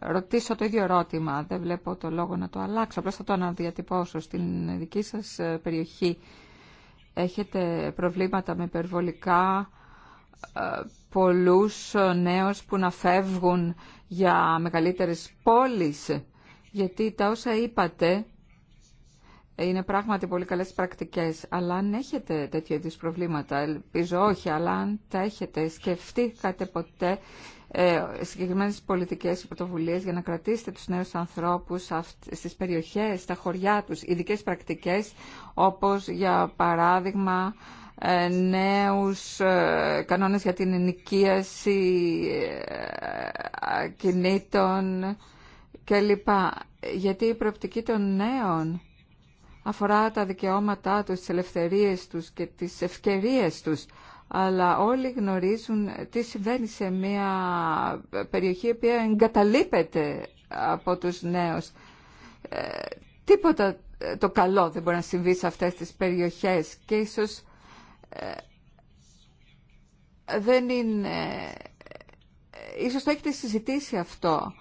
ρωτήσω το ίδιο ερώτημα. Δεν βλέπω το λόγο να το αλλάξω. Απλώς θα το αναδιατυπώσω. Στην δική σας ε, περιοχή έχετε προβλήματα με υπερβολικά ε, πολλούς ε, νέους που να φεύγουν για μεγαλύτερες πόλεις γιατί τα όσα είπατε είναι πράγματι πολύ καλές πρακτικές, αλλά αν έχετε τέτοιου προβλήματα, ελπίζω όχι, αλλά αν τα έχετε, σκεφτήκατε ποτέ ε, συγκεκριμένες πολιτικές πρωτοβουλίε για να κρατήσετε τους νέους ανθρώπους στις περιοχές, στα χωριά τους, ειδικέ πρακτικές, όπως για παράδειγμα ε, νέους ε, κανόνες για την ενοικίαση ε, κινήτων, και λοιπά Γιατί η προοπτική των νέων αφορά τα δικαιώματά τους, τις ελευθερίες τους και τις ευκαιρίες τους. Αλλά όλοι γνωρίζουν τι συμβαίνει σε μια περιοχή η οποία εγκαταλείπεται από τους νέους. Ε, τίποτα ε, το καλό δεν μπορεί να συμβεί σε αυτές τις περιοχές και ίσως ε, δεν είναι... Ε, ίσως το έχετε συζητήσει αυτό.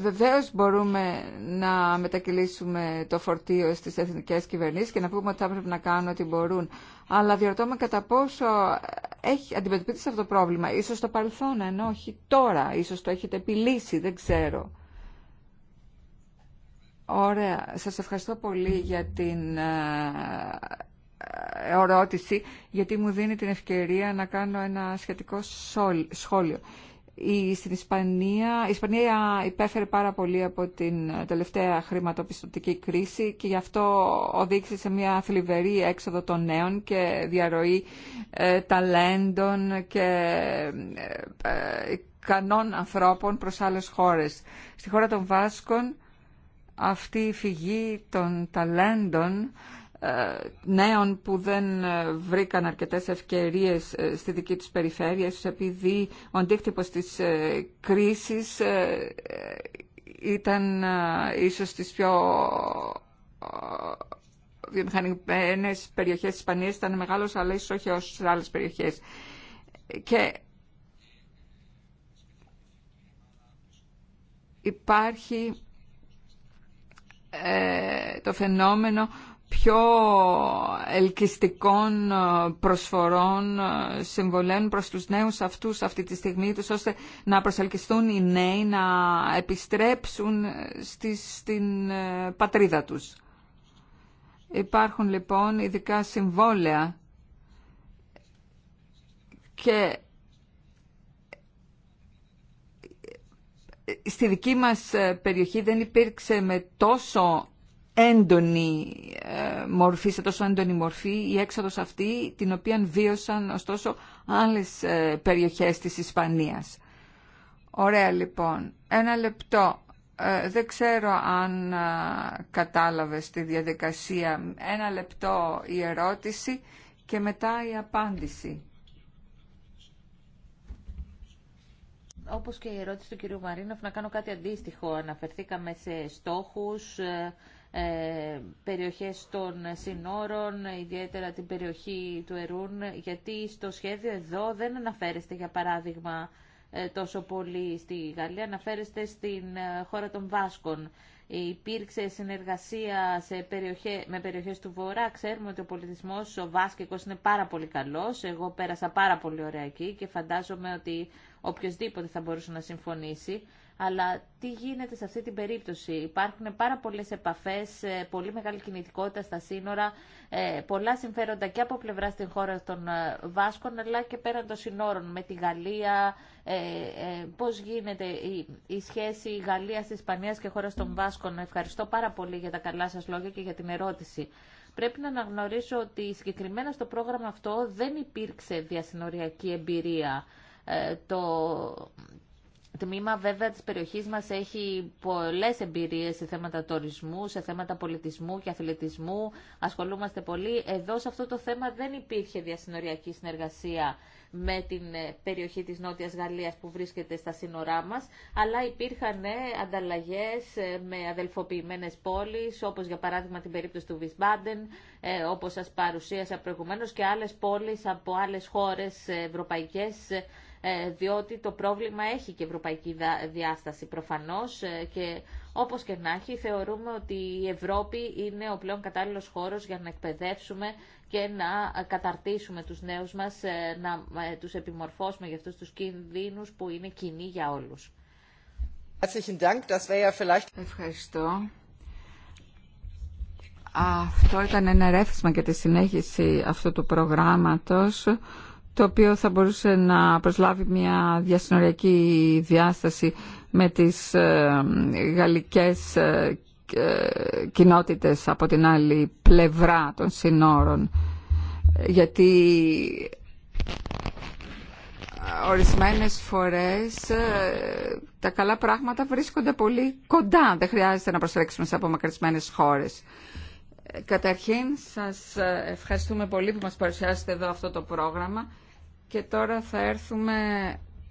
Βεβαίως μπορούμε να μετακυλήσουμε το φορτίο στις εθνικές κυβερνήσεις και να πούμε ότι θα έπρεπε να κάνουν ό,τι μπορούν. Αλλά διορτώμε κατά πόσο έχει αντιμετωπίσει αυτό το πρόβλημα. Ίσως το παρελθόν, ενώ όχι τώρα. Ίσως το έχετε επιλύσει, δεν ξέρω. Ωραία. Σας ευχαριστώ πολύ για την ε, ε, ερώτηση, γιατί μου δίνει την ευκαιρία να κάνω ένα σχετικό σχόλιο. Η, στην Ισπανία, η Ισπανία υπέφερε πάρα πολύ από την τελευταία χρηματοπιστωτική κρίση και γι' αυτό οδήγησε σε μια θλιβερή έξοδο των νέων και διαρροή ε, ταλέντων και ε, ε ανθρώπων προς άλλες χώρες. Στη χώρα των Βάσκων αυτή η φυγή των ταλέντων ε, νέων που δεν ε, βρήκαν αρκετές ευκαιρίες ε, στη δική τους περιφέρεια, επειδή ο αντίκτυπος της κρίσης ήταν ίσως τις πιο βιομηχανικές περιοχές της Ισπανίας ήταν μεγάλος, αλλά ίσως όχι ως άλλες περιοχές. Και υπάρχει το φαινόμενο πιο ελκυστικών ε, προσφορών ε, συμβολέων προς τους νέους αυτούς αυτή τη στιγμή τους ώστε να προσελκυστούν οι νέοι να επιστρέψουν ε, στην πατρίδα τους. Υπάρχουν λοιπόν ειδικά συμβόλαια και στη δική μας περιοχή δεν υπήρξε με τόσο έντονη ε, μορφή, σε τόσο έντονη μορφή η έξοδος αυτή την οποία βίωσαν ωστόσο άλλες ε, περιοχές της Ισπανίας. Ωραία λοιπόν. Ένα λεπτό. Ε, δεν ξέρω αν κατάλαβες τη διαδικασία. Ένα λεπτό η ερώτηση και μετά η απάντηση. Όπως και η ερώτηση του κυρίου Μαρίνοφ, να κάνω κάτι αντίστοιχο. Αναφερθήκαμε σε στόχους, ε, περιοχές των συνόρων, ιδιαίτερα την περιοχή του Ερούν, γιατί στο σχέδιο εδώ δεν αναφέρεστε, για παράδειγμα, ε, τόσο πολύ στη Γαλλία, αναφέρεστε στην ε, χώρα των Βάσκων. Υπήρξε συνεργασία σε περιοχέ, με περιοχές του Βορρά. Ξέρουμε ότι ο πολιτισμός, ο Βάσκικος είναι πάρα πολύ καλός. Εγώ πέρασα πάρα πολύ ωραία εκεί και φαντάζομαι ότι οποιοδήποτε θα μπορούσε να συμφωνήσει. Αλλά τι γίνεται σε αυτή την περίπτωση. Υπάρχουν πάρα πολλέ επαφέ, ε, πολύ μεγάλη κινητικότητα στα σύνορα, ε, πολλά συμφέροντα και από πλευρά στην χώρα των ε, Βάσκων, αλλά και πέραν των σύνορων με τη Γαλλία, πώ γίνεται η σχεση γαλλια Γαλλίας-Ισπανίας και χώρα των Βάσκων. Ευχαριστώ πάρα πολύ για τα καλά σα λόγια και για την ερώτηση. Πρέπει να αναγνωρίσω ότι συγκεκριμένα στο πρόγραμμα αυτό δεν υπήρξε διασυνοριακή εμπειρία. Το τμήμα βέβαια της περιοχής μας έχει πολλές εμπειρίες σε θέματα τουρισμού, σε θέματα πολιτισμού και αθλητισμού. Ασχολούμαστε πολύ. Εδώ σε αυτό το θέμα δεν υπήρχε διασυνοριακή συνεργασία με την ε, περιοχή της Νότιας Γαλλίας που βρίσκεται στα σύνορά μας, αλλά υπήρχαν ε, ανταλλαγές ε, με αδελφοποιημένες πόλεις, όπως για παράδειγμα την περίπτωση του Βισμπάντεν, όπως σας παρουσίασα προηγουμένως, και άλλες πόλεις από άλλες χώρες ευρωπαϊκές ε, διότι το πρόβλημα έχει και ευρωπαϊκή διάσταση προφανώς ε, και όπως και να έχει θεωρούμε ότι η Ευρώπη είναι ο πλέον κατάλληλος χώρος για να εκπαιδεύσουμε και να ε, καταρτήσουμε τους νέους μας, να τους επιμορφώσουμε για αυτούς τους κινδύνους που είναι κοινοί για όλους. Ευχαριστώ. Αυτό ήταν ένα ρεύσμα για τη συνέχιση αυτού του προγράμματος το οποίο θα μπορούσε να προσλάβει μια διασυνοριακή διάσταση με τις ε, γαλλικές ε, ε, κοινότητες από την άλλη πλευρά των συνόρων γιατί ορισμένες φορές τα καλά πράγματα βρίσκονται πολύ κοντά δεν χρειάζεται να προσέξουμε σε απομακρυσμένες χώρες Καταρχήν σας ευχαριστούμε πολύ που μας παρουσιάσετε εδώ αυτό το πρόγραμμα και τώρα θα έρθουμε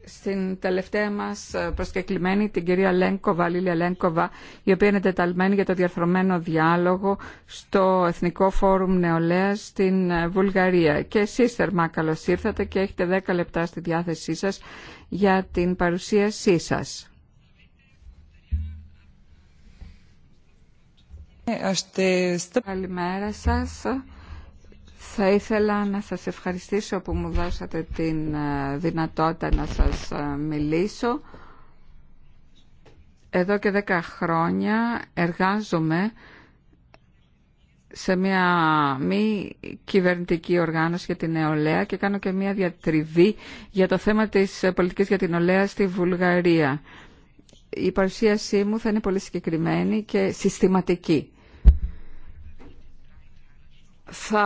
στην τελευταία μας προσκεκλημένη, την κυρία Λένκοβα, Λίλια Λένκοβα, η οποία είναι τεταλμένη για το διαρθρωμένο διάλογο στο Εθνικό Φόρουμ Νεολαίας στην Βουλγαρία. Και εσείς θερμά καλώς ήρθατε και έχετε 10 λεπτά στη διάθεσή σας για την παρουσίασή σας. Καλημέρα σας. Θα ήθελα να σας ευχαριστήσω που μου δώσατε την ε, δυνατότητα να σας ε, μιλήσω. Εδώ και δέκα χρόνια εργάζομαι σε μια μη κυβερνητική οργάνωση για την νεολαία και κάνω και μια διατριβή για το θέμα της πολιτικής για την νεολαία στη Βουλγαρία. Η παρουσίασή μου θα είναι πολύ συγκεκριμένη και συστηματική. Θα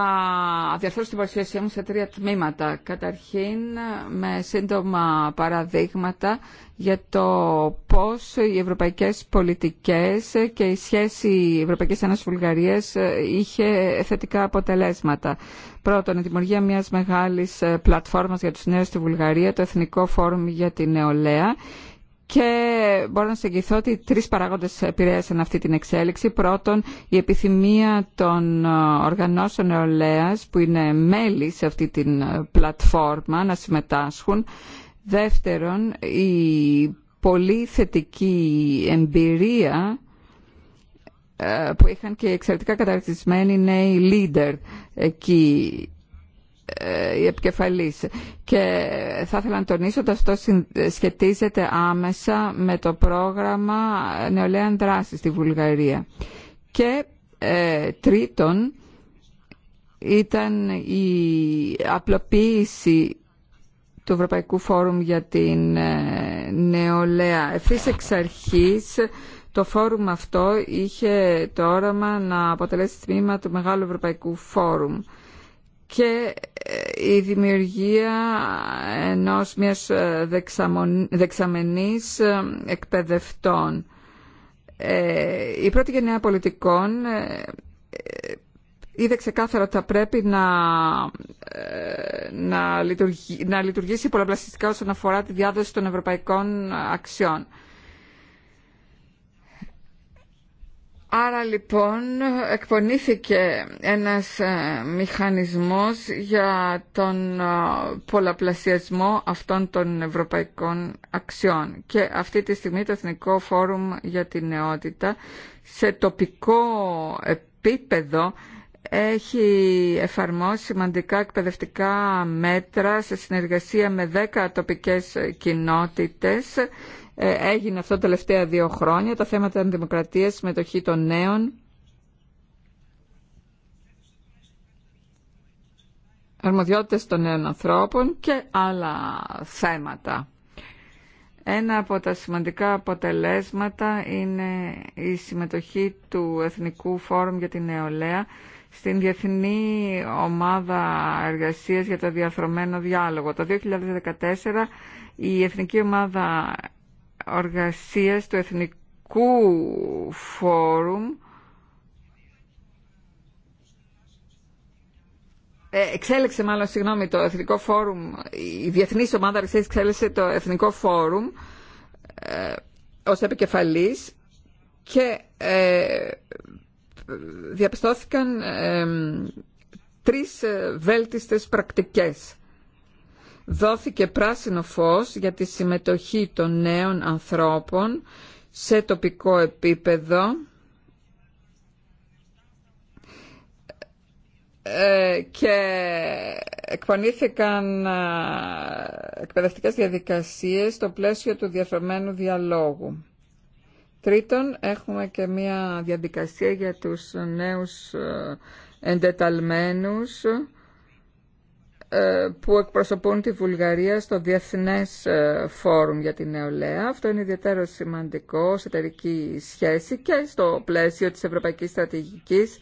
διαφέρω την παρουσίασή μου σε τρία τμήματα. Καταρχήν με σύντομα παραδείγματα για το πώς οι ευρωπαϊκές πολιτικές και η σχέση Ευρωπαϊκής Ένωσης Βουλγαρίας είχε θετικά αποτελέσματα. Πρώτον, η δημιουργία μιας μεγάλης πλατφόρμας για τους νέους στη Βουλγαρία, το Εθνικό Φόρουμ για τη Νεολαία και μπορώ να σας ότι τρεις παράγοντες επηρέασαν αυτή την εξέλιξη. Πρώτον, η επιθυμία των ε, οργανώσεων νεολαίας που είναι μέλη σε αυτή την ε, πλατφόρμα να συμμετάσχουν. Δεύτερον, η πολύ θετική εμπειρία ε, που είχαν και εξαιρετικά καταρτισμένοι νέοι leader εκεί ε, επικεφαλής. Και θα ήθελα να τονίσω ότι αυτό ε, σχετίζεται άμεσα με το πρόγραμμα νεολαία δράση στη Βουλγαρία. Και ε, τρίτον ήταν η απλοποίηση του Ευρωπαϊκού Φόρουμ για την Νεολαία. Ευθύς εξ αρχής το φόρουμ αυτό είχε το όραμα να αποτελέσει τμήμα του Μεγάλου Ευρωπαϊκού Φόρουμ και ε, η δημιουργία ενός μιας ε, δεξαμενής ε, εκπαιδευτών. Η πρώτη γενιά πολιτικών είδε ξεκάθαρα ότι θα πρέπει να, να, λειτουργήσει, να λειτουργήσει πολλαπλασιαστικά όσον αφορά τη διάδοση των ευρωπαϊκών αξιών. Άρα λοιπόν εκπονήθηκε ένας ε, μηχανισμός για τον ε, πολλαπλασιασμό αυτών των ευρωπαϊκών αξιών και αυτή τη στιγμή το Εθνικό Φόρουμ για την Νεότητα σε τοπικό επίπεδο έχει εφαρμόσει σημαντικά εκπαιδευτικά μέτρα σε συνεργασία με 10 τοπικές κοινότητες ε, έγινε αυτό τα τελευταία δύο χρόνια, τα θέματα δημοκρατίας, συμμετοχή των νέων. αρμοδιότητες των νέων ανθρώπων και άλλα θέματα. Ένα από τα σημαντικά αποτελέσματα είναι η συμμετοχή του Εθνικού Φόρουμ για την Νεολαία στην Διεθνή Ομάδα Εργασίας για το Διαθρωμένο Διάλογο. Το 2014 η Εθνική Ομάδα οργασίας του Εθνικού Φόρουμ ε, εξέλεξε μάλλον, συγγνώμη, το Εθνικό Φόρουμ, η Διεθνής Ομάδα Εργασίας εξέλεξε το Εθνικό Φόρουμ ε, ως επικεφαλής και ε, διαπιστώθηκαν ε, τρεις ε, βέλτιστες πρακτικές δόθηκε πράσινο φως για τη συμμετοχή των νέων ανθρώπων σε τοπικό επίπεδο ε, και εκπονήθηκαν ε, εκπαιδευτικές διαδικασίες στο πλαίσιο του διαφερμένου διαλόγου. Τρίτον, έχουμε και μία διαδικασία για τους νέους ε, εντεταλμένους ε, που εκπροσωπούν τη Βουλγαρία στο Διεθνές ε, Φόρουμ για την Νεολαία. Αυτό είναι ιδιαίτερο σημαντικό σε εταιρική σχέση και στο πλαίσιο της Ευρωπαϊκής Στρατηγικής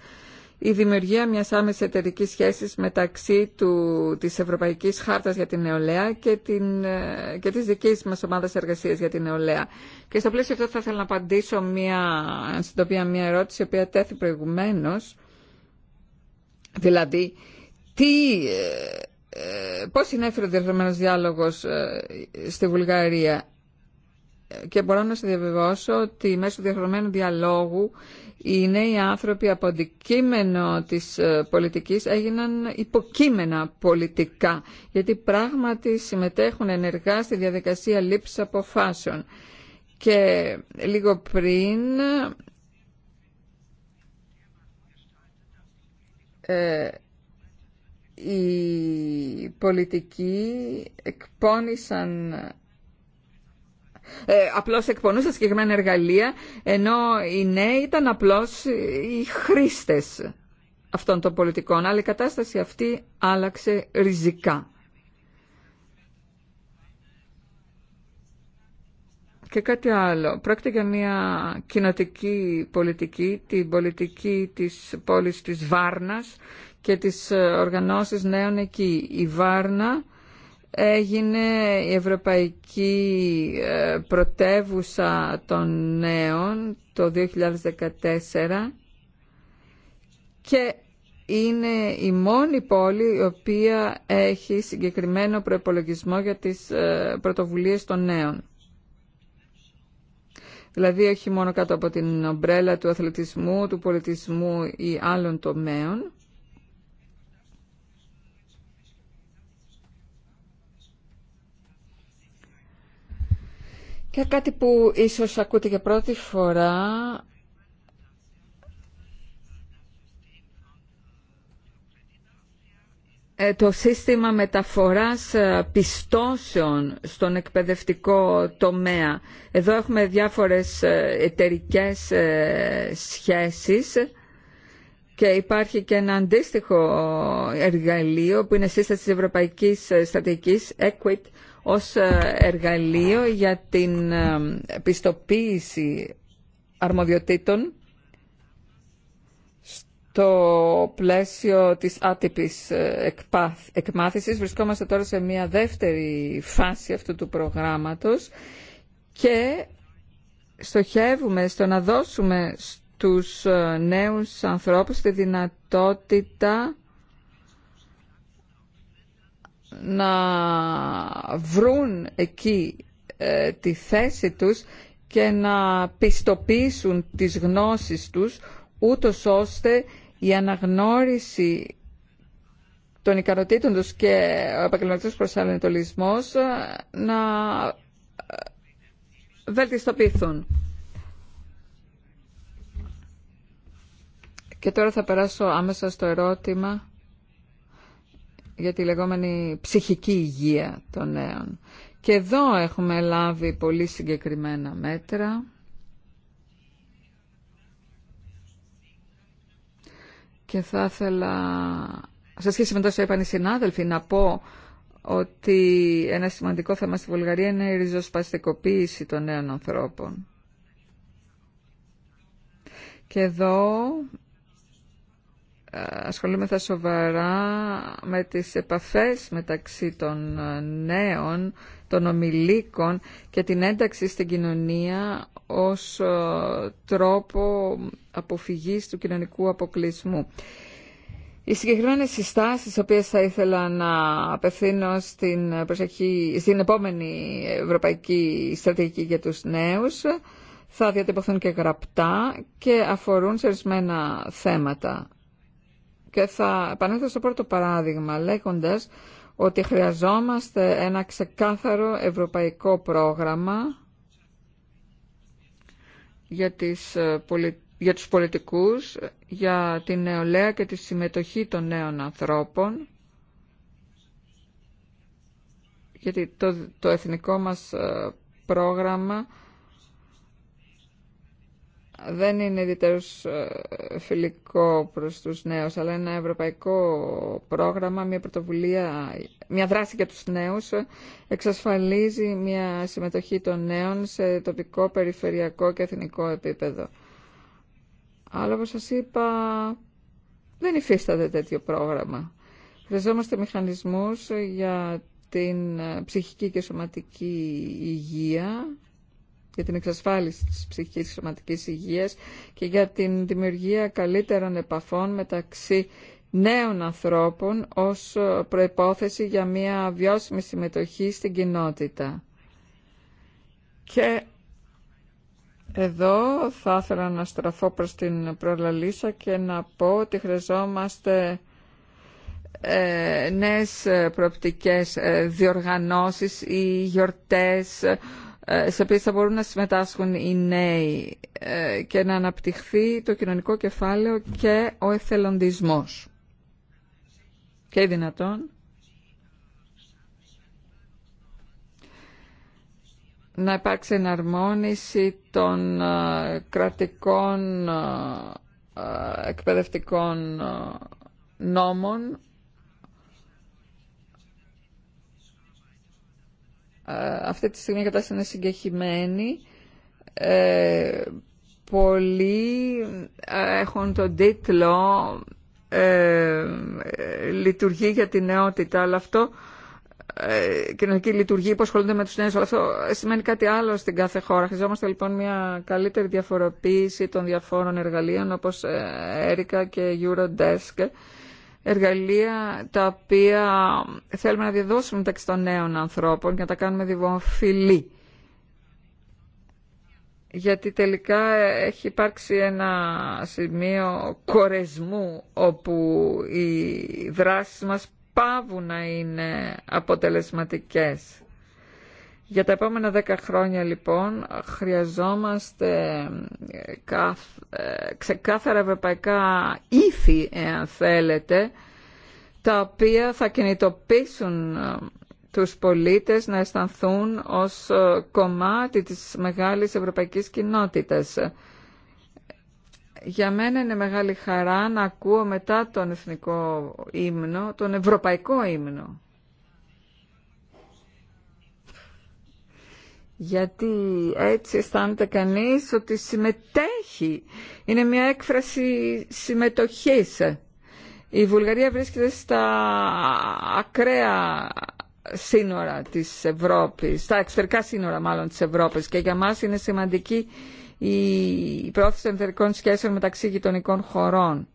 η δημιουργία μιας άμεσης εταιρική σχέσης μεταξύ του, της Ευρωπαϊκής Χάρτας για την Νεολαία και, την, ε, και της δικής μας ομάδας εργασίας για την Νεολαία. Και στο πλαίσιο αυτό θα ήθελα να απαντήσω μια, οποία μια ερώτηση η οποία τέθη προηγουμένως, δηλαδή τι ε, πώς συνέφερε ο διαδρομένος διάλογος ε, στη Βουλγαρία και μπορώ να σας διαβεβαιώσω ότι μέσω του διαδρομένου διαλόγου οι νέοι άνθρωποι από αντικείμενο της ε, πολιτικής έγιναν υποκείμενα πολιτικά γιατί πράγματι συμμετέχουν ενεργά στη διαδικασία λήψης αποφάσεων και λίγο πριν οι πολιτικοί εκπώνησαν ε, απλώς εκπονούσαν συγκεκριμένα εργαλεία ενώ οι νέοι ήταν απλώς οι χρήστες αυτών των πολιτικών αλλά η κατάσταση αυτή άλλαξε ριζικά Και κάτι άλλο. Πρόκειται για μια κοινοτική πολιτική, την πολιτική της πόλης της Βάρνας και τις ε, οργανώσεις νέων εκεί. Η Βάρνα έγινε η Ευρωπαϊκή ε, Πρωτεύουσα των Νέων το 2014 και είναι η μόνη πόλη η οποία έχει συγκεκριμένο προπολογισμό για τις ε, πρωτοβουλίες των νέων. Δηλαδή όχι μόνο κάτω από την ομπρέλα του αθλητισμού, του πολιτισμού ή άλλων τομέων, Και κάτι που ίσως ακούτε για πρώτη φορά ε, το σύστημα μεταφοράς ε, πιστώσεων στον εκπαιδευτικό τομέα. Εδώ έχουμε διάφορες ε, εταιρικέ σχέσεις και υπάρχει και ένα αντίστοιχο εργαλείο που είναι σύσταση της Ευρωπαϊκής Στατικής, EQUIT, ως ε, εργαλείο για την ε, πιστοποίηση αρμοδιοτήτων στο πλαίσιο της άτυπης ε, εκμάθησης. Βρισκόμαστε τώρα σε μια δεύτερη φάση αυτού του προγράμματος και στοχεύουμε στο να δώσουμε στους νέους ανθρώπους τη δυνατότητα να βρουν εκεί ε, τη θέση τους και να πιστοποιήσουν τις γνώσεις τους ούτως ώστε η αναγνώριση των ικανοτήτων τους και ο επαγγελματικός προσανατολισμός ε, να ε, βελτιστοποιηθούν. Και τώρα θα περάσω άμεσα στο ερώτημα για τη λεγόμενη ψυχική υγεία των νέων. Και εδώ έχουμε λάβει πολύ συγκεκριμένα μέτρα. Και θα ήθελα, σε σχέση με τόσο είπαν οι συνάδελφοι, να πω ότι ένα σημαντικό θέμα στη Βουλγαρία είναι η ριζοσπαστικοποίηση των νέων ανθρώπων. Και εδώ ασχολούμεθα σοβαρά με τις επαφές μεταξύ των ε, νέων, των ομιλίκων και την ένταξη στην κοινωνία ως ε, τρόπο αποφυγής του κοινωνικού αποκλεισμού. Οι συγκεκριμένες συστάσεις, οι οποίες θα ήθελα να απευθύνω στην, προσεχή, στην επόμενη Ευρωπαϊκή Στρατηγική για τους Νέους, θα διατυπωθούν και γραπτά και αφορούν σε ορισμένα θέματα και θα επανέλθω στο πρώτο παράδειγμα λέγοντας ότι χρειαζόμαστε ένα ξεκάθαρο ευρωπαϊκό πρόγραμμα για, τις, ε, για τους πολιτικούς, για την νεολαία και τη συμμετοχή των νέων ανθρώπων γιατί το, το εθνικό μας ε, πρόγραμμα δεν είναι ιδιαίτερως ε, φιλικό προς τους νέους, αλλά ένα ευρωπαϊκό πρόγραμμα, μια πρωτοβουλία, μια δράση για τους νέους, εξασφαλίζει μια συμμετοχή των νέων σε τοπικό, περιφερειακό και εθνικό επίπεδο. Αλλά όπως σας είπα, δεν υφίσταται τέτοιο πρόγραμμα. Χρειαζόμαστε μηχανισμούς για την ε, ψυχική και σωματική υγεία, για την εξασφάλιση της ψυχικής και σωματικής υγείας και για την δημιουργία καλύτερων επαφών μεταξύ νέων ανθρώπων ως προϋπόθεση για μια βιώσιμη συμμετοχή στην κοινότητα. Και εδώ θα ήθελα να στραφώ προς την προλαλήσα και να πω ότι χρειαζόμαστε ε, νέες προοπτικές ε, διοργανώσεις ή γιορτές ε, σε οποίες θα μπορούν να συμμετάσχουν οι νέοι ε, και να αναπτυχθεί το κοινωνικό κεφάλαιο και ο εθελοντισμός. Και δυνατόν να υπάρξει εναρμόνιση των ε, κρατικών εκπαιδευτικών νόμων αυτή τη στιγμή η κατάσταση είναι συγκεχημένη. Ε, πολλοί ε, έχουν τον τίτλο ε, «Λειτουργεί για τη νεότητα», αλλά αυτό ε, κοινωνική λειτουργία που ασχολούνται με τους νέους, αυτό σημαίνει κάτι άλλο στην κάθε χώρα. Χρειαζόμαστε λοιπόν μια καλύτερη διαφοροποίηση των διαφόρων εργαλείων όπως Έρικα ε, και Eurodesk εργαλεία τα οποία θέλουμε να διαδώσουμε μεταξύ των νέων ανθρώπων και να τα κάνουμε δημοφιλή. Γιατί τελικά έχει υπάρξει ένα σημείο κορεσμού όπου οι δράσεις μας πάβουν να είναι αποτελεσματικές. Για τα επόμενα δέκα χρόνια λοιπόν χρειαζόμαστε ε, ε, ξεκάθαρα ευρωπαϊκά ήθη, εάν θέλετε, τα οποία θα κινητοποιήσουν ε, τους πολίτες να αισθανθούν ως κομμάτι της μεγάλης ευρωπαϊκής κοινότητας. Για μένα είναι μεγάλη χαρά να ακούω μετά τον εθνικό ύμνο, τον ευρωπαϊκό ύμνο. γιατί έτσι αισθάνεται κανείς ότι συμμετέχει. Είναι μια έκφραση συμμετοχής. Η Βουλγαρία βρίσκεται στα ακραία σύνορα της Ευρώπης, στα εξωτερικά σύνορα μάλλον της Ευρώπης και για μας είναι σημαντική η πρόθεση των σχέσεων μεταξύ γειτονικών χωρών.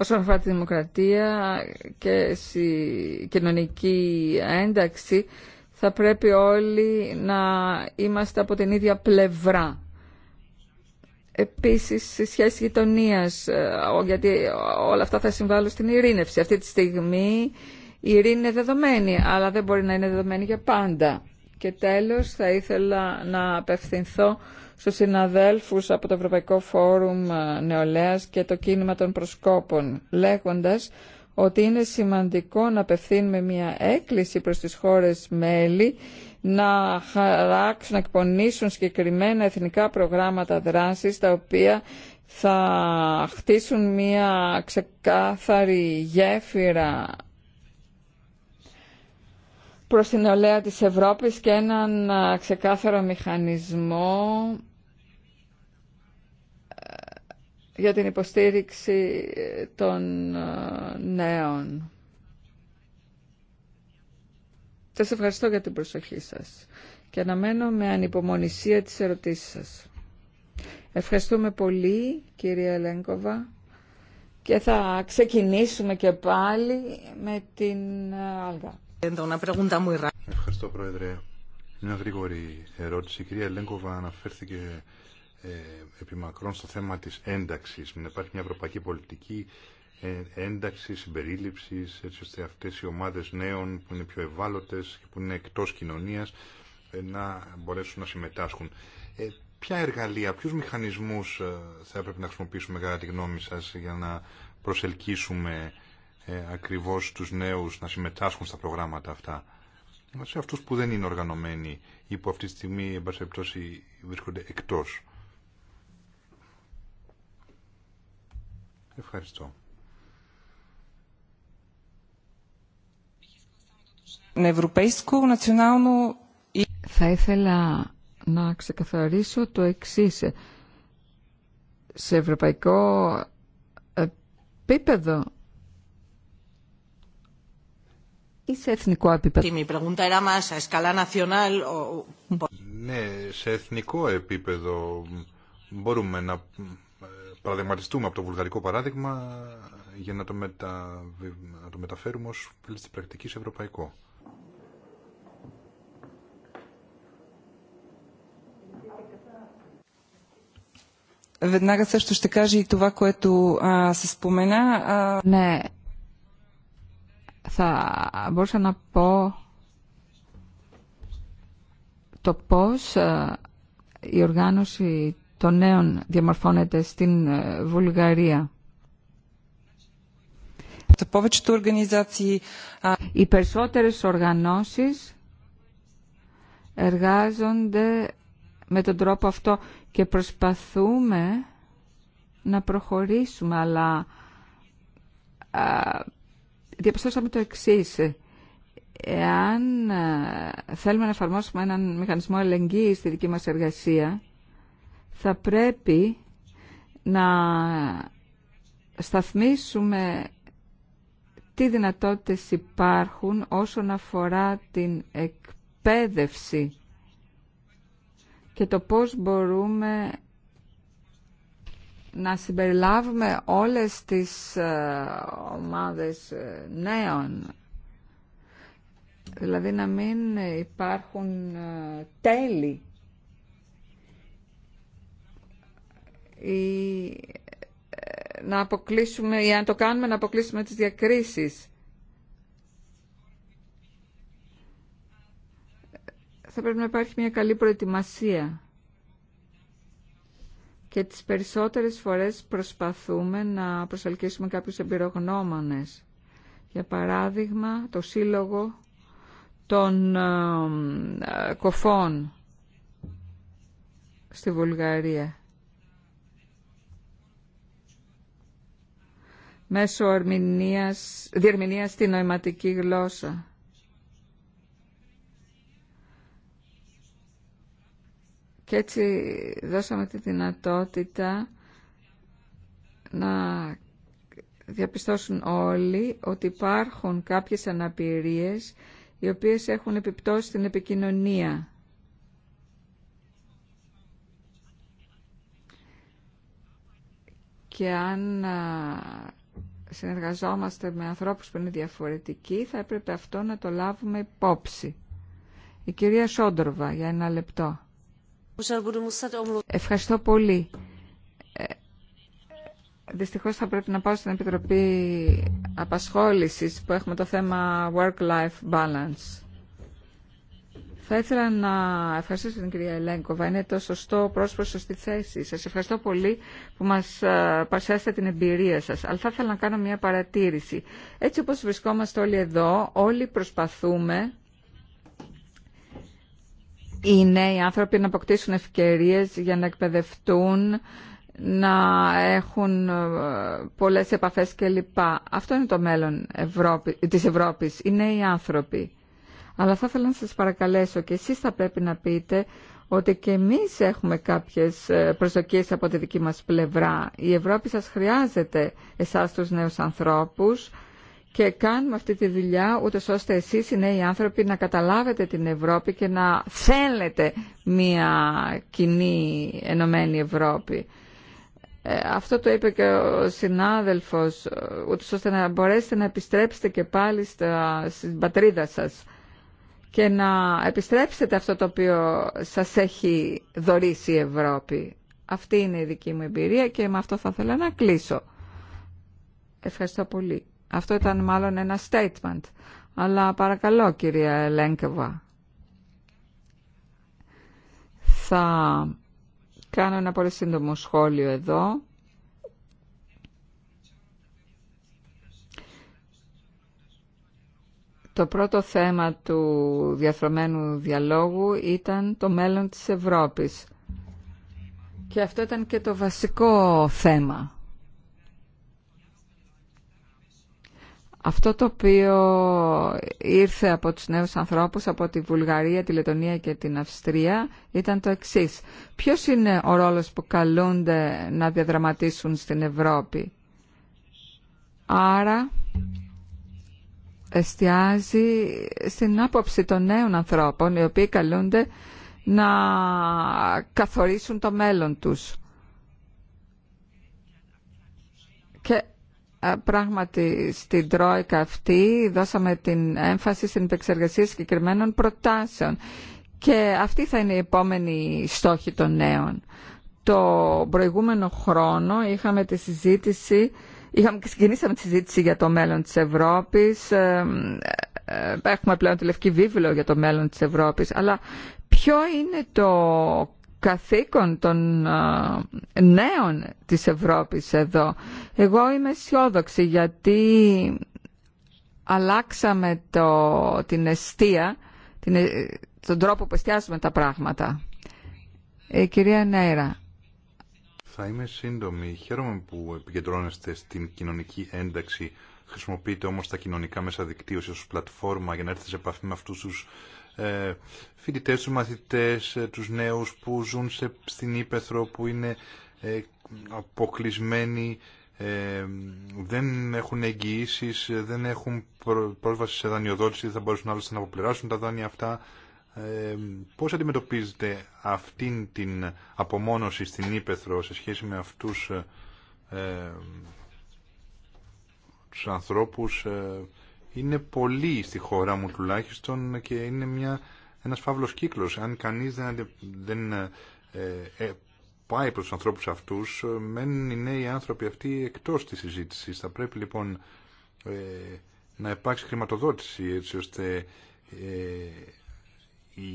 όσον αφορά τη δημοκρατία και η κοινωνική ένταξη θα πρέπει όλοι να είμαστε από την ίδια πλευρά. Επίσης, σε σχέση γειτονία, ε, γιατί όλα αυτά θα συμβάλλουν στην ειρήνευση. Αυτή τη στιγμή η ειρήνη είναι δεδομένη, αλλά δεν μπορεί να είναι δεδομένη για πάντα. Και τέλος θα ήθελα να απευθυνθώ στους συναδέλφους από το Ευρωπαϊκό Φόρουμ ε, Νεολαίας και το Κίνημα των Προσκόπων, λέγοντας ότι είναι σημαντικό να απευθύνουμε μια έκκληση προς τις χώρες μέλη να χαράξουν, να εκπονήσουν συγκεκριμένα εθνικά προγράμματα δράσης τα οποία θα χτίσουν μια ξεκάθαρη γέφυρα προς την νεολαία της Ευρώπης και έναν ξεκάθαρο μηχανισμό ε, για την υποστήριξη ε, των ε, νέων. Σας ευχαριστώ για την προσοχή σας και αναμένω με ανυπομονησία τις ερωτήσεις σας. Ευχαριστούμε πολύ κυρία Ελέγκοβα και θα ξεκινήσουμε και πάλι με την Άλγα. Ευχαριστώ, Πρόεδρε. Μια γρήγορη ερώτηση. Η κυρία Ελέγκοβα αναφέρθηκε ε, επί μακρόν στο θέμα της ένταξης. Μην υπάρχει μια ευρωπαϊκή πολιτική ε, ένταξη, συμπερίληψη, έτσι ώστε αυτέ οι ομάδε νέων που είναι πιο ευάλωτε και που είναι εκτό κοινωνία ε, να μπορέσουν να συμμετάσχουν. Ε, ποια εργαλεία, ποιου μηχανισμού ε, θα έπρεπε να χρησιμοποιήσουμε κατά τη γνώμη σα για να προσελκύσουμε ε, ακριβώς τους νέους να συμμετάσχουν στα προγράμματα αυτά. Σε αυτούς που δεν είναι οργανωμένοι ή που αυτή τη στιγμή εν βρίσκονται εκτός. Ευχαριστώ. Θα ήθελα να ξεκαθαρίσω το εξής. Σε ευρωπαϊκό επίπεδο ή σε εθνικό επίπεδο. Ναι, σε εθνικό επίπεδο μπορούμε να ε, παραδειγματιστούμε από το βουλγαρικό παράδειγμα για να το, μετα... να το μεταφέρουμε ως πλήστη πρακτική σε ευρωπαϊκό. Веднага също ще кажа и това, което се спомена. Не, θα μπορούσα να πω το πώς ε, η οργάνωση των νέων διαμορφώνεται στην ε, Βουλγαρία. Οι περισσότερες οργανώσεις εργάζονται με τον τρόπο αυτό και προσπαθούμε να προχωρήσουμε, αλλά διαπιστώσαμε το εξή. Εάν ε, θέλουμε να εφαρμόσουμε έναν μηχανισμό ελεγγύης στη δική μας εργασία, θα πρέπει να σταθμίσουμε τι δυνατότητες υπάρχουν όσον αφορά την εκπαίδευση και το πώς μπορούμε να συμπεριλάβουμε όλες τις ε, ομάδες ε, νέων δηλαδή να μην υπάρχουν ε, τέλη ή να αποκλείσουμε ή αν το κάνουμε να αποκλείσουμε τις διακρίσεις θα πρέπει να υπάρχει μια καλή προετοιμασία και τις περισσότερες φορές προσπαθούμε να προσελκύσουμε κάποιους εμπειρογνώμονες. Για παράδειγμα, το σύλλογο των κοφών στη Βουλγαρία. Μέσω διερμηνίας στη νοηματική γλώσσα. και έτσι δώσαμε τη δυνατότητα να διαπιστώσουν όλοι ότι υπάρχουν κάποιες αναπηρίες οι οποίες έχουν επιπτώσει στην επικοινωνία. Και αν συνεργαζόμαστε με ανθρώπους που είναι διαφορετικοί, θα έπρεπε αυτό να το λάβουμε υπόψη. Η κυρία Σόντροβα, για ένα λεπτό. Ευχαριστώ πολύ. Ε, δυστυχώς θα πρέπει να πάω στην Επιτροπή Απασχόλησης που έχουμε το θέμα Work-Life Balance. Θα ήθελα να ευχαριστήσω την κυρία Ελέγκοβα. Είναι το σωστό πρόσωπο, στη θέση. Σας ευχαριστώ πολύ που μας ε, παρουσιάσετε την εμπειρία σας. Αλλά θα ήθελα να κάνω μια παρατήρηση. Έτσι όπως βρισκόμαστε όλοι εδώ, όλοι προσπαθούμε οι νέοι άνθρωποι να αποκτήσουν ευκαιρίες για να εκπαιδευτούν, να έχουν ε, πολλές επαφές κλπ. Αυτό είναι το μέλλον Ευρώπη, της Ευρώπης, οι νέοι άνθρωποι. Αλλά θα ήθελα να σας παρακαλέσω και εσείς θα πρέπει να πείτε ότι και εμείς έχουμε κάποιες ε, προσδοκίες από τη δική μας πλευρά. Η Ευρώπη σας χρειάζεται εσάς τους νέους ανθρώπους, και κάνουμε αυτή τη δουλειά ούτως ώστε εσείς οι νέοι άνθρωποι να καταλάβετε την Ευρώπη και να θέλετε μια κοινή ενωμένη Ευρώπη. Ε, αυτό το είπε και ο συνάδελφος, ε, ούτως ώστε να μπορέσετε να επιστρέψετε και πάλι στα, στην πατρίδα σας και να επιστρέψετε αυτό το οποίο σας έχει δωρήσει η Ευρώπη. Αυτή είναι η δική μου εμπειρία και με αυτό θα ήθελα να κλείσω. Ευχαριστώ πολύ. Αυτό ήταν μάλλον ένα statement. Αλλά παρακαλώ κυρία Ελένκεβα. Θα κάνω ένα πολύ σύντομο σχόλιο εδώ. Το πρώτο θέμα του διαφρομένου διαλόγου ήταν το μέλλον της Ευρώπης. Και αυτό ήταν και το βασικό θέμα. Αυτό το οποίο ήρθε από τους νέους ανθρώπους από τη Βουλγαρία, τη Λετωνία και την Αυστρία ήταν το εξής. Ποιος είναι ο ρόλος που καλούνται να διαδραματίσουν στην Ευρώπη. Άρα εστιάζει στην άποψη των νέων ανθρώπων οι οποίοι καλούνται να καθορίσουν το μέλλον τους πράγματι στην Τρόικα αυτή δώσαμε την έμφαση στην επεξεργασία συγκεκριμένων προτάσεων και αυτή θα είναι η επόμενη στόχη των νέων. Το προηγούμενο χρόνο είχαμε τη συζήτηση, είχαμε, ξεκινήσαμε τη συζήτηση για το μέλλον της Ευρώπης, ε, ε, έχουμε πλέον τη Λευκή Βίβλο για το μέλλον της Ευρώπης, αλλά ποιο είναι το καθήκον των νέων της Ευρώπης εδώ. Εγώ είμαι αισιόδοξη γιατί αλλάξαμε το, την αιστεία, την, ε, τον τρόπο που εστιάζουμε τα πράγματα. Ε, κυρία Νέιρα. Θα είμαι σύντομη. Χαίρομαι που επικεντρώνεστε στην κοινωνική ένταξη. Χρησιμοποιείτε όμως τα κοινωνικά μέσα δικτύωση ως πλατφόρμα για να έρθετε σε επαφή με αυτούς τους ε, φοιτητές, τους μαθητές, ε, τους νέους που ζουν σε, στην Ήπεθρο, που είναι ε, αποκλεισμένοι, δεν έχουν εγγυήσει, δεν έχουν πρόσβαση σε δανειοδότηση, δεν θα μπορούσαν άλλωστε να αποπληρώσουν τα δάνεια αυτά. Ε, πώς αντιμετωπίζετε αυτήν την απομόνωση στην Ήπεθρο σε σχέση με αυτούς ε, τους ανθρώπους είναι πολύ στη χώρα μου τουλάχιστον και είναι μια, ένας φαύλος κύκλος. Αν κανείς δεν, δεν ε, ε, πάει προς τους ανθρώπους αυτούς, ε, μένουν οι νέοι άνθρωποι αυτοί εκτός της συζήτησης. Θα πρέπει λοιπόν ε, να υπάρξει χρηματοδότηση έτσι ώστε ε, οι,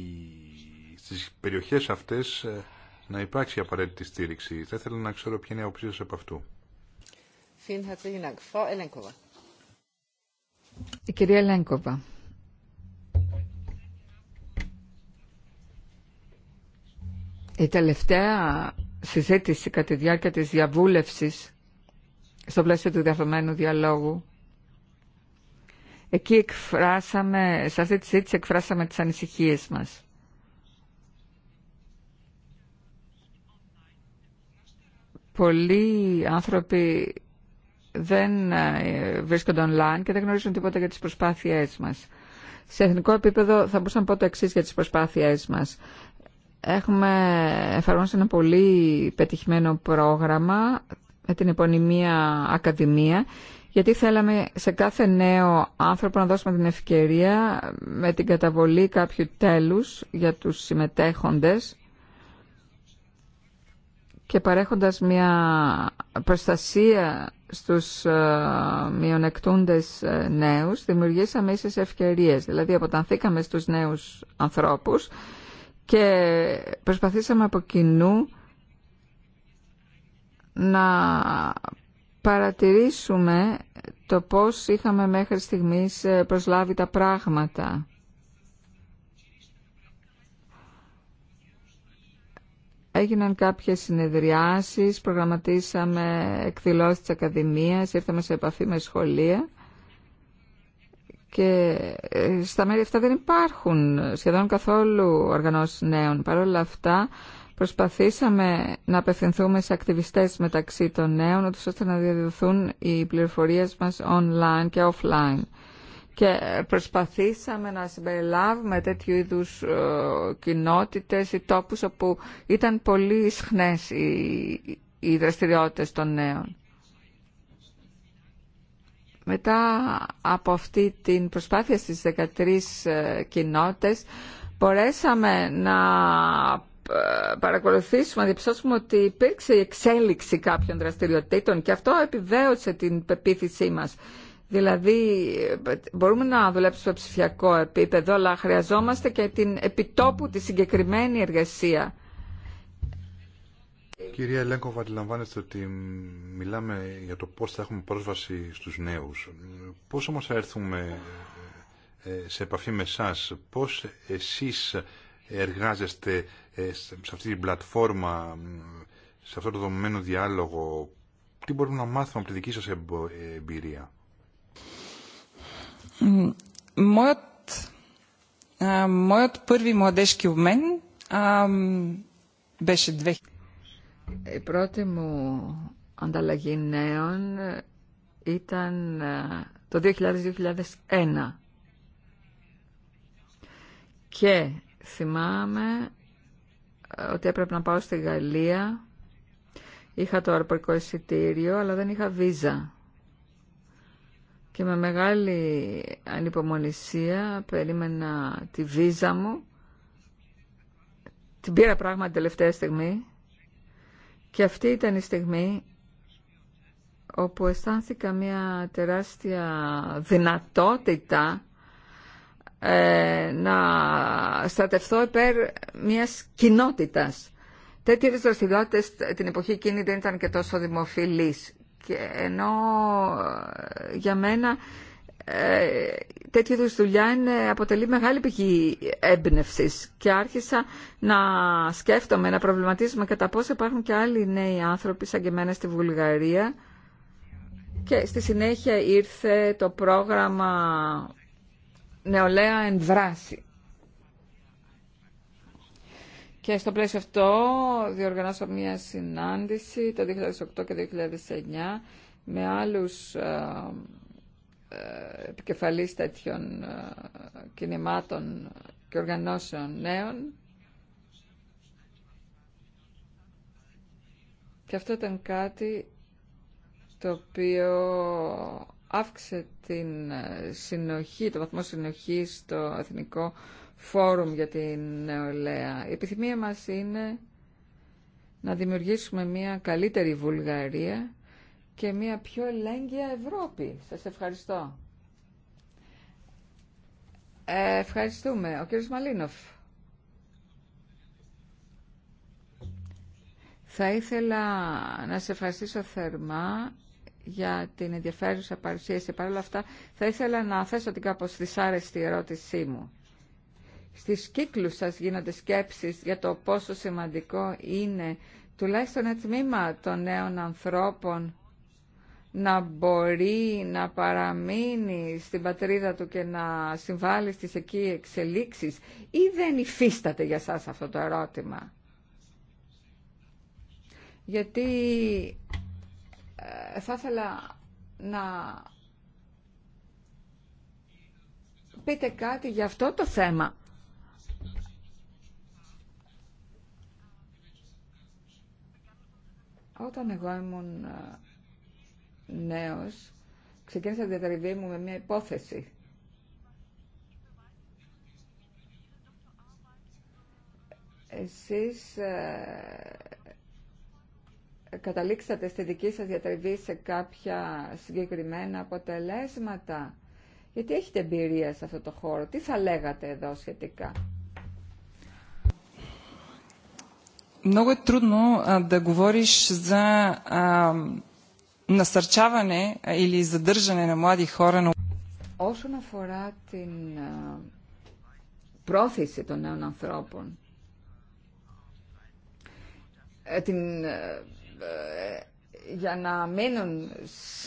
στις περιοχές αυτές ε, να υπάρξει απαραίτητη στήριξη. Θα ήθελα να ξέρω ποια είναι η αποψή σας από αυτού. Η κυρία Λέγκοβα. Η τελευταία συζήτηση κατά τη διάρκεια της διαβούλευσης στο πλαίσιο του διαδομένου διαλόγου εκεί εκφράσαμε, σε αυτή τη συζήτηση εκφράσαμε τις ανησυχίες μας. Πολλοί άνθρωποι δεν ε, βρίσκονται online και δεν γνωρίζουν τίποτα για τις προσπάθειές μας. Σε εθνικό επίπεδο θα μπορούσα να πω το εξή για τις προσπάθειές μας. Έχουμε εφαρμόσει ένα πολύ πετυχημένο πρόγραμμα με την επωνυμία Ακαδημία γιατί θέλαμε σε κάθε νέο άνθρωπο να δώσουμε την ευκαιρία με την καταβολή κάποιου τέλους για τους συμμετέχοντες και παρέχοντας μια προστασία στους ε, μειονεκτούντες ε, νέους, δημιουργήσαμε ίσες ευκαιρίες. Δηλαδή αποτανθήκαμε στους νέους ανθρώπους και προσπαθήσαμε από κοινού να παρατηρήσουμε το πώς είχαμε μέχρι στιγμής ε, προσλάβει τα πράγματα. Έγιναν κάποιες συνεδριάσεις, προγραμματίσαμε εκδηλώσεις της Ακαδημίας, ήρθαμε σε επαφή με σχολεία και ε, στα μέρη αυτά δεν υπάρχουν σχεδόν καθόλου οργανώσεις νέων. Παρ' όλα αυτά προσπαθήσαμε να απευθυνθούμε σε ακτιβιστές μεταξύ των νέων ώστε να διαδοθούν οι πληροφορίες μας online και offline και προσπαθήσαμε να συμπεριλάβουμε τέτοιου είδους ε, κοινότητες ή τόπους όπου ήταν πολύ ισχνές οι, οι δραστηριότητες των νέων. Μετά από αυτή την προσπάθεια στις 13 ε, κοινότητες μπορέσαμε να ε, παρακολουθήσουμε, να διαπιστώσουμε ότι υπήρξε η εξέλιξη κάποιων δραστηριοτήτων και αυτό επιβέωσε την πεποίθησή μας. Δηλαδή μπορούμε να δουλέψουμε στο ψηφιακό επίπεδο, αλλά χρειαζόμαστε και την επιτόπου τη συγκεκριμένη εργασία. Κυρία Ελέγκοβα, αντιλαμβάνεστε ότι μιλάμε για το πώς θα έχουμε πρόσβαση στους νέους. Πώς όμως θα έρθουμε ε, σε επαφή με εσά, πώς εσείς εργάζεστε ε, σε αυτή την πλατφόρμα, σε αυτό το δομημένο διάλογο, τι μπορούμε να μάθουμε από τη δική σας εμπειρία. Моят, първи младежки обмен беше Η πρώτη μου ανταλλαγή νέων ήταν το 2000-2001. Και θυμάμαι ότι έπρεπε να πάω στη Γαλλία. Είχα το αεροπορικό εισιτήριο, αλλά δεν είχα βίζα και με μεγάλη ανυπομονησία περίμενα τη βίζα μου. Την πήρα πράγμα την τελευταία στιγμή και αυτή ήταν η στιγμή όπου αισθάνθηκα μια τεράστια δυνατότητα ε, να στρατευθώ υπέρ μιας κοινότητας. Τέτοιες δραστηριότητε την εποχή εκείνη δεν ήταν και τόσο δημοφιλείς και ενώ ε, για μένα ε, τέτοιου δουλειά είναι, αποτελεί μεγάλη πηγή έμπνευση και άρχισα να σκέφτομαι, να προβληματίζομαι κατά πόσο υπάρχουν και άλλοι νέοι άνθρωποι σαν και εμένα στη Βουλγαρία και στη συνέχεια ήρθε το πρόγραμμα Νεολαία εν και στο πλαίσιο αυτό διοργανώσαμε μια συνάντηση το 2008 και 2009 με άλλους ε, ε, επικεφαλής τέτοιων ε, κινημάτων και οργανώσεων νέων. Και αυτό ήταν κάτι το οποίο αύξησε την συνοχή, το βαθμό συνοχής στο εθνικό φόρουμ για την νεολαία. Η επιθυμία μας είναι να δημιουργήσουμε μια καλύτερη Βουλγαρία και μια πιο ελέγγυα Ευρώπη. Σας ευχαριστώ. Ε, ευχαριστούμε. Ο κύριος Μαλίνοφ. Θα ήθελα να σε ευχαριστήσω θερμά για την ενδιαφέρουσα παρουσίαση. Παρ' όλα αυτά, θα ήθελα να θέσω την κάπως δυσάρεστη ερώτησή μου στις κύκλους σας γίνονται σκέψεις για το πόσο σημαντικό είναι τουλάχιστον ένα τμήμα των νέων ανθρώπων να μπορεί να παραμείνει στην πατρίδα του και να συμβάλλει στις εκεί εξελίξεις ή δεν υφίσταται για σας αυτό το ερώτημα. Γιατί ε, θα ήθελα να πείτε κάτι για αυτό το θέμα. Όταν εγώ ήμουν ε, νέος, ξεκίνησα τη διατριβή μου με μια υπόθεση. Εσείς ε, καταλήξατε στη δική σας διατριβή σε κάποια συγκεκριμένα αποτελέσματα. Γιατί έχετε εμπειρία σε αυτό το χώρο. Τι θα λέγατε εδώ σχετικά. много е трудно а, да говориш за а, насърчаване или задържане на млади хора όσον αφορά την πρόθεση των νέων ανθρώπων, την, για να μείνουν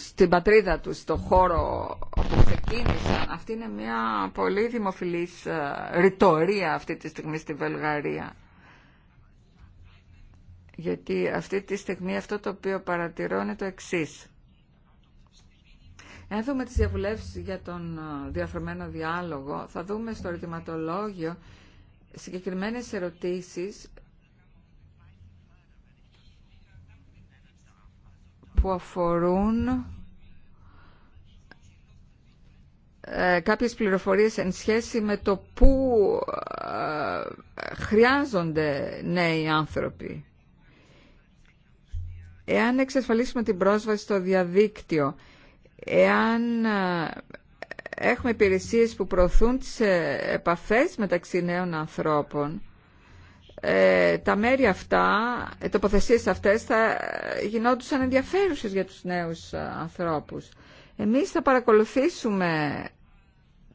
στην πατρίδα τους, στο χώρο που ξεκίνησαν, αυτή είναι μια πολύ δημοφιλής ρητορία αυτή τη στιγμή στη Βελγαρία γιατί αυτή τη στιγμή αυτό το οποίο παρατηρώ είναι το εξή. Εάν δούμε τις διαβουλεύσεις για τον ε, διαφορεμένο διάλογο, θα δούμε στο ερωτηματολόγιο συγκεκριμένες ερωτήσεις που αφορούν ε, κάποιες πληροφορίες εν σχέση με το πού ε, χρειάζονται νέοι άνθρωποι. Εάν εξασφαλίσουμε την πρόσβαση στο διαδίκτυο, εάν έχουμε υπηρεσίες που προωθούν τις ε, επαφές μεταξύ νέων ανθρώπων, ε, τα μέρη αυτά, οι ε, τοποθεσίες αυτές θα γινόντουσαν ενδιαφέρουσες για τους νέους ανθρώπους. Εμείς θα παρακολουθήσουμε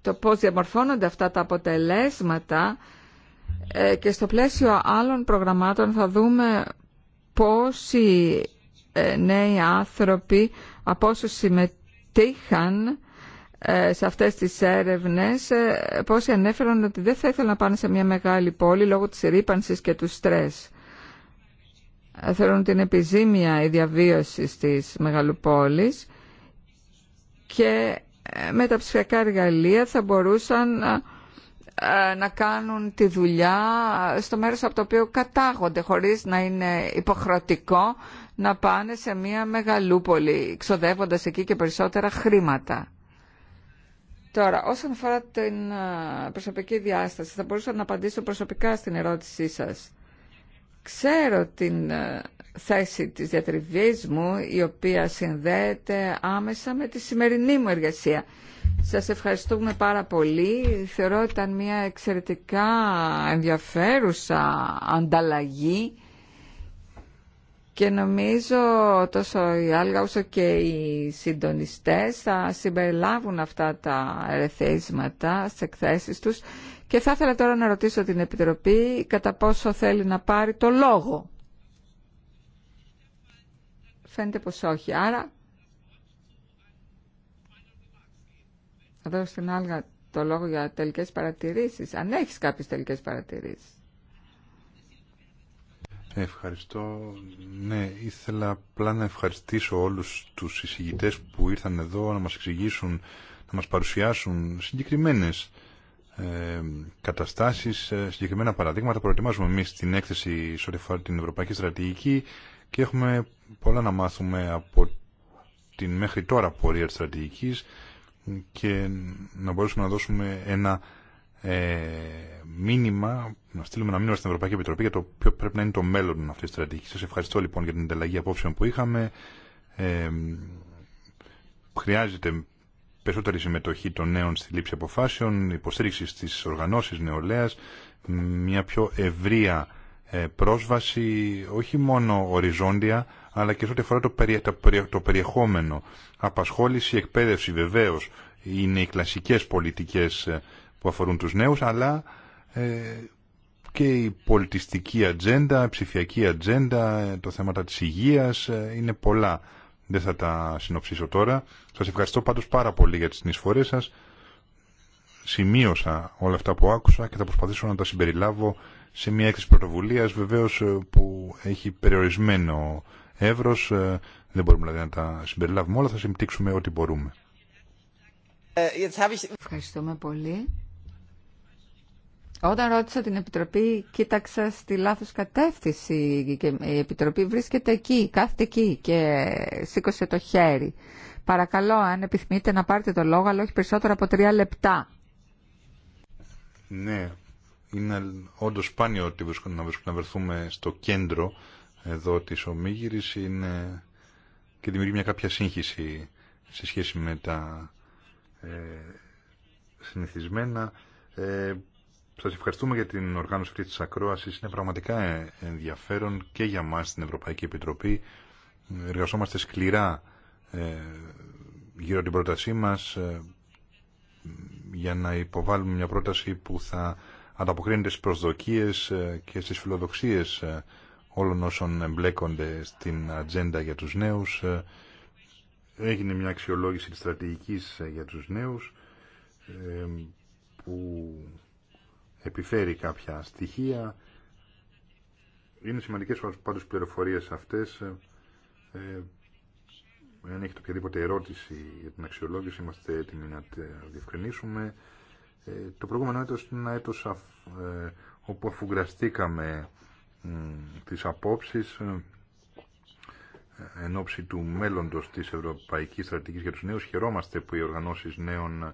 το πώς διαμορφώνονται αυτά τα αποτελέσματα και στο πλαίσιο άλλων προγραμμάτων θα δούμε πώς ε, νέοι άνθρωποι από όσους συμμετείχαν ε, σε αυτές τις έρευνες ε, πόσοι ανέφεραν ότι δεν θα ήθελαν να πάνε σε μια μεγάλη πόλη λόγω της ρήπανσης και του στρες. Θεωρούν την επιζήμια η διαβίωση στις μεγαλοπόλεις και με τα ψηφιακά εργαλεία θα μπορούσαν να κάνουν τη δουλειά στο μέρος από το οποίο κατάγονται χωρίς να είναι υποχρεωτικό να πάνε σε μια μεγαλούπολη, ξοδεύοντας εκεί και περισσότερα χρήματα. Τώρα, όσον αφορά την προσωπική διάσταση, θα μπορούσα να απαντήσω προσωπικά στην ερώτησή σας. Ξέρω την θέση της διατριβής μου, η οποία συνδέεται άμεσα με τη σημερινή μου εργασία. Σας ευχαριστούμε πάρα πολύ. Θεωρώ ότι ήταν μια εξαιρετικά ενδιαφέρουσα ανταλλαγή και νομίζω τόσο η Άλγα όσο και οι συντονιστές θα συμπεριλάβουν αυτά τα ερεθίσματα στι εκθέσεις τους. Και θα ήθελα τώρα να ρωτήσω την Επιτροπή κατά πόσο θέλει να πάρει το λόγο. Φαίνεται πως όχι. Άρα θα δώσω στην Άλγα το λόγο για τελικές παρατηρήσεις. Αν έχεις κάποιες τελικές παρατηρήσεις. Ευχαριστώ. Ναι, ήθελα απλά να ευχαριστήσω όλους τους εισηγητές που ήρθαν εδώ να μας εξηγήσουν, να μας παρουσιάσουν συγκεκριμένες ε, καταστάσεις, ε, συγκεκριμένα παραδείγματα. Προετοιμάζουμε εμείς την έκθεση σε την Ευρωπαϊκή Στρατηγική και έχουμε πολλά να μάθουμε από την μέχρι τώρα πορεία της στρατηγικής και να μπορέσουμε να δώσουμε ένα ε, μήνυμα, να στείλουμε ένα μήνυμα στην Ευρωπαϊκή Επιτροπή για το ποιο πρέπει να είναι το μέλλον αυτή τη στρατηγική. Σα ευχαριστώ λοιπόν για την ανταλλαγή απόψεων που είχαμε. Ε, χρειάζεται περισσότερη συμμετοχή των νέων στη λήψη αποφάσεων, υποστήριξη στι οργανώσει νεολαία, μια πιο ευρεία ε, πρόσβαση, όχι μόνο οριζόντια, αλλά και σε ό,τι αφορά το, περι, το, περιεχόμενο. Απασχόληση, εκπαίδευση βεβαίω είναι οι κλασικές πολιτικές ε, που αφορούν τους νέους, αλλά ε, και η πολιτιστική ατζέντα, η ψηφιακή ατζέντα, το θέμα της υγείας, ε, είναι πολλά. Δεν θα τα συνοψίσω τώρα. Σας ευχαριστώ πάντως πάρα πολύ για τις συνεισφορές σας. Σημείωσα όλα αυτά που άκουσα και θα προσπαθήσω να τα συμπεριλάβω σε μια έκθεση πρωτοβουλίας βεβαίως ε, που έχει περιορισμένο εύρος. Δεν μπορούμε δηλαδή να τα συμπεριλάβουμε όλα, θα συμπτύξουμε ό,τι μπορούμε. Ευχαριστούμε πολύ. Όταν ρώτησα την Επιτροπή, κοίταξα στη λάθος κατεύθυνση και η Επιτροπή βρίσκεται εκεί, κάθεται εκεί και σήκωσε το χέρι. Παρακαλώ, αν επιθυμείτε να πάρετε το λόγο, αλλά όχι περισσότερο από τρία λεπτά. Ναι, είναι όντω σπάνιο ότι να βρεθούμε στο κέντρο εδώ της ομίγυρης είναι και δημιουργεί μια κάποια σύγχυση σε σχέση με τα ε, συνηθισμένα. Ε, σας ευχαριστούμε για την οργάνωση αυτή της ακρόασης. Είναι πραγματικά ενδιαφέρον και για μας στην Ευρωπαϊκή Επιτροπή. Εργαζόμαστε σκληρά ε, γύρω την πρότασή μας ε, για να υποβάλουμε μια πρόταση που θα ανταποκρίνεται στις προσδοκίες ε, και στις φιλοδοξίες όλων όσων εμπλέκονται στην ατζέντα για τους νέους. Έγινε μια αξιολόγηση της στρατηγικής για τους νέους που επιφέρει κάποια στοιχεία. Είναι σημαντικές πάντως πληροφορίες αυτές. Ε, ε, αν έχετε οποιαδήποτε ερώτηση για την αξιολόγηση, είμαστε έτοιμοι να τη διευκρινίσουμε. Ε, το προηγούμενο έτος είναι ένα έτος ε, όπου αφουγκραστήκαμε τις απόψεις ε, εν ώψη του μέλλοντος της Ευρωπαϊκής Στρατηγικής για τους Νέους. Χαιρόμαστε που οι οργανώσεις νέων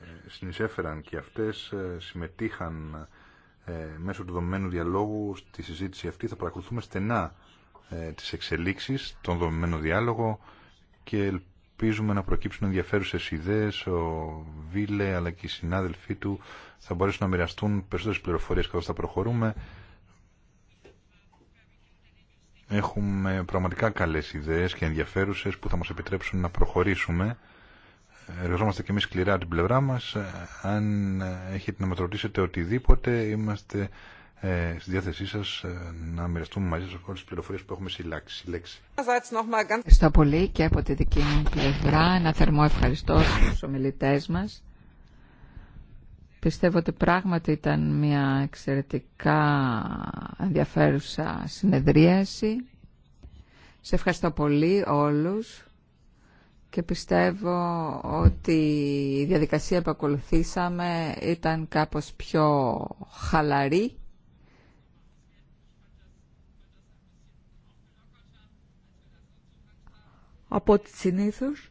ε, συνεισέφεραν και αυτές ε, συμμετείχαν ε, μέσω του δομημένου διαλόγου στη συζήτηση αυτή θα παρακολουθούμε στενά τις εξελίξεις, τον δομημένο διάλογο και ελπίζουμε να προκύψουν ενδιαφέρουσες ιδέες ο Βίλε αλλά και οι συνάδελφοί του θα μπορέσουν να μοιραστούν περισσότερες πληροφορίες καθώς θα προχωρούμε έχουμε πραγματικά καλές ιδέες και ενδιαφέρουσες που θα μας επιτρέψουν να προχωρήσουμε εργαζόμαστε και εμείς σκληρά την πλευρά μας. Ε, αν έχετε να μας ρωτήσετε οτιδήποτε, είμαστε ε, στη διάθεσή σας ε, να μοιραστούμε μαζί σας όλες τις πληροφορίες που έχουμε συλλάξει. Ευχαριστώ πολύ και από τη δική μου πλευρά. Ένα θερμό ευχαριστώ στους ομιλητές μας. Πιστεύω ότι πράγματι ήταν μια εξαιρετικά ενδιαφέρουσα συνεδρίαση. Σε ευχαριστώ πολύ όλους και πιστεύω ότι η διαδικασία που ακολουθήσαμε ήταν κάπως πιο χαλαρή από ό,τι συνήθως.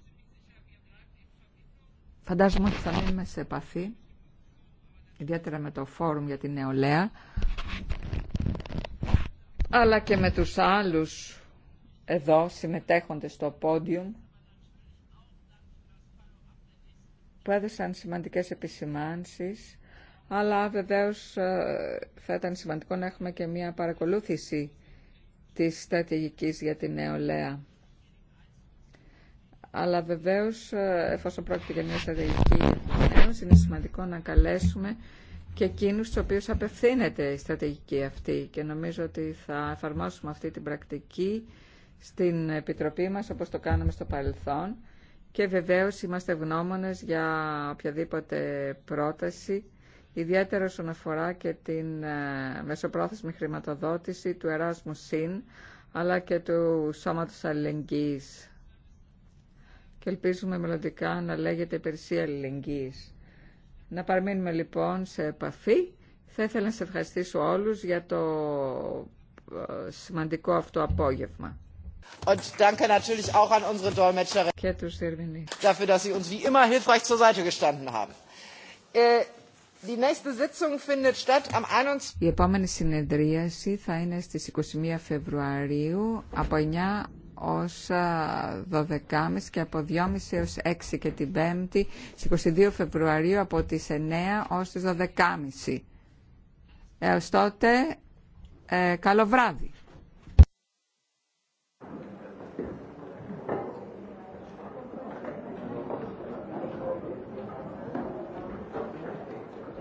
Φαντάζομαι ότι θα μείνουμε σε επαφή, ιδιαίτερα με το Φόρουμ για την Νεολαία, αλλά και με τους άλλους εδώ συμμετέχοντες στο πόντιουμ που έδωσαν σημαντικές επισημάνσεις, αλλά βεβαίως ε, θα ήταν σημαντικό να έχουμε και μια παρακολούθηση της στρατηγικής για την νεολαία. Αλλά βεβαίως, ε, εφόσον πρόκειται για μια στρατηγική είναι σημαντικό να καλέσουμε και εκείνου στους οποίους απευθύνεται η στρατηγική αυτή και νομίζω ότι θα εφαρμόσουμε αυτή την πρακτική στην Επιτροπή μας όπως το κάναμε στο παρελθόν και βεβαίως είμαστε ευγνώμονες για οποιαδήποτε πρόταση, ιδιαίτερα όσον αφορά και την ε, μεσοπρόθεσμη χρηματοδότηση του Εράσμου ΣΥΝ, αλλά και του Σώματος Αλληλεγγύης. Και ελπίζουμε μελλοντικά να λέγεται υπηρεσία αλληλεγγύης. Να παραμείνουμε λοιπόν σε επαφή. Θα ήθελα να σε ευχαριστήσω όλους για το ε, σημαντικό αυτό απόγευμα. Und danke natürlich auch an unsere Dolmetscherin dafür, dass sie uns wie immer hilfreich zur Seite gestanden haben. Die nächste Sitzung findet statt am 21. Η επόμενη συνεδρίαση θα είναι στις 21 Φεβρουαρίου από 9 ως 12.30 και από 2.30 ως 6 και την 5η στις 22 Φεβρουαρίου από τις 9 ως τις 12.30. Έως τότε, καλό βράδυ.